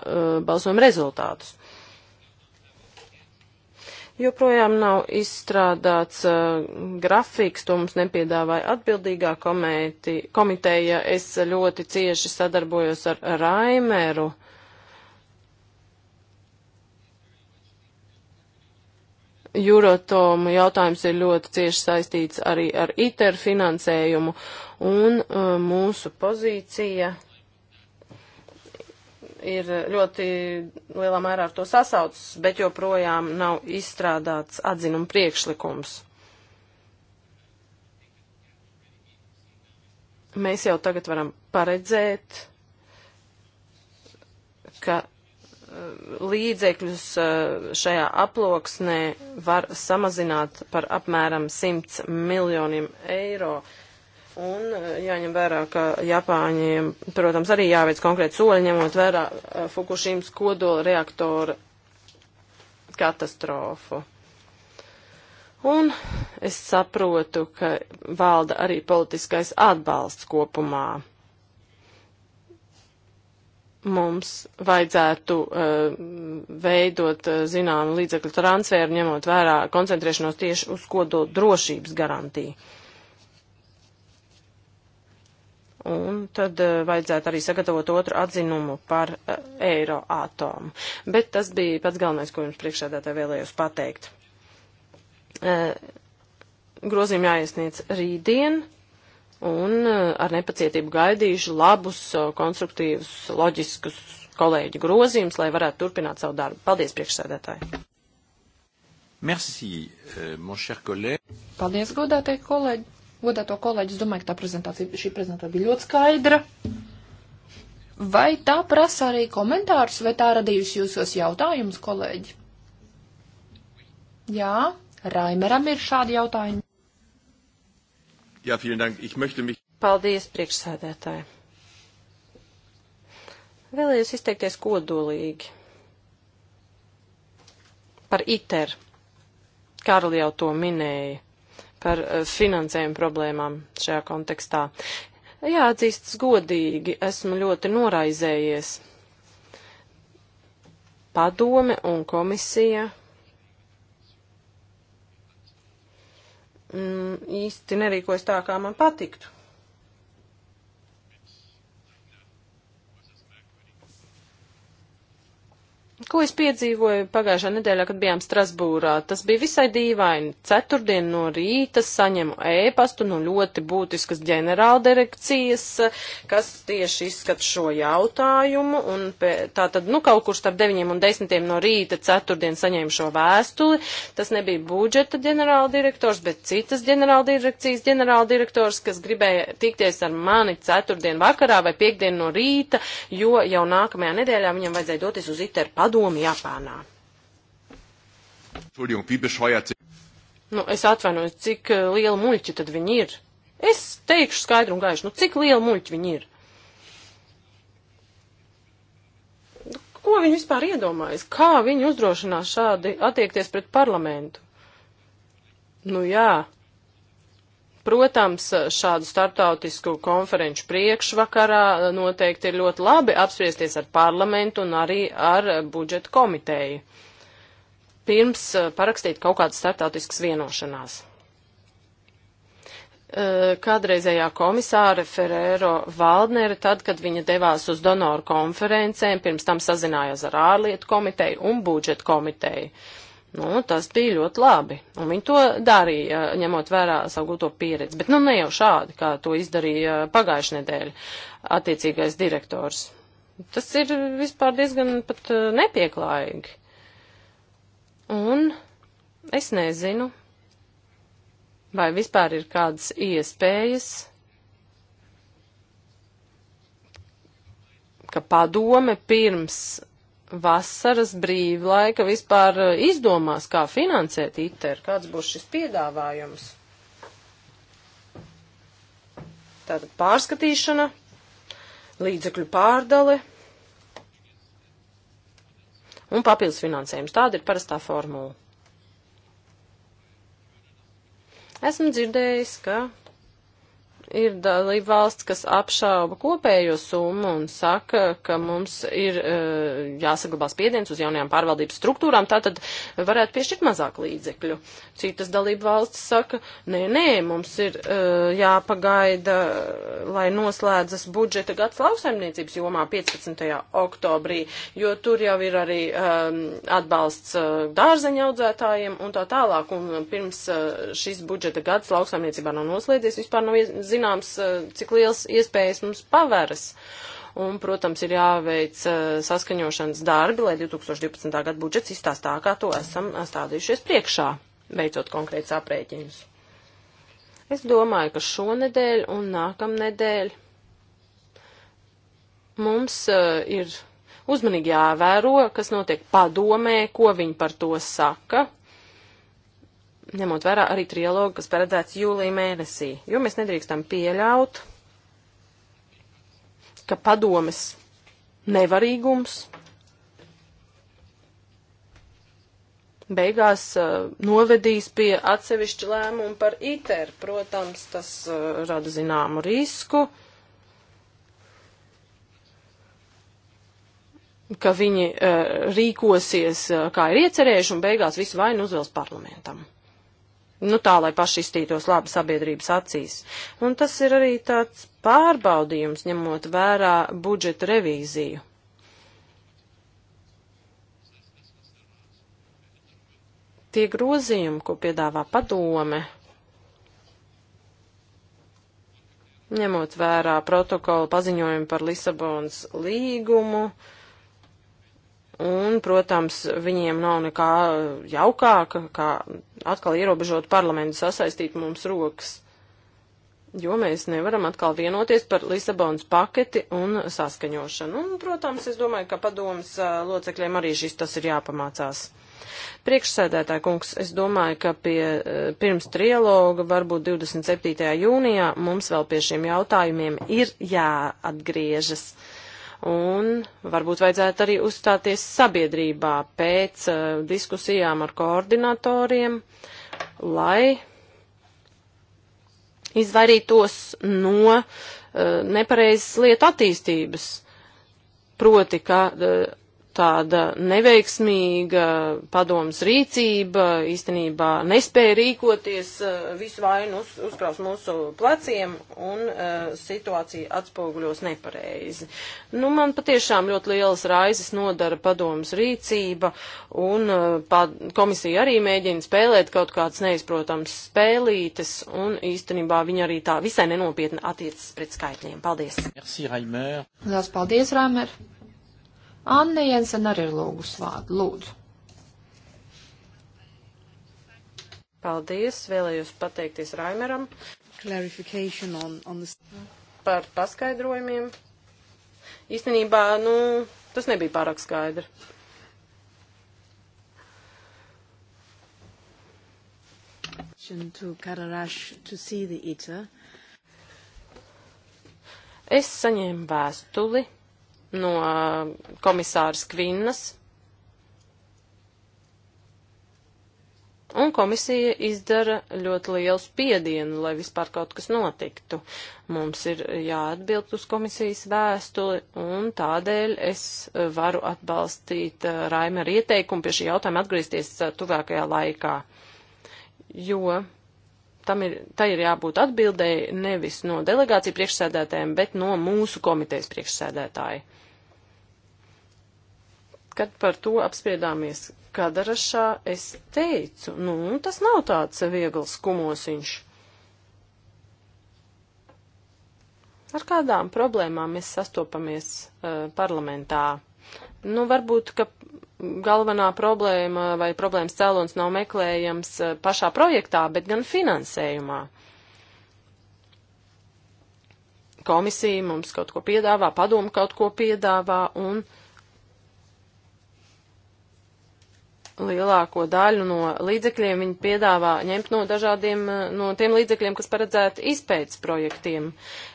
balsojuma rezultātus. Joprojām nav izstrādāts uh, grafiks, to mums nepiedāvāja atbildīgā komēti, komiteja. Es ļoti cieši sadarbojos ar Raimeru. Uh, Euratomu jautājums ir ļoti cieši saistīts arī ar ITER finansējumu, un uh, mūsu pozīcija ir ļoti lielā mērā ar to sasaucas, bet joprojām nav izstrādāts atzinuma priekšlikums. Mēs jau tagad varam paredzēt, ka līdzekļus eh, šajā aploksnē var samazināt par apmēram 100 miljoniem eiro. Un eh, jāņem vērā, ka Japāņiem, protams, arī jāveic konkrēti soļi, ņemot vērā eh, Fukushīmas kodola reaktora katastrofu. Un es saprotu, ka valda arī politiskais atbalsts kopumā mums vajadzētu uh, veidot uh, zināmu līdzekļu transferu, ņemot vērā koncentrēšanos tieši uz kodolu drošības garantiju. Un tad uh, vajadzētu arī sagatavot otru atzinumu par uh, eiro atomu. Bet tas bija pats galvenais, ko jums priekšādātā vēlējos pateikt. Uh, grozījumi jāiesniedz rītdien. Uh, un eh, ar nepacietību gaidīšu labus, eh, konstruktīvus, loģiskus kolēģi grozījumus, lai varētu turpināt savu darbu. Paldies, priekšsēdētāji! Merci, eh, mon cher collègue. Paldies, godātie kolēģi! Godāto kolēģi, es domāju, ka tā prezentācija, šī prezentācija bija ļoti skaidra. Vai tā prasa arī komentārus, vai tā radījusi jūsos jautājumus, kolēģi? Jā, Raimeram ir šādi jautājumi. Jā, ja, vielen dank. Ich möchte mich. Paldies, priekšsēdētāji. Vēlējos izteikties kodolīgi par ITER. Karli jau to minēja par eh, finansējumu problēmām šajā kontekstā. Jāatzīstas godīgi, esmu ļoti noraizējies. Padome un komisija mm, īsti nerīkojas tā, kā man patiktu. Ko es piedzīvoju pagājušā nedēļā, kad bijām Strasbūrā? Tas bija visai dīvaini. Ceturtdien no rīta saņemu ēpastu no ļoti būtiskas ģenerāldirekcijas, kas tieši izskat šo jautājumu. Un pē, tā tad, nu, kaut kur starp 9 un 10 no rīta ceturtdien saņēmu šo vēstuli. Tas nebija budžeta ģenerāldirektors, bet citas ģenerāldirekcijas ģenerāldirektors, kas gribēja tikties ar mani ceturtdien vakarā vai piekdien no rīta, jo jau nākamajā nedēļā viņam vajadzēja doties uz ITER padomu padomu Japānā. Nu, es atvainojos, cik eh, liela muļķa tad viņi ir. Es teikšu skaidru un gaišu, nu cik liela muļķa viņi ir. Nu, ko viņi vispār iedomājas? Kā viņi uzdrošinās šādi attiekties pret parlamentu? Nu jā, Protams, šādu startautisku konferenču priekšvakarā noteikti ir ļoti labi apspriesties ar parlamentu un arī ar budžeta komiteju pirms eh, parakstīt kaut kādas startautiskas vienošanās. Eh, kādreizējā komisāra Ferrero Valdnere, tad, kad viņa devās uz donoru konferencēm, pirms tam sazinājās ar ārlietu komiteju un budžeta komiteju. Uh, Nu, tas bija ļoti labi, un viņi to darīja, ņemot vērā savu gūto pieredzi, bet nu ne jau šādi, kā to izdarīja pagājušajā nedēļā attiecīgais direktors. Tas ir vispār diezgan pat eh, nepieklājīgi. Un es nezinu, vai vispār ir kādas iespējas ka padome pirms vasaras brīvlaika vispār eh, izdomās, kā finansēt ITER, kāds būs šis piedāvājums. Tātad pārskatīšana, līdzekļu pārdale un papildus finansējums. Tāda ir parastā formula. Esmu dzirdējis, ka ir dalība valsts, kas apšauba kopējo summu un saka, ka mums ir uh, jāsaglabā spiediens uz jaunajām pārvaldības struktūrām, tātad varētu piešķirt mazāk līdzekļu. Citas dalība valsts saka, nē, nē, mums ir uh, jāpagaida, lai noslēdzas budžeta gads lauksaimniecības jomā 15. oktobrī, jo tur jau ir arī um, atbalsts uh, eh, dārzeņa audzētājiem un tā tālāk. Un pirms uh, šis budžeta gads lauksaimniecībā nav noslēdzies, vispār nav iz, zināms, zināms, eh, cik liels iespējas mums paveras. Un, protams, ir jāveic eh, saskaņošanas darbi, lai 2012. gada budžets izstās tā, kā to esam eh, stādījušies priekšā, veicot konkrēts aprēķinus. Es domāju, ka šonedēļ un nākamnedēļ mums uh, ir uzmanīgi jāvēro, kas notiek padomē, ko viņi par to saka ņemot vērā arī trialogu, kas paredzēts jūlija mēnesī, jo mēs nedrīkstam pieļaut, ka padomes nevarīgums beigās uh, novedīs pie atsevišķa lēmuma par ITER. Protams, tas uh, rada zināmu risku, ka viņi uh, rīkosies, uh, kā ir iecerējuši, un beigās visu vainu uzvils parlamentam nu tā, lai paši iztītos labi sabiedrības acīs. Un tas ir arī tāds pārbaudījums, ņemot vērā budžeta revīziju. Tie grozījumi, ko piedāvā padome, ņemot vērā protokola paziņojumu par Lisabonas līgumu, uh, Un, protams, viņiem nav nekā jaukāka, kā atkal ierobežot parlamentu sasaistīt mums rokas. Jo mēs nevaram atkal vienoties par Lisabonas paketi un saskaņošanu. Un, protams, es domāju, ka padomas locekļiem arī šis tas ir jāpamācās. Priekšsēdētāja kungs, es domāju, ka pie pirms trialoga, varbūt 27. jūnijā, mums vēl pie šiem jautājumiem ir jāatgriežas. Uh, un varbūt vajadzētu arī uzstāties sabiedrībā pēc uh, diskusijām ar koordinatoriem, lai izvairītos no uh, nepareizas lietu attīstības. Proti, ka uh, tāda neveiksmīga padomas rīcība, īstenībā nespēja rīkoties, eh, visu vainu uz, uzkraus mūsu pleciem un uh, situācija atspoguļos nepareizi. Nu, man patiešām ļoti lielas raizes nodara padomas rīcība un uh, pad, komisija arī mēģina spēlēt kaut kāds neizprotams spēlītes un īstenībā viņa arī tā visai nenopietni attiecas pret skaitļiem. Paldies! Merci, Raimer! Lielas paldies, Raimer! Anne Jensen arī ir lūgus vārdu. Lūdzu. Paldies, vēlējos pateikties Raimeram on, on the... par paskaidrojumiem. Īstenībā, nu, tas nebija pārāk skaidri. Es saņēmu vēstuli no eh, komisāras Kvinnas. Un komisija izdara ļoti lielu spiedienu, lai vispār kaut kas notiktu. Mums ir jāatbild uz komisijas vēstuli, un tādēļ es varu atbalstīt eh, Raima ar ieteikumu pie šī jautājuma atgriezties eh, tuvākajā laikā. Jo tam ir, tai ir jābūt atbildēji nevis no delegāciju priekšsēdētājiem, bet no mūsu komitejas priekšsēdētāja kad par to apspriedāmies Kadarašā, es teicu, nu, tas nav tāds viegls kumosiņš. Ar kādām problēmām mēs sastopamies uh, parlamentā? Nu, varbūt, ka galvenā problēma vai problēmas cēlons nav meklējams uh, pašā projektā, bet gan finansējumā. Komisija mums kaut ko piedāvā, padomu kaut ko piedāvā un. Uh, lielāko daļu no līdzekļiem viņi piedāvā ņemt no dažādiem, eh, no tiem līdzekļiem, kas paredzēti izpētes projektiem.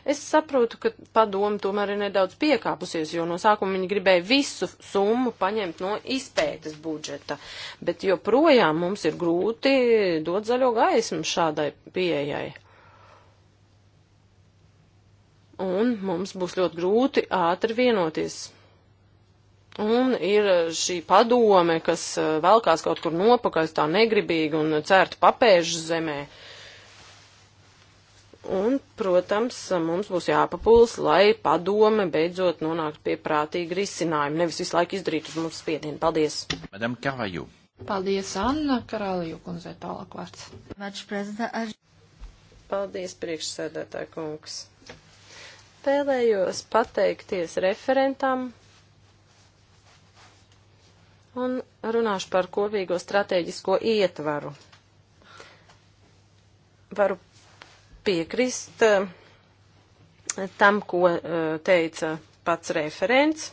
Es saprotu, ka padoma tomēr ir nedaudz piekāpusies, jo no sākuma viņi gribēja visu summu paņemt no izpētes budžeta, bet joprojām mums ir grūti dot zaļo gaismu šādai pieejai. Un mums būs ļoti grūti ātri vienoties Un ir eh, šī padome, kas eh, velkās kaut kur nopakaļ tā negribīgi un cērta papēžu zemē. Un, protams, mums būs jāpapuls, lai padome beidzot nonāktu pie prātīga risinājuma, nevis visu laiku izdarīt uz mums spiedienu. Paldies! Madam Kavaju! Paldies, Anna Karaliju kundzei tālāk vārds. Paldies, priekšsēdētāja kungs. Vēlējos pateikties referentam un runāšu par kopīgo strateģisko ietvaru. Varu piekrist eh, tam, ko eh, teica pats referents,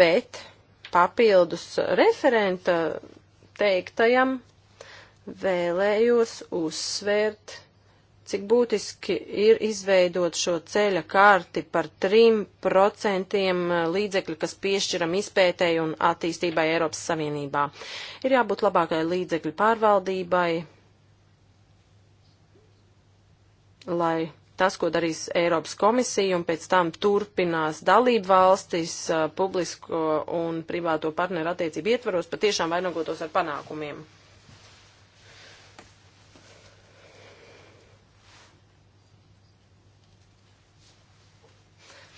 bet papildus referenta teiktajam vēlējos uzsvērt cik būtiski ir izveidot šo ceļa karti par 3% līdzekļu, kas piešķiram izpētēji un attīstībai Eiropas Savienībā. Ir jābūt labākai līdzekļu pārvaldībai, lai tas, ko darīs Eiropas komisija un pēc tam turpinās dalību valstis publisko un privāto partneru attiecību ietvaros, patiešām vainagotos ar panākumiem.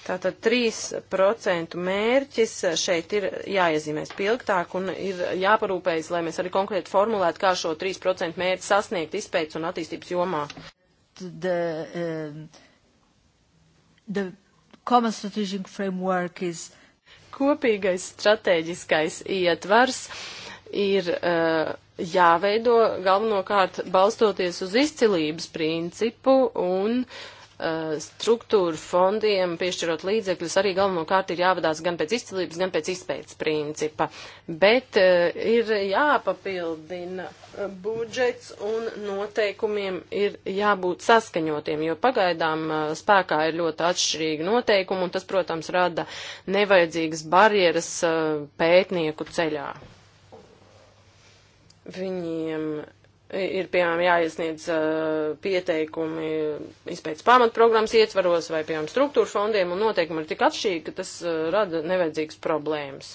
Tātad 3% mērķis šeit ir jāiezīmē spilgtāk un ir jāparūpējas, lai mēs arī konkrēti formulētu, kā šo 3% mērķi sasniegt izpētes un attīstības jomā. The, um, the common strategic framework is... Kopīgais strateģiskais ietvars ir uh, jāveido galvenokārt balstoties uz izcilības principu un uh, Eh, struktūru fondiem piešķirot līdzekļus arī galvenokārt ir jāvadās gan pēc izcilības, gan pēc izpētes principa. Bet eh, ir jāpapildina eh, budžets un noteikumiem ir jābūt saskaņotiem, jo pagaidām spēkā ir ļoti atšķirīgi noteikumi un tas, protams, rada nevajadzīgas barjeras pētnieku ceļā. Viņiem ir, piemēram, jāiesniedz uh, pieteikumi izpēc pamatprogrammas ietvaros vai, piemēram, struktūra fondiem, un noteikumi ir tik atšķirīgi, ka tas uh, rada nevajadzīgas problēmas.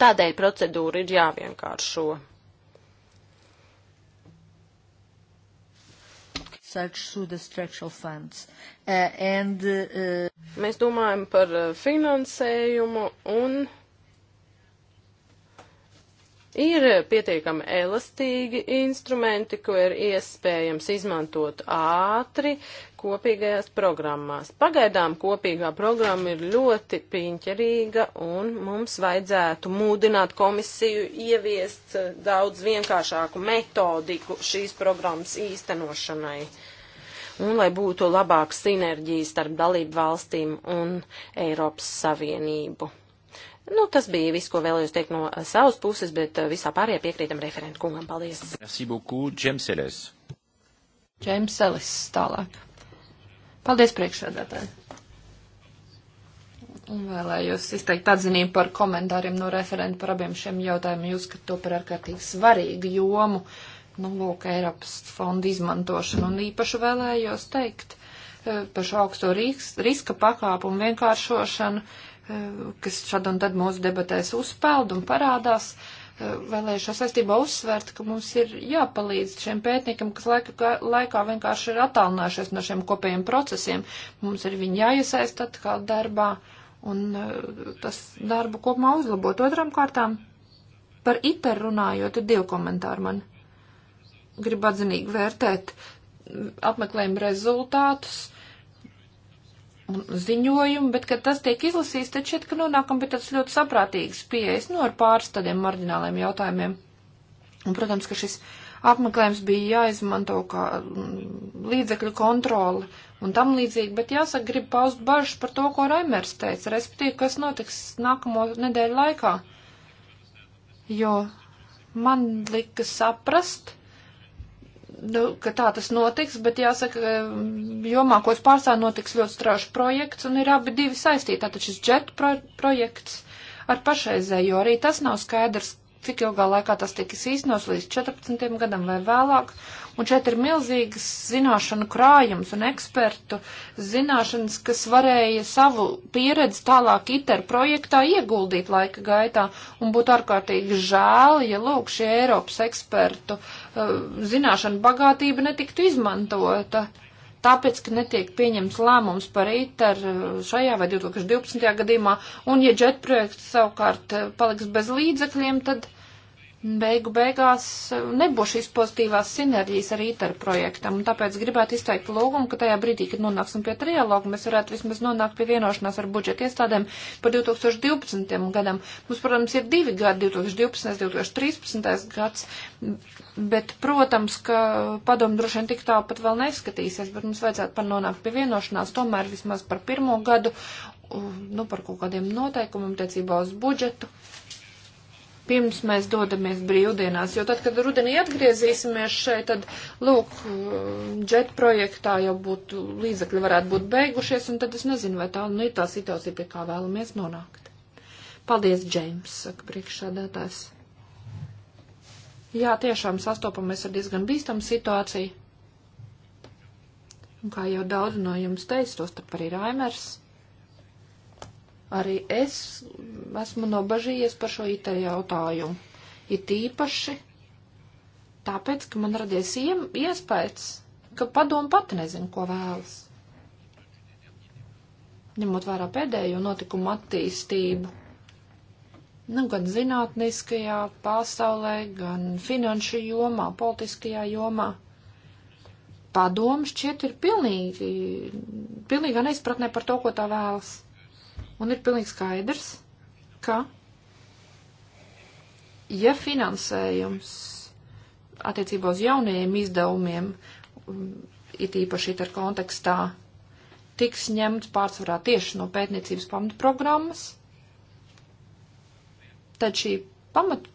Tādēļ procedūra ir jāvienkāršo. Uh, uh, Mēs domājam par finansējumu un Ir pietiekami elastīgi instrumenti, ko ir iespējams izmantot ātri kopīgajās programmās. Pagaidām kopīgā programma ir ļoti piņķerīga un mums vajadzētu mūdināt komisiju ieviest eh, daudz vienkāršāku metodiku šīs programmas īstenošanai un lai būtu labāka sinerģija starp dalību valstīm un Eiropas Savienību. Nu, tas bija viss, ko vēlējos teikt no eh, savas puses, bet eh, visā pārējā piekrītam referentu kungam. Paldies. Merci beaucoup, James Ellis. James Ellis tālāk. Paldies priekšsēdētāji. Un vēlējos izteikt atzinību par komentāriem no referenta par abiem šiem jautājumiem. Jūs, ka to par ārkārtīgi svarīgu jomu, nu, lūk, Eiropas fonda izmantošanu. Un īpaši vēlējos teikt eh, par šo augsto riska pakāpumu vienkāršošanu Eh, kas šad un tad mūsu debatēs uzpeld un parādās. Eh, Vēlējušos saistībā uzsvērt, ka mums ir jāpalīdz šiem pētniekiem, kas laika, laikā vienkārši ir attālinājušies no šiem kopējiem procesiem. Mums ir viņi jāiesaist atkal darbā un eh, tas darbu kopumā uzlabot. Otram kārtām par ITER runājot, ir divi komentāri man. Gribu atzinīgi vērtēt apmeklējumu rezultātus ziņojumu, bet, kad tas tiek izlasīts, tad šķiet, ka nonākam pie tāds ļoti saprātīgs pieejas, nu, ar pāris tādiem marģināliem jautājumiem. Un, protams, ka šis apmeklējums bija jāizmanto kā mm, līdzekļu kontroli un tam līdzīgi, bet jāsaka, grib paust bažas par to, ko Raimers teica, respektīvi, kas notiks nākamo nedēļu laikā. Jo man lika saprast, nu, ka tā tas notiks, bet jāsaka, eh, jomā, ko es pārstāvu, notiks ļoti strauši projekts un ir abi divi saistīti. Tātad šis džet pro projekts ar pašreizējo arī tas nav skaidrs, cik ilgā laikā tas tiks īstenos līdz 14 gadam vai vēlāk. Un šeit ir milzīgas zināšanu krājums un ekspertu zināšanas, kas varēja savu pieredzi tālāk ITER projektā ieguldīt laika gaitā. Un būtu ārkārtīgi žēl, ja lūk šie Eiropas ekspertu uh, Eh, zināšanu bagātība netiktu izmantota. Tāpēc, ka netiek pieņems lēmums par ITER eh, šajā vai 2012. gadījumā, un ja džetprojekts savukārt eh, paliks bez līdzekļiem, tad beigu beigās eh, nebūs šīs pozitīvās sinerģijas ar ITER projektam, un tāpēc gribētu izteikt lūgumu, ka tajā brīdī, kad nonāksim pie trialogu, mēs varētu vismaz nonākt pie vienošanās ar budžeta iestādēm par 2012. gadam. Mums, protams, ir divi gadi, 2012. 2013. gads, bet, protams, ka padomu droši vien tik tālu pat vēl neskatīsies, bet mums vajadzētu par nonākt pie vienošanās tomēr vismaz par pirmo gadu, nu, par kaut kādiem noteikumiem tiecībā uz budžetu pirms mēs dodamies brīvdienās, jo tad, kad rudenī atgriezīsimies šeit, tad, lūk, džet projektā jau būtu līdzekļi varētu būt beigušies, un tad es nezinu, vai tā, nu, ir tā situācija, pie kā vēlamies nonākt. Paldies, Džeims, saka priekšsādātājs. Jā, tiešām sastopamies ar diezgan bīstamu situāciju. Un kā jau daudz no jums teica, tos tad arī Raimers Arī es esmu nobažījies par šo IT jautājumu. It īpaši tāpēc, ka man radies iespējas, ka padomu pati nezinu, ko vēlas. Ņemot vērā pēdējo notikumu attīstību, nu, gan zinātniskajā pasaulē, gan finanšu jomā, politiskajā jomā padomu šķiet ir pilnīgi, pilnīgi neizpratnē par to, ko tā vēlas. Un ir pilnīgi skaidrs, ka, ja finansējums attiecībā uz jaunajiem izdevumiem, um, it īpaši ar kontekstā, tiks ņemts pārsvarā tieši no pētniecības pamatprogrammas, tad šī pamat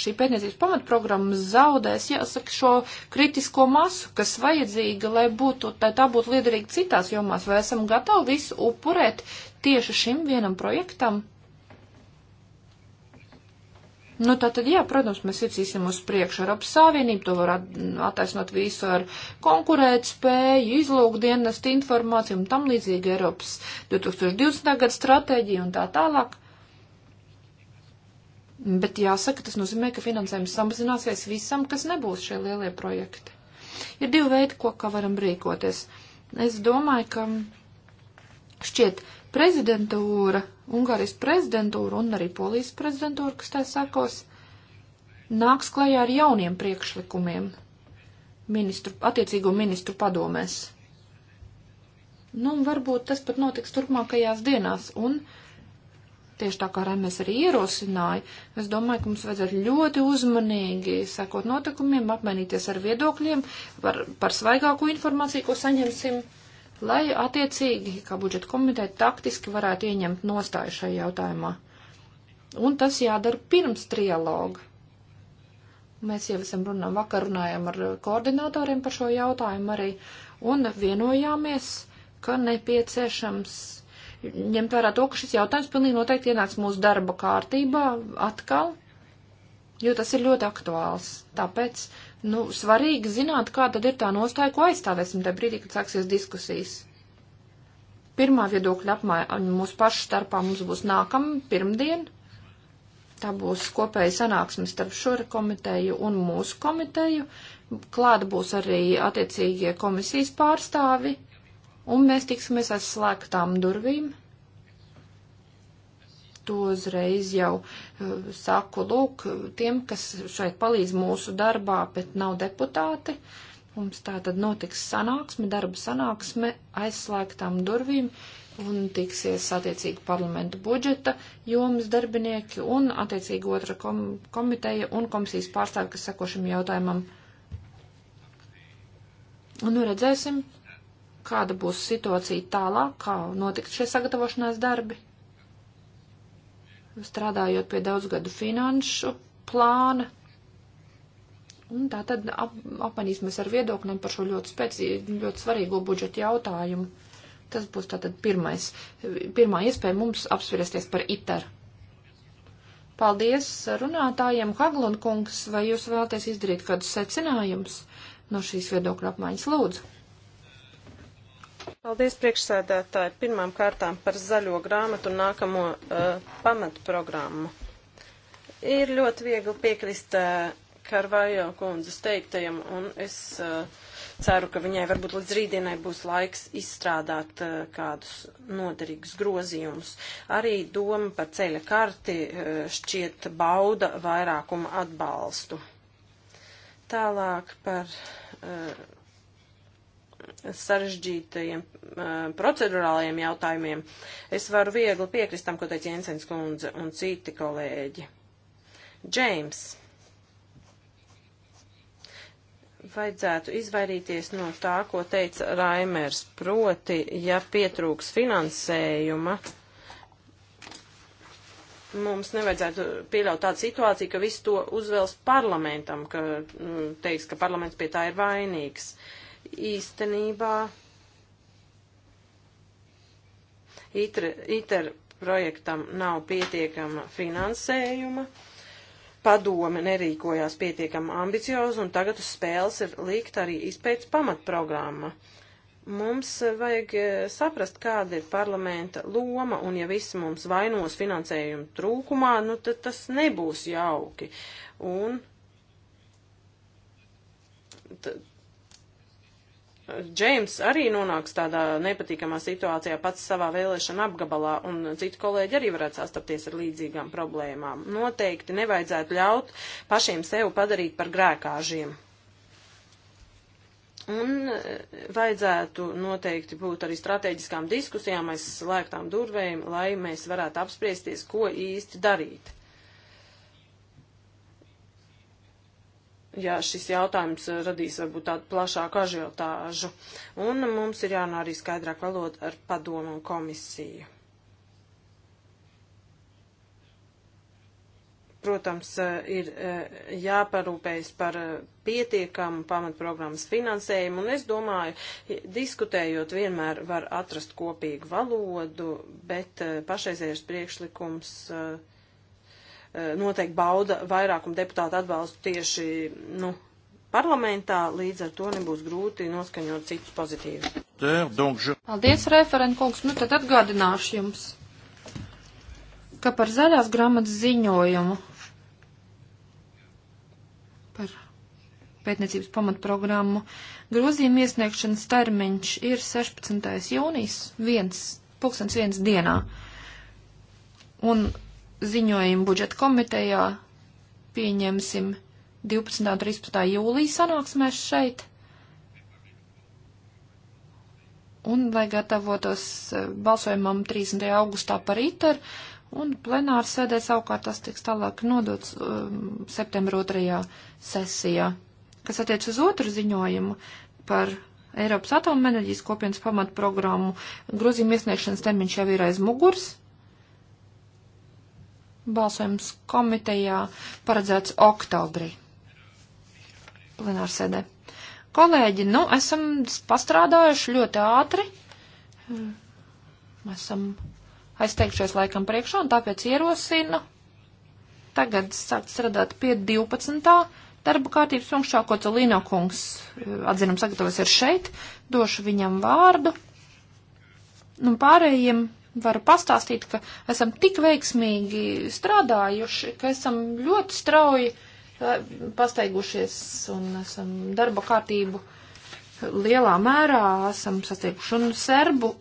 šī pētniecības pamatprogramma zaudēs, jāsaka, šo kritisko masu, kas vajadzīga, lai būtu, lai tā būtu liederīga citās jomās, vai esam gatavi visu upurēt tieši šim vienam projektam. Nu, tā tad, jā, protams, mēs virzīsim uz priekšu Eiropas Savienību, to var attaisnot visu ar konkurēt spēju, izlūkdienestu informāciju un tam līdzīgi Eiropas 2020. gada stratēģiju un tā tālāk. Bet jāsaka, tas nozīmē, ka finansējums samazināsies visam, kas nebūs šie lielie projekti. Ir divi veidi, ko, kā varam rīkoties. Es domāju, ka šķiet prezidentūra, Ungārijas prezidentūra un arī Polijas prezidentūra, kas tā sakos, nāks klajā ar jauniem priekšlikumiem ministru, attiecīgo ministru padomēs. Nu, un varbūt tas pat notiks turpmākajās dienās, un tieši tā kā Remes arī ierosināja, es domāju, ka mums vajadzētu ļoti uzmanīgi sekot notikumiem, apmainīties ar viedokļiem par, par svaigāko informāciju, ko saņemsim lai attiecīgi, kā budžeta komiteja, taktiski varētu ieņemt nostāju šajā jautājumā. Un tas jādara pirms trialoga. Mēs jau esam runājām, vakar runājām ar koordinātoriem par šo jautājumu arī, un vienojāmies, ka nepieciešams ņemt vērā to, ka šis jautājums pilnīgi noteikti ienāks mūsu darba kārtībā atkal, jo tas ir ļoti aktuāls. Tāpēc nu, svarīgi zināt, kā tad ir tā nostāja, ko aizstāvēsim tajā brīdī, kad sāksies diskusijas. Pirmā viedokļa apmaiņa mūsu pašu starpā mums būs nākamā pirmdien. Tā būs kopēja sanāksme starp šura komiteju un mūsu komiteju. Klāt būs arī attiecīgie komisijas pārstāvi, un mēs tiksimies aiz slēgtām durvīm to uzreiz jau uh, saku, lūk, tiem, kas šeit palīdz mūsu darbā, bet nav deputāti, mums tā tad notiks sanāksme, darba sanāksme aizslēgtām durvīm un tiksies attiecīgi parlamenta budžeta jomas darbinieki un attiecīgi otra kom komiteja un komisijas pārstāvi, kas sako šim jautājumam. Un nu redzēsim, kāda būs situācija tālāk, kā notiks šie sagatavošanās darbi strādājot pie daudzgadu finanšu plāna. Un tā tad ap, apanīsimies ar viedokļiem par šo ļoti spēcīgu, ļoti svarīgo budžeta jautājumu. Tas būs tātad pirmais, pirmā iespēja mums apspriesties par ITER. Paldies runātājiem, Haglund kungs, vai jūs vēlaties izdarīt kādus secinājumus no šīs viedokļu apmaiņas lūdzu? Paldies priekšsēdētāji pirmām kārtām par zaļo grāmatu un nākamo uh, pamatprogrammu. Ir ļoti viegli piekrist uh, Karvajo kundzes teiktajam, un es uh, ceru, ka viņai varbūt līdz rītdienai būs laiks izstrādāt uh, kādus noderīgus grozījumus. Arī doma par ceļa karti uh, šķiet bauda vairākuma atbalstu. Tālāk par. Uh, sarežģītajiem uh, procedurālajiem jautājumiem, es varu viegli piekrist tam, ko teica Jensens kundze un citi kolēģi. Džeims. Vajadzētu izvairīties no tā, ko teica Raimers, proti, ja pietrūks finansējuma, mums nevajadzētu pieļaut tādu situāciju, ka visu to uzvels parlamentam, ka mm, teiks, ka parlaments pie tā ir vainīgs. Uh, īstenībā ITER, ITER projektam nav pietiekama finansējuma, padome nerīkojās pietiekama ambiciozi, un tagad uz spēles ir likt arī izpēc pamatprogramma. Mums vajag eh, saprast, kāda ir parlamenta loma, un ja visi mums vainos finansējumu trūkumā, nu tad tas nebūs jauki. Un Džeims arī nonāks tādā nepatīkamā situācijā pats savā vēlēšana apgabalā, un citi kolēģi arī varētu sastapties ar līdzīgām problēmām. Noteikti nevajadzētu ļaut pašiem sev padarīt par grēkāžiem. Un e, vajadzētu noteikti būt arī strateģiskām diskusijām aiz slēgtām durvēm, lai mēs varētu apspriesties, ko īsti darīt. ja šis jautājums radīs varbūt tādu plašāku ažiotāžu. Un mums ir jārunā arī skaidrāk valoda ar padomu un komisiju. Protams, ir eh, jāparūpējas par eh, pietiekamu pamatprogrammas finansējumu, un es domāju, diskutējot vienmēr var atrast kopīgu valodu, bet eh, pašreizējais priekšlikums uh, Eh, noteikti bauda vairākumu deputātu atbalstu tieši nu, parlamentā, līdz ar to nebūs grūti noskaņot citus pozitīvi. Paldies, referent kungs, nu tad atgādināšu jums, ka par zaļās grāmatas ziņojumu par pētniecības pamatprogrammu grozījuma iesniegšanas termiņš ir 16. jūnijas 1, 1 dienā. Un ziņojumu budžeta komitejā pieņemsim 12. un 13. jūlijas sanāksmēs šeit. Un, lai gatavotos eh, balsojumam 30. augustā par ITER, un plenāra sēdē savukārt tas tiks tālāk nodots um, septembra otrajā sesijā, kas attiec uz otru ziņojumu par Eiropas atomenerģijas kopienas pamatprogrammu. Grozījuma iesniegšanas termiņš jau ir aiz muguras. Balsojums komitejā paredzēts oktobrī. Plenārsēdē. Kolēģi, nu, esam pastrādājuši ļoti ātri. Esam aizteikšies laikam priekšā un tāpēc ierosinu tagad sākt strādāt pie 12. darba kārtības punkšā, ko Celīno kungs eh, atzinam sagatavojas ir šeit. Došu viņam vārdu. Un nu, pārējiem varu pastāstīt, ka esam tik veiksmīgi strādājuši, ka esam ļoti strauji eh, pasteigušies un esam darba kārtību lielā mērā esam sasteiguši. Un serbu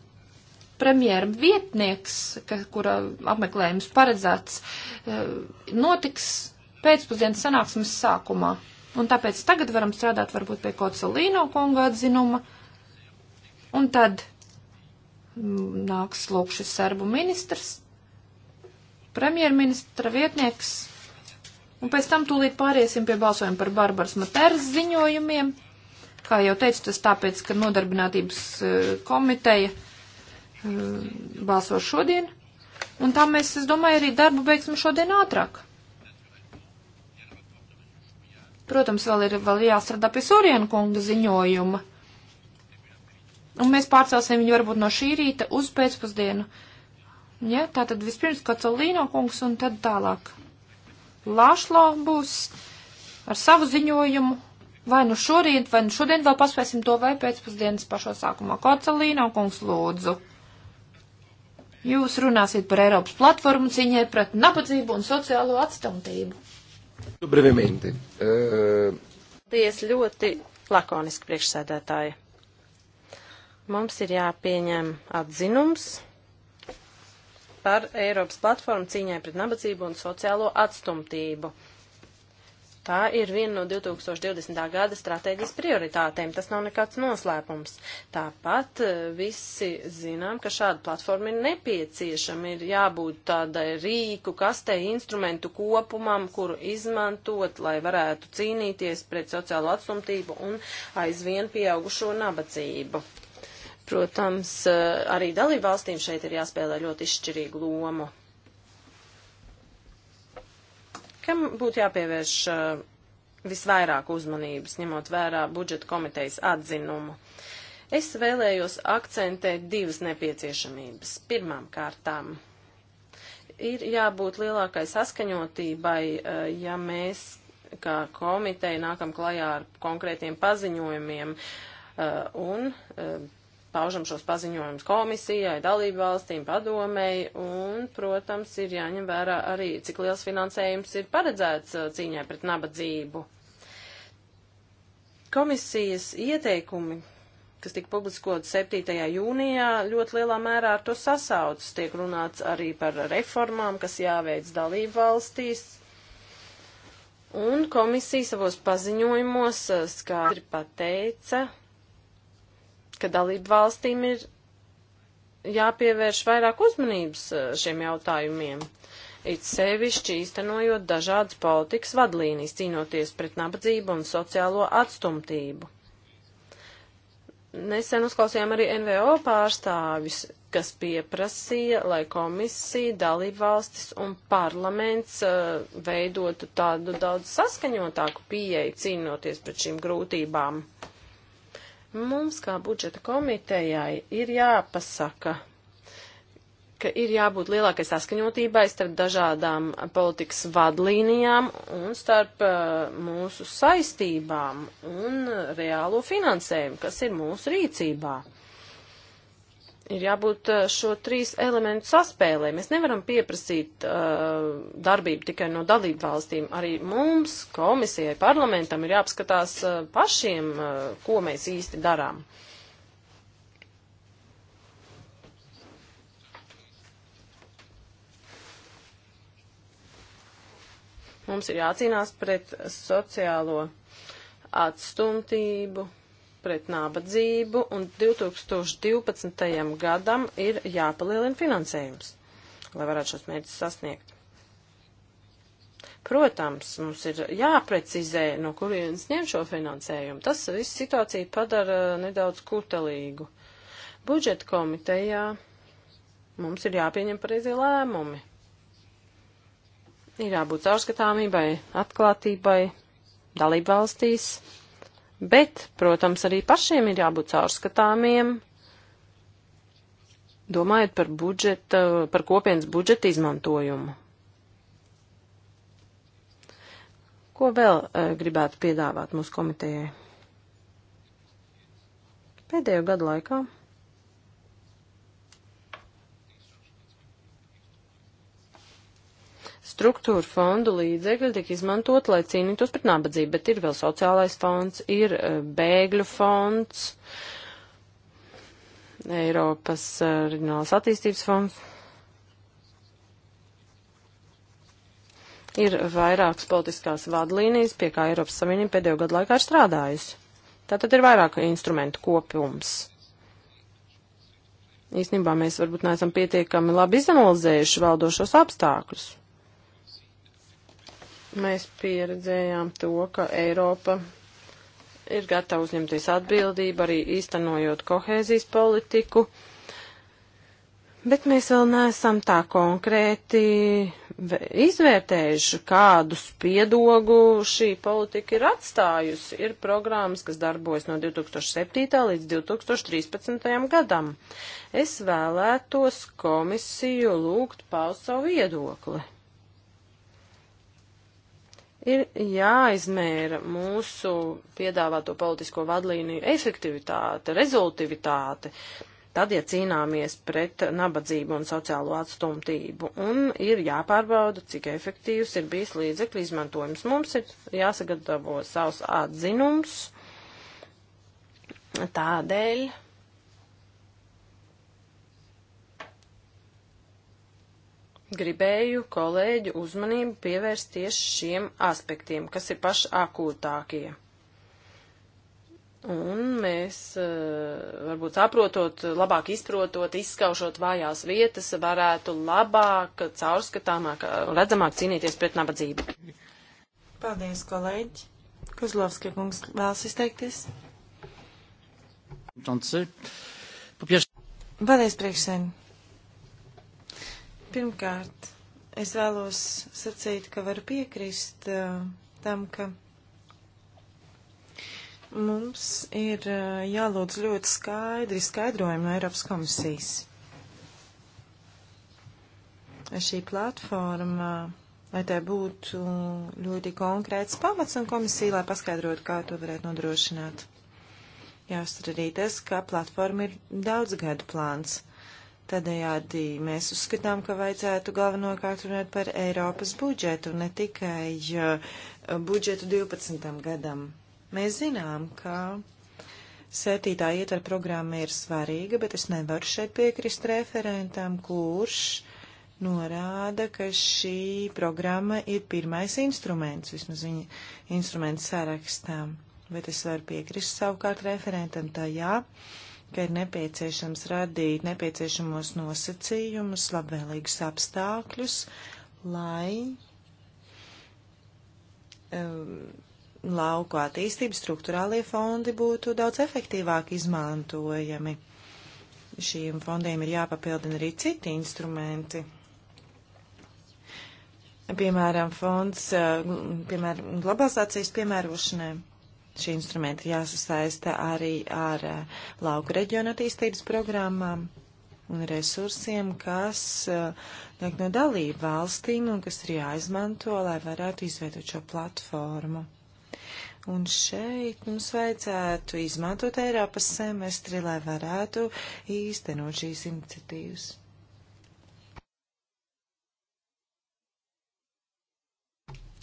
premjera vietnieks, ka, kura apmeklējums paredzēts, eh, notiks pēcpusdienas sanāksmes sākumā. Un tāpēc tagad varam strādāt varbūt pie Kocelīno kunga atzinuma. Un tad nāks lūk šis serbu ministrs, premjerministra vietnieks, un pēc tam tūlīt pāriesim pie balsojuma par Barbaras Materas ziņojumiem. Kā jau teicu, tas tāpēc, ka nodarbinātības e, komiteja e, balso šodien, un tā mēs, es domāju, arī darbu beigsim šodien ātrāk. Protams, vēl ir vēl jāstrādā pie Sorienkunga ziņojuma. Un mēs pārcelsim viņu varbūt no šī rīta uz pēcpusdienu. Ja, tā tad vispirms Kacolīno kungs un tad tālāk. Lāšlo būs ar savu ziņojumu. Vai nu šorīt, vai nu šodien vēl paspēsim to vai pēcpusdienas pašā sākumā. Kocelīno kungs lūdzu. Jūs runāsiet par Eiropas platformu cīņai pret nabadzību un sociālo atstumtību. Brevemente. Paldies uh... ļoti lakoniski priekšsēdētāji. Mums ir jāpieņem atzinums par Eiropas platformu cīņai pret nabadzību un sociālo atstumtību. Tā ir viena no 2020. gada stratēģijas prioritātēm, tas nav nekāds noslēpums. Tāpat eh, visi zinām, ka šāda platforma ir nepieciešama, ir jābūt tādai rīku, kastē, instrumentu kopumam, kuru izmantot, lai varētu cīnīties pret sociālo atstumtību un aizvien pieaugušo nabadzību. Protams, eh, arī dalībvalstīm šeit ir jāspēlē ļoti izšķirīgu lomu. Kam būtu jāpievērš eh, visvairāk uzmanības, ņemot vērā budžeta komitejas atzinumu? Es vēlējos akcentēt divas nepieciešamības. Pirmām kārtām ir jābūt lielākai saskaņotībai, eh, ja mēs kā komiteja nākam klajā ar konkrētiem paziņojumiem un paužam šos paziņojumus komisijai, dalību valstīm, padomēji, un, protams, ir jāņem vērā arī, cik liels finansējums ir paredzēts uh, cīņai pret nabadzību. Komisijas ieteikumi, kas tika publiskot 7. jūnijā, ļoti lielā mērā ar to sasaucas. Tiek runāts arī par reformām, kas jāveic dalību valstīs. Un komisija savos paziņojumos uh, skaidri pateica, ka dalību valstīm ir jāpievērš vairāk uzmanības eh, šiem jautājumiem, it sevišķi īstenojot dažādas politikas vadlīnijas, cīnoties pret nabadzību un sociālo atstumtību. Nesen uzklausījām arī NVO pārstāvis, kas pieprasīja, lai komisija, dalībvalstis un parlaments uh, veidotu tādu daudz saskaņotāku pieeju cīnoties pret šīm grūtībām. Uh, Mums, kā budžeta komitejai, ir jāpasaka, ka ir jābūt lielākai saskaņotībai starp dažādām politikas vadlīnijām un starp uh, mūsu saistībām un reālo finansējumu, kas ir mūsu rīcībā. Uh, ir jābūt eh, šo trīs elementu saspēlē. Mēs nevaram pieprasīt uh, darbību tikai no dalību valstīm. Arī mums, komisijai, parlamentam ir jāapskatās uh, pašiem, uh, ko mēs īsti darām. Mums ir jācīnās pret sociālo atstumtību pret nabadzību, un 2012. gadam ir jāpalielina finansējums, lai varētu šos mērķus sasniegt. Protams, mums ir jāprecizē, no kurienes ņem šo finansējumu. Tas visu situāciju padara nedaudz kutelīgu. Budžeta komitejā mums ir jāpieņem pareizie lēmumi. Ir jābūt caurskatāmībai, atklātībai, dalību valstīs, Bet, protams, arī pašiem ir jābūt caurskatāmiem, domājot par, budžeta, par kopienas budžeta izmantojumu. Ko vēl uh, gribētu piedāvāt mūsu komitejai? Pēdējo gadu laikā. struktūra fondu līdzekļi tiek izmantot, lai cīnītos pret nabadzību, bet ir vēl sociālais fonds, ir eh, bēgļu fonds, Eiropas eh, reģionālās attīstības fonds. Ir vairākas politiskās vadlīnijas, pie kā Eiropas Savienība pēdējo gadu laikā ir strādājusi. Tātad ir vairāk instrumentu kopums īstenībā mēs varbūt neesam pietiekami labi izanalizējuši valdošos apstākļus. Mēs pieredzējām to, ka Eiropa ir gatava uzņemties atbildību arī īstenojot kohēzijas politiku, bet mēs vēl neesam tā konkrēti izvērtējuši, kādu spiedogu šī politika ir atstājusi. Ir programmas, kas darbojas no 2007. līdz 2013. gadam. Es vēlētos komisiju lūgt paust savu viedokli. Ir jāizmēra mūsu piedāvāto politisko vadlīniju efektivitāte, rezultivitāte, tad, ja cīnāmies pret nabadzību un sociālo atstumtību, un ir jāpārbauda, cik efektīvs ir bijis līdzekļu izmantojums. Mums ir jāsagatavo savs atzinums tādēļ, gribēju kolēģu uzmanību pievērst tieši šiem aspektiem, kas ir paši akūtākie. Un mēs, eh, varbūt saprotot, labāk izprotot, izskaušot vājās vietas, varētu labāk, caurskatāmāk, redzamāk cīnīties pret nabadzību. Paldies, kolēģi. Kozlovska kungs vēlas izteikties. Paldies, priekšsēdētāji. Pirmkārt, es vēlos sacīt, ka varu piekrist uh, tam, ka mums ir uh, jālūdz ļoti skaidri skaidrojumi no Eiropas komisijas. Šī platforma, lai tai būtu ļoti konkrēts pamats un komisija, lai paskaidrotu, kā to varētu nodrošināt. Jāstur arī tas, ka platforma ir daudz gadu plāns Tādējādi mēs uzskatām, ka vajadzētu galvenokārt runāt par Eiropas budžetu, ne tikai eh, budžetu 12. gadam. Mēs zinām, ka septītā ietver programma ir svarīga, bet es nevaru šeit piekrist referentam, kurš norāda, ka šī programma ir pirmais instruments, vismaz viņa instruments sarakstām. Bet es varu piekrist savukārt referentam tajā. Ja ka ir nepieciešams radīt nepieciešamos nosacījumus, labvēlīgus apstākļus, lai um, lauku attīstības struktūrālie fondi būtu daudz efektīvāk izmantojami. Šiem fondiem ir jāpapildina arī citi instrumenti. Piemēram, fonds, uh, piemēram, globalizācijas piemērošanai šī instrumenta ir jāsasaista arī ar eh, lauku reģionu attīstības programmām un resursiem, kas eh, nāk no dalību valstīm un kas ir jāizmanto, lai varētu izveidot šo platformu. Un šeit mums vajadzētu izmantot Eiropas semestri, lai varētu īstenot šīs iniciatīvas.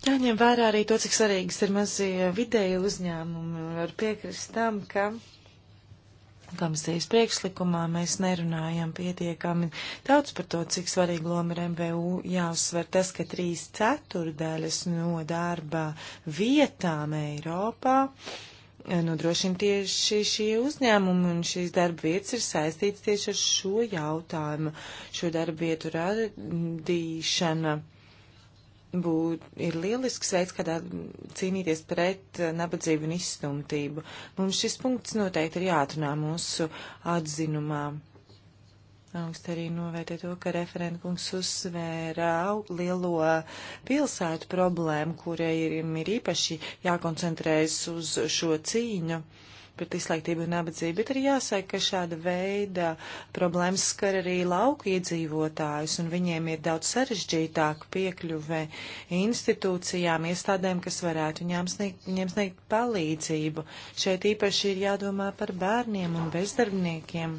Jāņem vērā arī to, cik svarīgas ir mazie vidēji uzņēmumi. Var piekrist tam, ka komisijas priekšlikumā mēs nerunājam pietiekami daudz par to, cik svarīgi loma ir MVU. Jāuzsver tas, ka trīs ceturdaļas no darba vietām Eiropā eh, nodrošina nu, tieši šie uzņēmumi, un šīs darba vietas ir saistīts tieši ar šo jautājumu, šo darba vietu radīšanu būt, ir lielisks veids, kādā cīnīties pret eh, nabadzību un izstumtību. Mums šis punkts noteikti ir jāatrunā mūsu atzinumā. Augst arī novērtē to, ka referentkungs uzsvēra lielo pilsētu problēmu, kurai ir, ir īpaši jākoncentrējas uz šo cīņu. Uh, pret izslēgtību un nabadzību, bet arī jāsaka, ka šāda veida problēmas skar arī lauku iedzīvotājus, un viņiem ir daudz sarežģītāk piekļuve institūcijām, iestādēm, kas varētu viņām sniegt, viņiem sniegt palīdzību. Šeit īpaši ir jādomā par bērniem un bezdarbniekiem.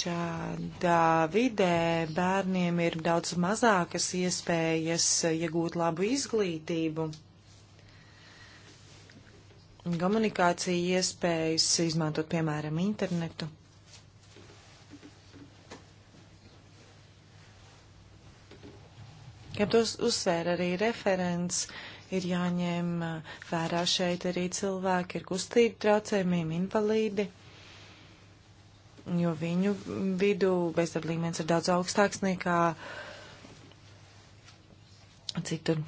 Šādā vidē bērniem ir daudz mazākas iespējas iegūt labu izglītību komunikācija iespējas, izmantot, piemēram, internetu. Kā tos uzsvēra arī referents, ir jāņem vērā šeit arī cilvēki ar kustību traucējumiem, invalīdi, jo viņu vidū bezdarba līmenis ir daudz augstāks nekā citur.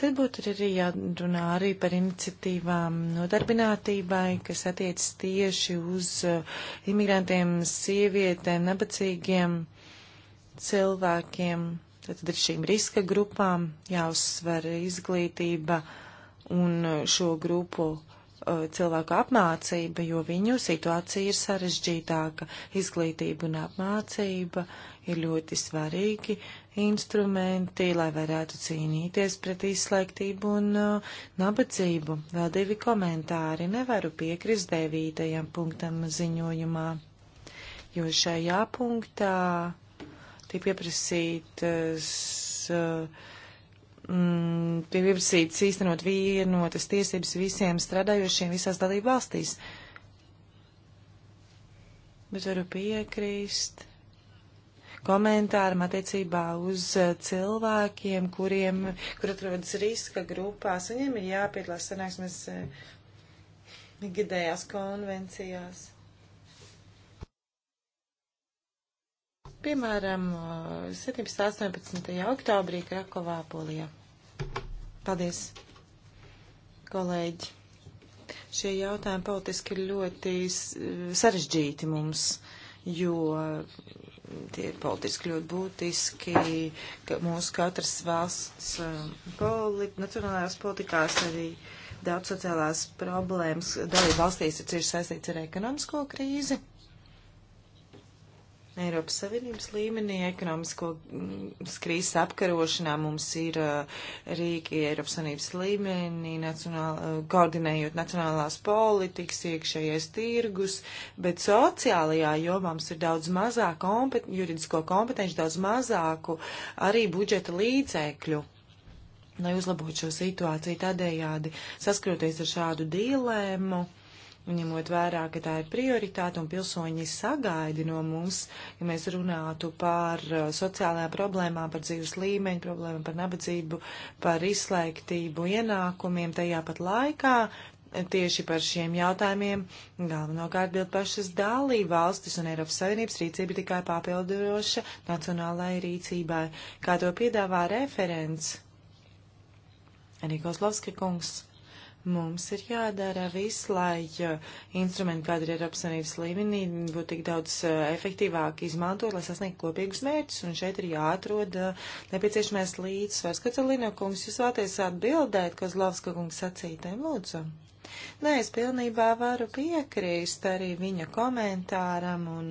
Tad būtu arī jārunā arī par iniciatīvām nodarbinātībai, kas attiecas tieši uz uh, imigrantiem, sievietēm, nabadzīgiem cilvēkiem. Tad ir šīm riska grupām jāuzsver izglītība un uh, šo grupu uh, cilvēku apmācība, jo viņu situācija ir sarežģītāka. Izglītība un apmācība ir ļoti svarīgi, instrumenti, lai varētu cīnīties pret izslēgtību un uh, nabadzību. Vēl divi komentāri nevaru piekrist devītajam punktam ziņojumā, jo šajā punktā tiek pieprasītas. Uh, mm, tiek pieprasīts īstenot vienotas tiesības visiem strādājošiem visās dalību valstīs. Bet varu piekrīst komentāram attiecībā uz eh, cilvēkiem, kuriem, kur atrodas riska grupās, viņiem ir jāpiedalās sanāksmes eh, gadējās konvencijās. Piemēram, 17. Eh, 18. oktobrī Krakovā, Polijā. Paldies, kolēģi! šie jautājumi politiski ir ļoti sarežģīti mums, jo tie ir politiski ļoti būtiski, ka mūsu katras valsts eh, polit, nacionālajās politikās arī daudz sociālās problēmas dalību valstīs ir cieši saistīts ar ekonomisko krīzi. Eiropas Savienības līmenī ekonomisko mm, krīzes apkarošanā mums ir rīki Eiropas Savienības līmenī, nacionāla, koordinējot nacionālās politikas, iekšējais tirgus, bet sociālajā jomā mums ir daudz mazāk kompet, juridisko kompetenci, daudz mazāku arī budžeta līdzēkļu. Lai uzlabotu šo situāciju tādējādi, saskroties ar šādu dilēmu Un ņemot vērā, ka tā ir prioritāte un pilsoņi sagaidi no mums, ja mēs runātu par uh, sociālajām problēmām, par dzīves līmeņu, problēmām par nabadzību, par izslēgtību ienākumiem, tajā pat laikā tieši par šiem jautājumiem galvenokārt bild pašas dalība valstis un Eiropas Savienības rīcība tikai papilduroša nacionālajai rīcībai, kā to piedāvā referents Rīgos Lovska kungs. Mums ir jādara viss, lai eh, instrumenti, kāda ir Eiropas Savienības līmenī, būtu tik daudz eh, efektīvāk izmantot, lai sasniegtu kopīgus mērķus, un šeit ir jāatrod eh, nepieciešamais līdzsvars. Kacelino kungs, jūs vēlaties atbildēt, ko Zlavska kungs sacītēm, lūdzu? Nē, es pilnībā varu piekrīst arī viņa komentāram un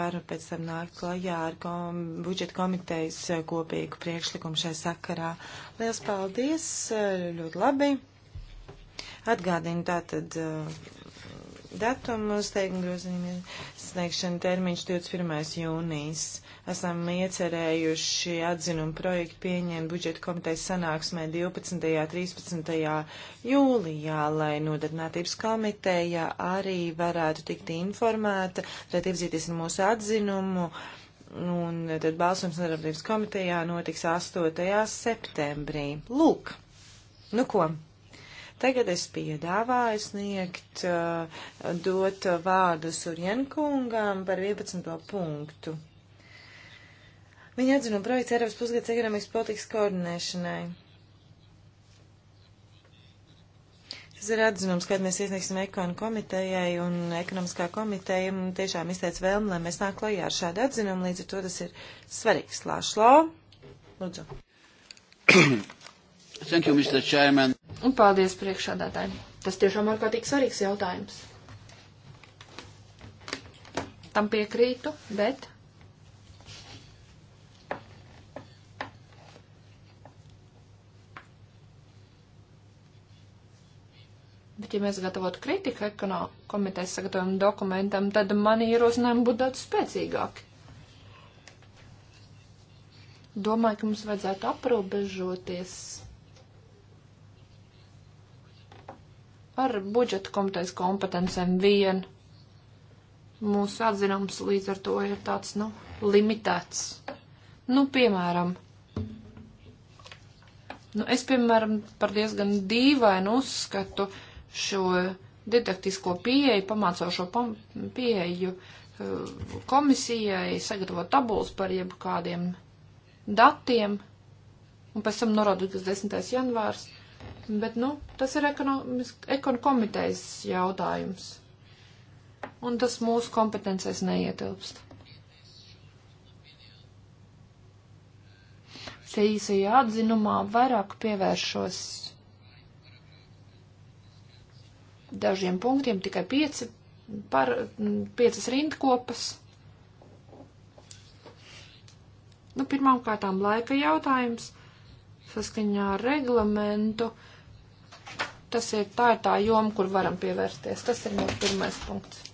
varu pēc tam nākt klajā ar kom budžeta komitejas kopīgu priekšlikumu šai sakarā. Liels paldies, ļoti labi. Atgādinu tātad uh, datumus, teikuma grozījuma sniegšana termiņš 21. jūnijas. Esam iecerējuši atzinumu projektu pieņemt budžeta komitejas sanāksmē 12. un 13. jūlijā, lai nodarbinātības komiteja arī varētu tikt informēta, varētu iepazīties ar mūsu atzinumu. Un tad balsums nodarbinātības komitejā notiks 8. septembrī. Lūk, nu ko, Tagad es piedāvāju sniegt, uh, dot vārdu Surjenkungam par 11. punktu. Viņa atzina projekts Eiropas pusgads ekonomikas politikas koordinēšanai. Tas ir atzinums, kad mēs iesniegsim ekonu komitejai un ekonomiskā komiteja tiešām izteica vēlmi, lai mēs nāk klajā ar šādu atzinumu, līdz ar to tas ir svarīgs. Lāšlo, lūdzu. Thank you, Mr. Chairman. Un paldies priekšādātājiem. Tas tiešām ārkārtīgi svarīgs jautājums. Tam piekrītu, bet. Bet, ja mēs gatavotu kritiku ekonomikas komitejas sagatavojumu dokumentam, tad mani ierosinājumi būtu daudz spēcīgāki. Domāju, ka mums vajadzētu aprobežoties par budžeta komitejas kompetencēm vien. Mūsu atzinums līdz ar to ir tāds, nu, limitēts. Nu, piemēram, nu, es, piemēram, par diezgan dīvainu uzskatu šo didaktisko pieeju, pamācošo pam pieeju uh, komisijai, sagatavot tabulas par jebkādiem datiem, un pēc tam norādot, kas 10. janvārs. Uh, bet, nu, tas ir ekonomikas komitejas jautājums. Un tas mūsu kompetencēs neietilpst. Sīsajā atzinumā vairāk pievēršos dažiem punktiem, tikai pieci, par, piecas rindkopas. Nu, pirmām kārtām laika jautājums saskaņā ar reglamentu. Uh, Tas ir tā, ir tā joma, kur varam pievērsties. Tas ir mūsu pirmais punkts.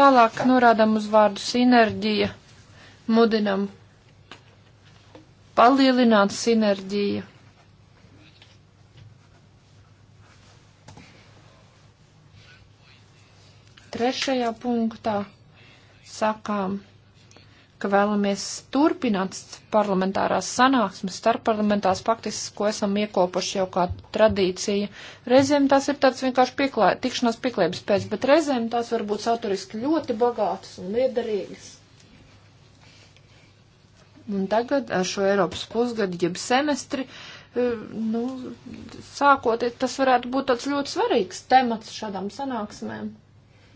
Tālāk norādam uz vārdu sinerģija, mudinam palielināt sinerģiju. Trešajā punktā sakām ka vēlamies turpināt parlamentārās sanāksmes, starpparlamentārās faktiski, ko esam iekopuši jau kā tradīcija. Reizēm tās ir tāds vienkārši pieklē, tikšanās pieklēpes pēc, bet reizēm tās var būt saturiski ļoti bagātas un liederīgas. Un tagad ar šo Eiropas pusgadu, jeb semestri, eh, nu, sākot, tas varētu būt tāds ļoti svarīgs temats šādām sanāksmēm.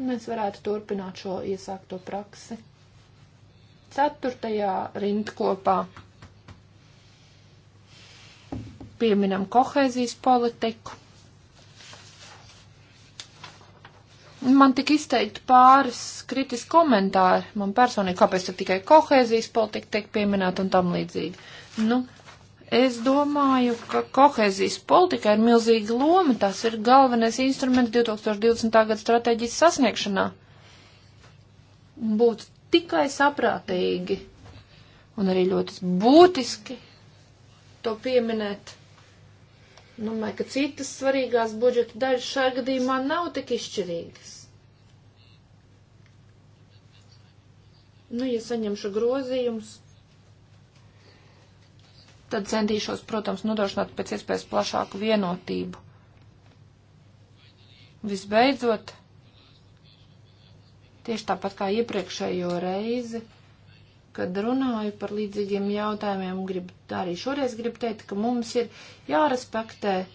Mēs varētu turpināt šo iesākto praksi. Ceturtajā rindkopā pieminam kohēzijas politiku. Man tik izteikti pāris kritiski komentāri. Man personīgi, kāpēc tad tikai kohēzijas politika tiek pieminēta un tam līdzīgi. Nu, es domāju, ka kohēzijas politika ir milzīga loma. Tas ir galvenais instruments 2020. gada stratēģijas sasniegšanā. Būtu tikai saprātīgi un arī ļoti būtiski to pieminēt. Domāju, ka citas svarīgās budžeta daļas šajā gadījumā nav tik izšķirīgas. Nu, ja saņemšu grozījumus, tad centīšos, protams, nodrošināt pēc iespējas plašāku vienotību. Visbeidzot, Tieši tāpat kā iepriekšējo reizi, kad runāju par līdzīgiem jautājumiem, grib, arī šoreiz gribu teikt, ka mums ir jārespektē eh,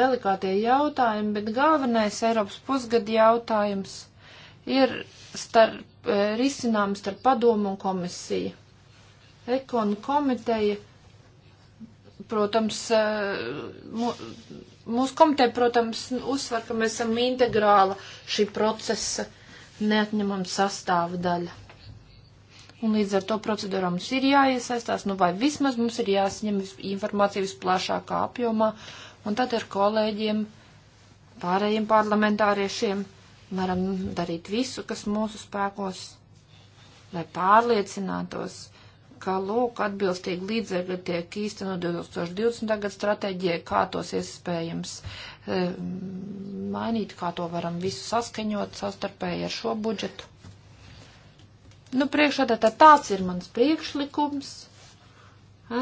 delikātie jautājumi, bet galvenais Eiropas pusgada jautājums ir starp, eh, risināms starp padomu un komisiju. Ekonu komiteja, protams, eh, mūsu komiteja, protams, uzsver, ka mēs esam integrāla šī procesa neatņemama sastāvdaļa. Un līdz ar to procedūrā mums ir jāiesaistās, nu vai vismaz mums ir jāsņem informācija visplašākā apjomā, un tad ar kolēģiem, pārējiem parlamentāriešiem varam darīt visu, kas mūsu spēkos, lai pārliecinātos, ka, lūk, atbilstīgi līdzekļi tiek īstenot 2020. gada stratēģijai, kā tos iespējams e, mainīt, kā to varam visu saskaņot sastarpēji ar šo budžetu. Nu, priekšā tā tāds ir mans priekšlikums.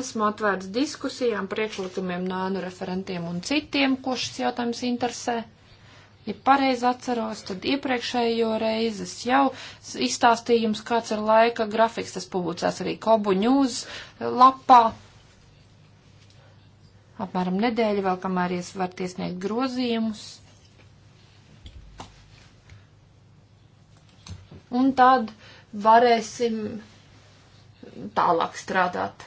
Esmu atvērts diskusijām, priekšlikumiem no ANU referentiem un citiem, ko šis jautājums interesē. Ja pareizi atceros, tad iepriekšējo reizes jau izstāstījums, kāds ir laika grafiks, tas publicēs arī Kobu ņūz eh, lapā. Apmēram nedēļa vēl, kamēr jūs varat iesniegt grozījumus. Un tad varēsim tālāk strādāt.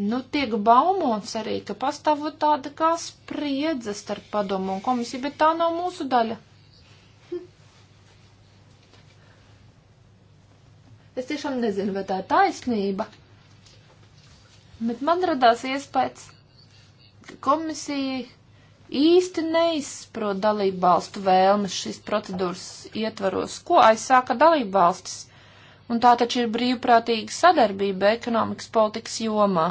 Nu, tiek baumots arī, ka pastāv tāda kā spriedze starp padomu un komisiju, bet tā nav mūsu daļa. Hm. Es tiešām nezinu, vai tā ir taisnība, bet man radās iespējas, ka komisija īsti neizprot dalību valstu vēlmes šīs procedūras ietvaros, ko aizsāka dalību valstis. Un tā taču ir brīvprātīga sadarbība ekonomikas politikas jomā.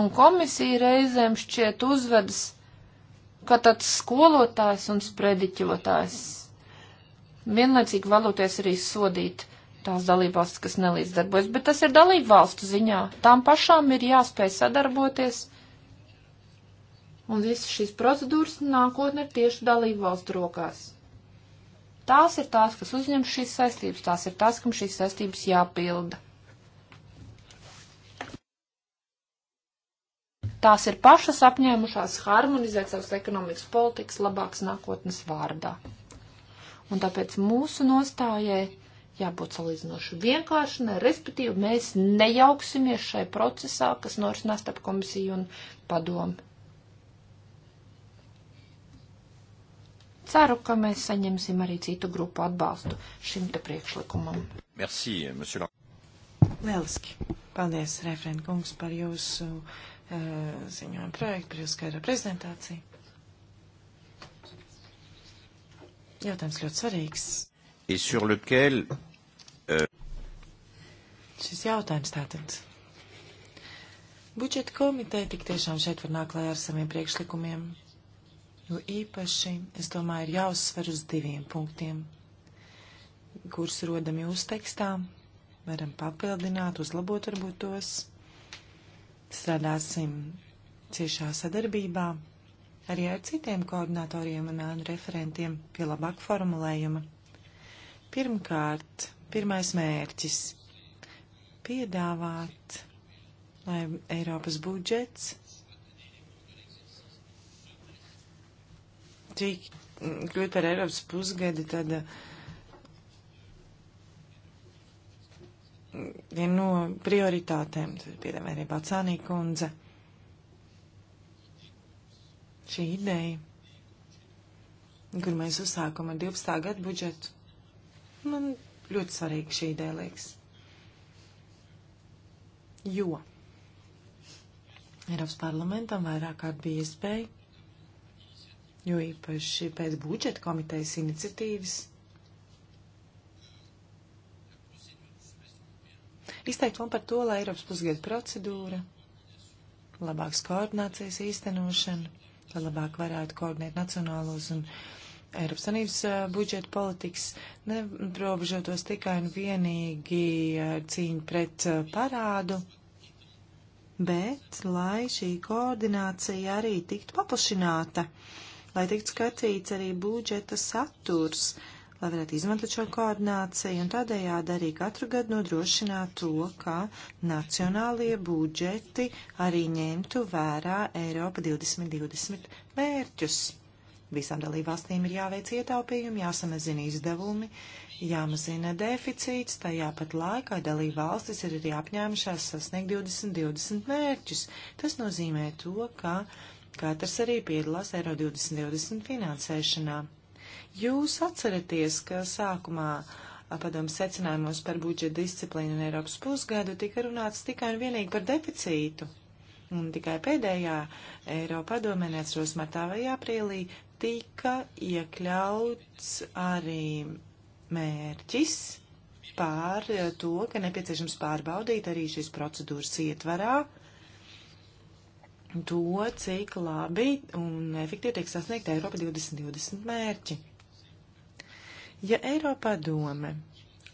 Un komisija reizēm šķiet uzvedas kā tāds skolotājs un sprediķotājs. Vienlaicīgi valoties arī sodīt tās dalībvalstis, kas nelīdzdarbojas, bet tas ir dalībvalstu ziņā. Tām pašām ir jāspēj sadarboties, un visas šīs procedūras nākotnē ir tieši dalībvalstu rokās. Tās ir tās, kas uzņem šīs saistības, tās ir tās, kam šīs saistības jāpilda. Tās ir pašas apņēmušās harmonizēt savas ekonomikas politikas labākas nākotnes vārdā. Un tāpēc mūsu nostājai jābūt salīdzinoši vienkāršanai, respektīvi mēs nejauksimies šai procesā, kas norisinās starp komisiju un padomu. Ceru, ka mēs saņemsim arī citu grupu atbalstu šim te priekšlikumam. Merci, monsieur. Lieliski. Paldies, referent kungs, par jūsu uh, Eh, ziņojumu projektu, par jūsu skaidro prezentāciju. Jautājums ļoti svarīgs. Et sur lequel, uh... Šis jautājums tātad. Budžeta komiteja tik tiešām šeit var nākt klājā ar saviem priekšlikumiem, jo īpaši, es domāju, ir jāuzsver uz diviem punktiem, kurus rodam jūsu tekstā, varam papildināt, uzlabot varbūt tos. Strādāsim ciešā sadarbībā arī ar citiem koordinatoriem un ānu referentiem pie labāk formulējuma. Pirmkārt, pirmais mērķis - piedāvāt, lai Eiropas budžets tik kļūt par Eiropas pusgadi tāda uh, viena no prioritātēm, piedāvāja arī Bacānī kundze, šī ideja, kur mēs uzsākam ar 12. gadu budžetu, man ļoti svarīga šī ideja liekas. Jo Eiropas parlamentam vairāk kārt bija iespēja, jo īpaši pēc budžeta komitejas iniciatīvas izteikt lomu par to, lai Eiropas pusgada procedūra, labāks koordinācijas īstenošana, lai labāk varētu koordinēt nacionālos un Eiropas Sanības uh, budžeta politikas, neprobežotos tikai un vienīgi ar uh, cīņu pret uh, parādu, bet lai šī koordinācija arī tiktu paplašināta, lai tiktu skatīts arī budžeta saturs, uh, lai varētu izmantot šo koordināciju un tādējādi arī katru gadu nodrošināt to, ka nacionālie budžeti arī ņemtu vērā Eiropa 2020 mērķus. Visām dalībvalstīm ir jāveic ietaupījumi, jāsamazina izdevumi, jāmazina deficīts, tajā pat laikā dalībvalstis ir arī apņēmušās sasniegt 2020 mērķus. Tas nozīmē to, ka katrs arī piedalās Eiro 2020 finansēšanā. Jūs atceraties, ka sākumā padomu secinājumos par budžeta disciplīnu un Eiropas pusgadu tika runāts tikai un vienīgi par deficītu. Un tikai pēdējā Eiropa padomē, neatceros martā vai aprīlī, tika iekļauts arī mērķis pār to, ka nepieciešams pārbaudīt arī šīs procedūras ietvarā to, cik labi un efektīvi tiek sasniegt Eiropa 2020 mērķi. Ja Eiropā doma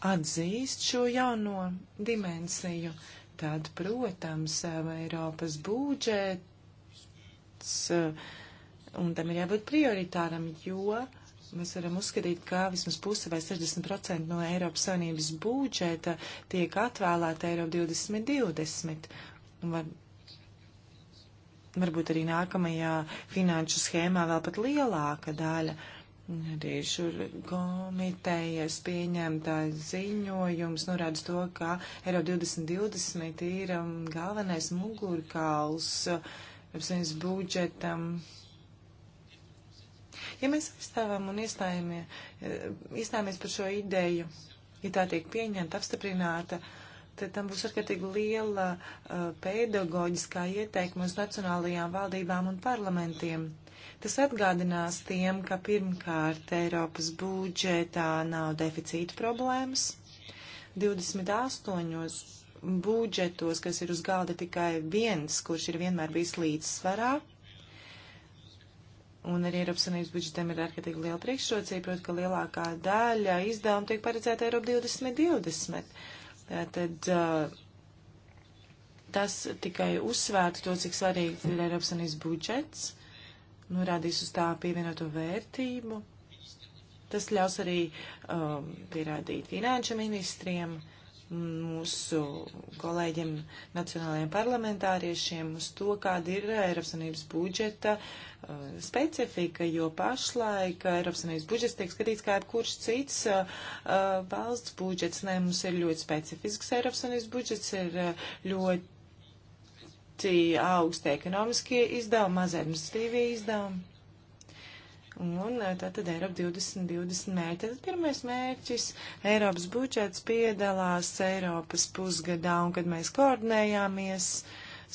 atzīst šo jauno dimensiju, tad, protams, eh, Eiropas būdžets, eh, un tam ir jābūt prioritāram, jo mēs varam uzskatīt, ka vismaz puse vai 60% no Eiropas Savienības būdžeta tiek atvēlēta Eiropa 2020. Var, varbūt arī nākamajā finanšu schēmā vēl pat lielāka daļa. Uh, Arī šur komitejas pieņemtā ziņojums norāda to, ka Eiro 2020 ir um, galvenais mugurkauls uh, apsienas budžetam. Ja mēs aizstāvam un uh, iestājamies par šo ideju, ja tā tiek pieņemta, apstiprināta, tad tam būs ārkārtīgi liela uh, pedagoģiskā ieteikuma uz nacionālajām valdībām un parlamentiem Tas atgādinās tiem, ka pirmkārt Eiropas budžetā nav deficīta problēmas. 28 budžetos, kas ir uz galda tikai viens, kurš ir vienmēr bijis līdzsvarā, Un arī Eiropas Savienības budžetam ir ārkārtīgi liela priekšrocība, proti, ka lielākā daļa izdevumu tiek paredzēta Eiropa 2020. Tātad uh, tas tikai uzsvērtu to, cik svarīgs ir Eiropas Savienības budžets norādīs uz tā pievienoto vērtību. Tas ļaus arī um, pierādīt finanšu ministriem, mūsu kolēģiem, nacionālajiem parlamentāriešiem uz to, kāda ir uh, Eiropas Unības budžeta uh, specifika, jo pašlaik uh, Eiropas Unības budžets tiek skatīts kā jebkurš cits uh, uh, valsts budžets. Nē, mums ir ļoti specifisks Eiropas Unības budžets, ir uh, ļoti ļoti augsti ekonomiskie izdevumi, maz administratīvie izdevumi. Un eh, tātad Eiropa 2020 mērķi. Tad pirmais mērķis - Eiropas budžets piedalās Eiropas pusgadā, un kad mēs koordinējāmies,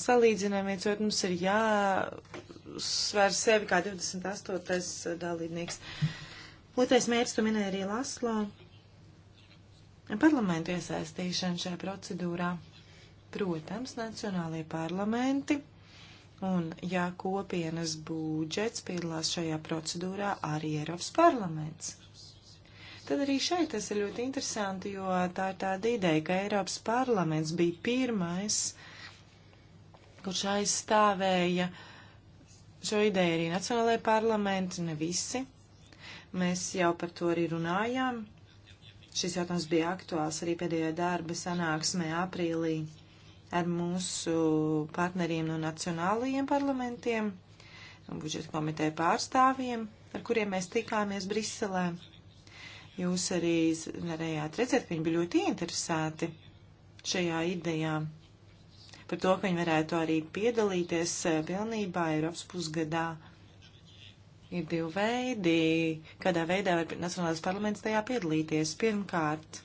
salīdzinām viens otru, mums ir jāsver sevi kā 28. Eh, dalībnieks. Otrais mērķis, tu minēji arī Laslo, parlamentu iesaistīšanu šajā procedūrā. Protams, nacionālajie parlamenti un, ja kopienas būdžets piedalās šajā procedūrā, arī Eiropas parlaments. Tad arī šeit tas ir ļoti interesanti, jo tā ir tāda ideja, ka Eiropas parlaments bija pirmais, kurš aizstāvēja šo ideju arī nacionālajai parlamenti, ne visi. Mēs jau par to arī runājām. Šis jautājums bija aktuāls arī pēdējā darba sanāksmē aprīlī ar mūsu partneriem no nacionālajiem parlamentiem un budžeta komiteja pārstāvjiem, ar kuriem mēs tikāmies Briselē. Jūs arī varējāt redzēt, ka viņi bija ļoti interesēti šajā idejā par to, ka viņi varētu arī piedalīties e, pilnībā Eiropas pusgadā. Ir divi veidi, kādā veidā var Nacionālais parlaments tajā piedalīties. Pirmkārt,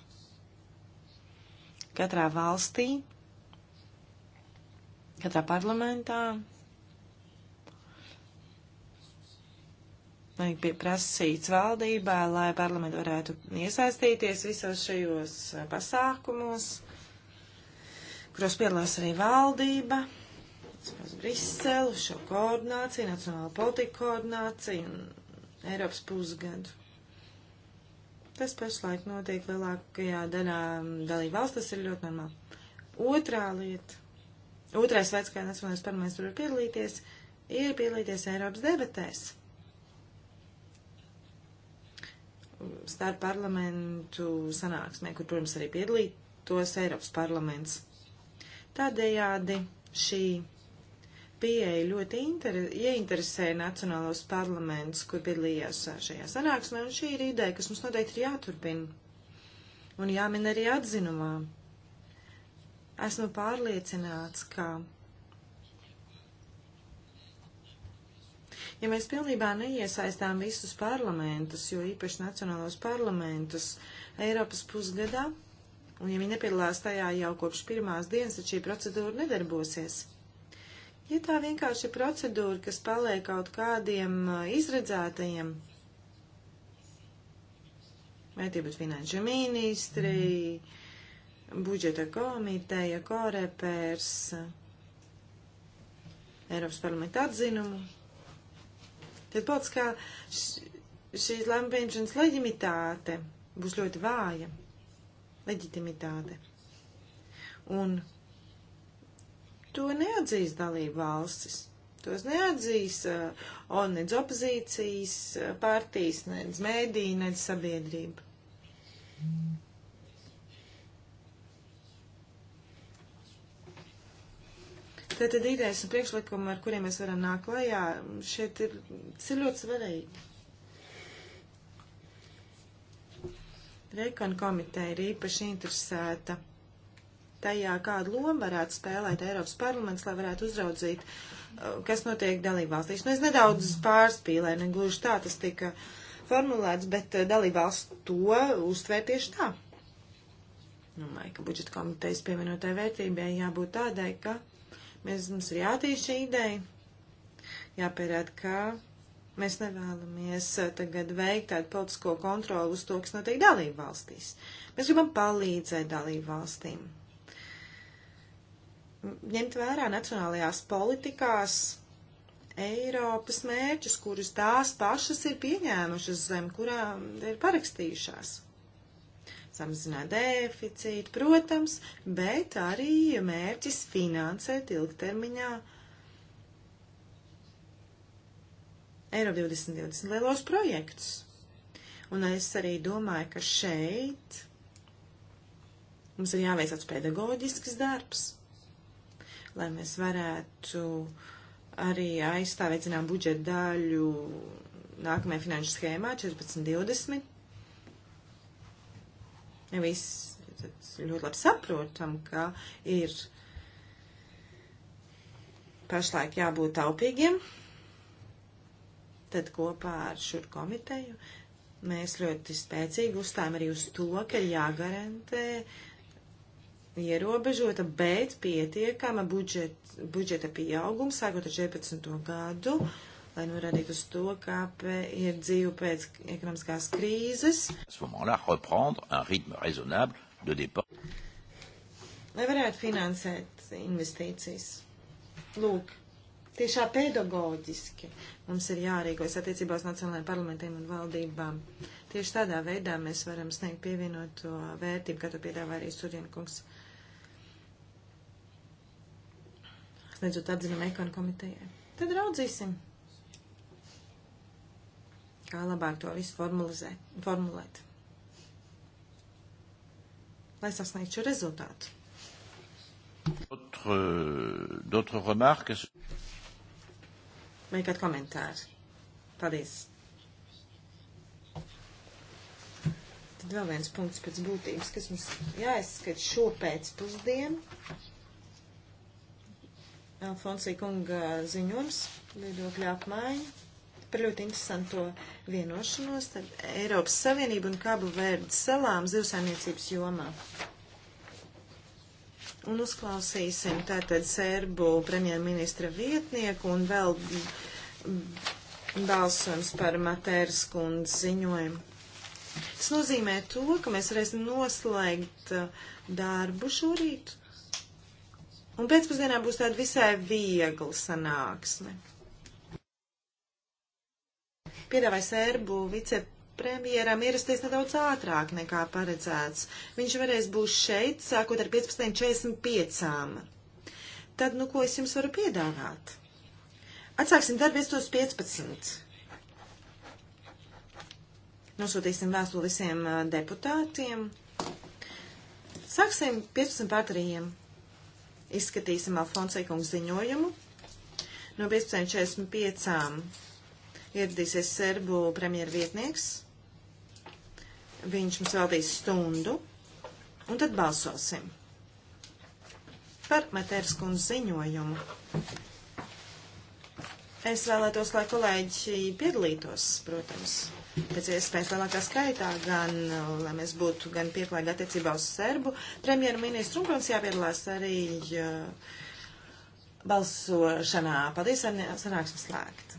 katrā valstī katrā parlamentā tiek pieprasīts valdībā, lai parlamenti varētu iesaistīties visos šajos eh, pasākumos, kuros piedalās arī valdība, uz Briselu, šo koordināciju, nacionālo politiku koordināciju un Eiropas pusgadu. Tas pašlaik notiek lielākajā daļā dalību valsts, tas ir ļoti normāli. Otrā lieta Otrais veids, kā Nacionālais parlaments tur var piedalīties, ir piedalīties Eiropas debatēs. Starp parlamentu sanāksmē, kur, protams, arī piedalītos Eiropas parlaments. Tādējādi šī pieeja ļoti inter, ieinteresēja Nacionālos parlamentus, kur piedalījās šajā sanāksmē, un šī ir ideja, kas mums noteikti ir jāturpina un jāmin arī atzinumā. Esmu pārliecināts, ka ja mēs pilnībā neiesaistām visus parlamentus, jo īpaši nacionālos parlamentus, Eiropas pusgadā, un ja viņi nepiedalās tajā jau kopš pirmās dienas, tad šī procedūra nedarbosies. Ja tā vienkārši ir procedūra, kas paliek kaut kādiem izredzētajiem, vai tie būtu finanšu ministri, mm budžeta komiteja, korepērs, eh, Eiropas parlamenta atzinumu. Tad pats kā šīs lēmpieņšanas leģimitāte būs ļoti vāja. Leģitimitāte. Un to neatzīs dalību valstis. Tos neatzīs uh, eh, on nedz opozīcijas eh, partijas, nedz mēdī, nedz sabiedrība. Tātad idejas un priekšlikumi, ar kuriem mēs varam nākt klajā, šeit ir, ir ļoti svarīgi. Rekon komiteja ir īpaši interesēta tajā, kādu lomu varētu spēlēt Eiropas parlaments, lai varētu uzraudzīt, uh, kas notiek dalībvalstīs. Nu, es nedaudz pārspīlēju, negluži tā tas tika formulēts, bet uh, dalībvalsts to uztvēr tieši tā. Domāju, nu, ka budžeta komitejas pievienotai vērtībai jābūt tādai, ka Mēs, mums ir jātīst šī ideja, jāpierāda, ka mēs nevēlamies eh, tagad veikt tādu politisko kontroli uz to, kas notiek dalību valstīs. Mēs gribam palīdzēt dalību valstīm. Ņemt vērā nacionālajās politikās Eiropas mērķus, kurus tās pašas ir pieņēmušas zem, kurām ir parakstījušās samazināt deficītu, protams, bet arī mērķis finansēt ilgtermiņā Eiro 2020 lielos projektus. Un es arī domāju, ka šeit mums ir jāveic tāds pedagoģisks darbs, lai mēs varētu arī aizstāvēt, zinām, budžeta daļu nākamajā finanšu schēmā 14.20. Viss ļoti labi saprotam, ka ir pašlaik jābūt taupīgiem. Tad kopā ar šur komiteju mēs ļoti spēcīgi uzstājam arī uz to, ka jāgarantē ierobežota, bet pietiekama budžet, budžeta pieauguma sākot ar 14. gadu. Uh, lai norādītu nu uz to, kā ir dzīve pēc ekonomiskās krīzes. Lai varētu finansēt investīcijas. Lūk, tiešā pedagoģiski mums ir jārīkojas attiecībās nacionālajiem parlamentiem un valdībām. Tieši tādā veidā mēs varam sniegt pievienoto vērtību, kā to piedāvā arī Surjankungs. Sniedzot atzinumu ekonu komitejai. Tad raudzīsim kā labāk to visu formulēt, lai sasniegtu šo rezultātu. D'autres remarques? Vai kādi komentāri? Paldies. Tad vēl viens punkts pēc būtības, kas mums jāizskat šo pēcpusdienu. Alfonsija kunga ziņojums, viedokļa apmaiņa par ļoti interesanto vienošanos starp Eiropas Savienību un Kabu Verdes salām zivsaimniecības jomā. Un uzklausīsim tātad Serbu premjerministra vietnieku un vēl balsojums par Matēras kundzes ziņojumu. Tas nozīmē to, ka mēs varēsim noslēgt uh, darbu šorīt. Un pēcpusdienā būs tāda visai viegla sanāksme piedāvāja Serbu vicepremjeram ierasties nedaudz ātrāk nekā paredzēts. Viņš varēs būt šeit, sākot ar 15.45. Tad, nu, ko es jums varu piedāvāt? Atsāksim darbu 15. Nosūtīsim vēstuli visiem deputātiem. Sāksim 15 pārtrījiem. Izskatīsim Alfonsai kungu ziņojumu. No 15.45 ieradīsies Serbu premjervietnieks. Viņš mums veltīs stundu, un tad balsosim par Matēras kundzes ziņojumu. Es vēlētos, lai kolēģi piedalītos, protams, pēc iespējas lielākā skaitā, gan, lai mēs būtu gan pieklājīgi attiecībā uz Serbu premjeru ministru, un, protams, jāpiedalās arī uh, balsošanā. Paldies, sanāksim slēgt.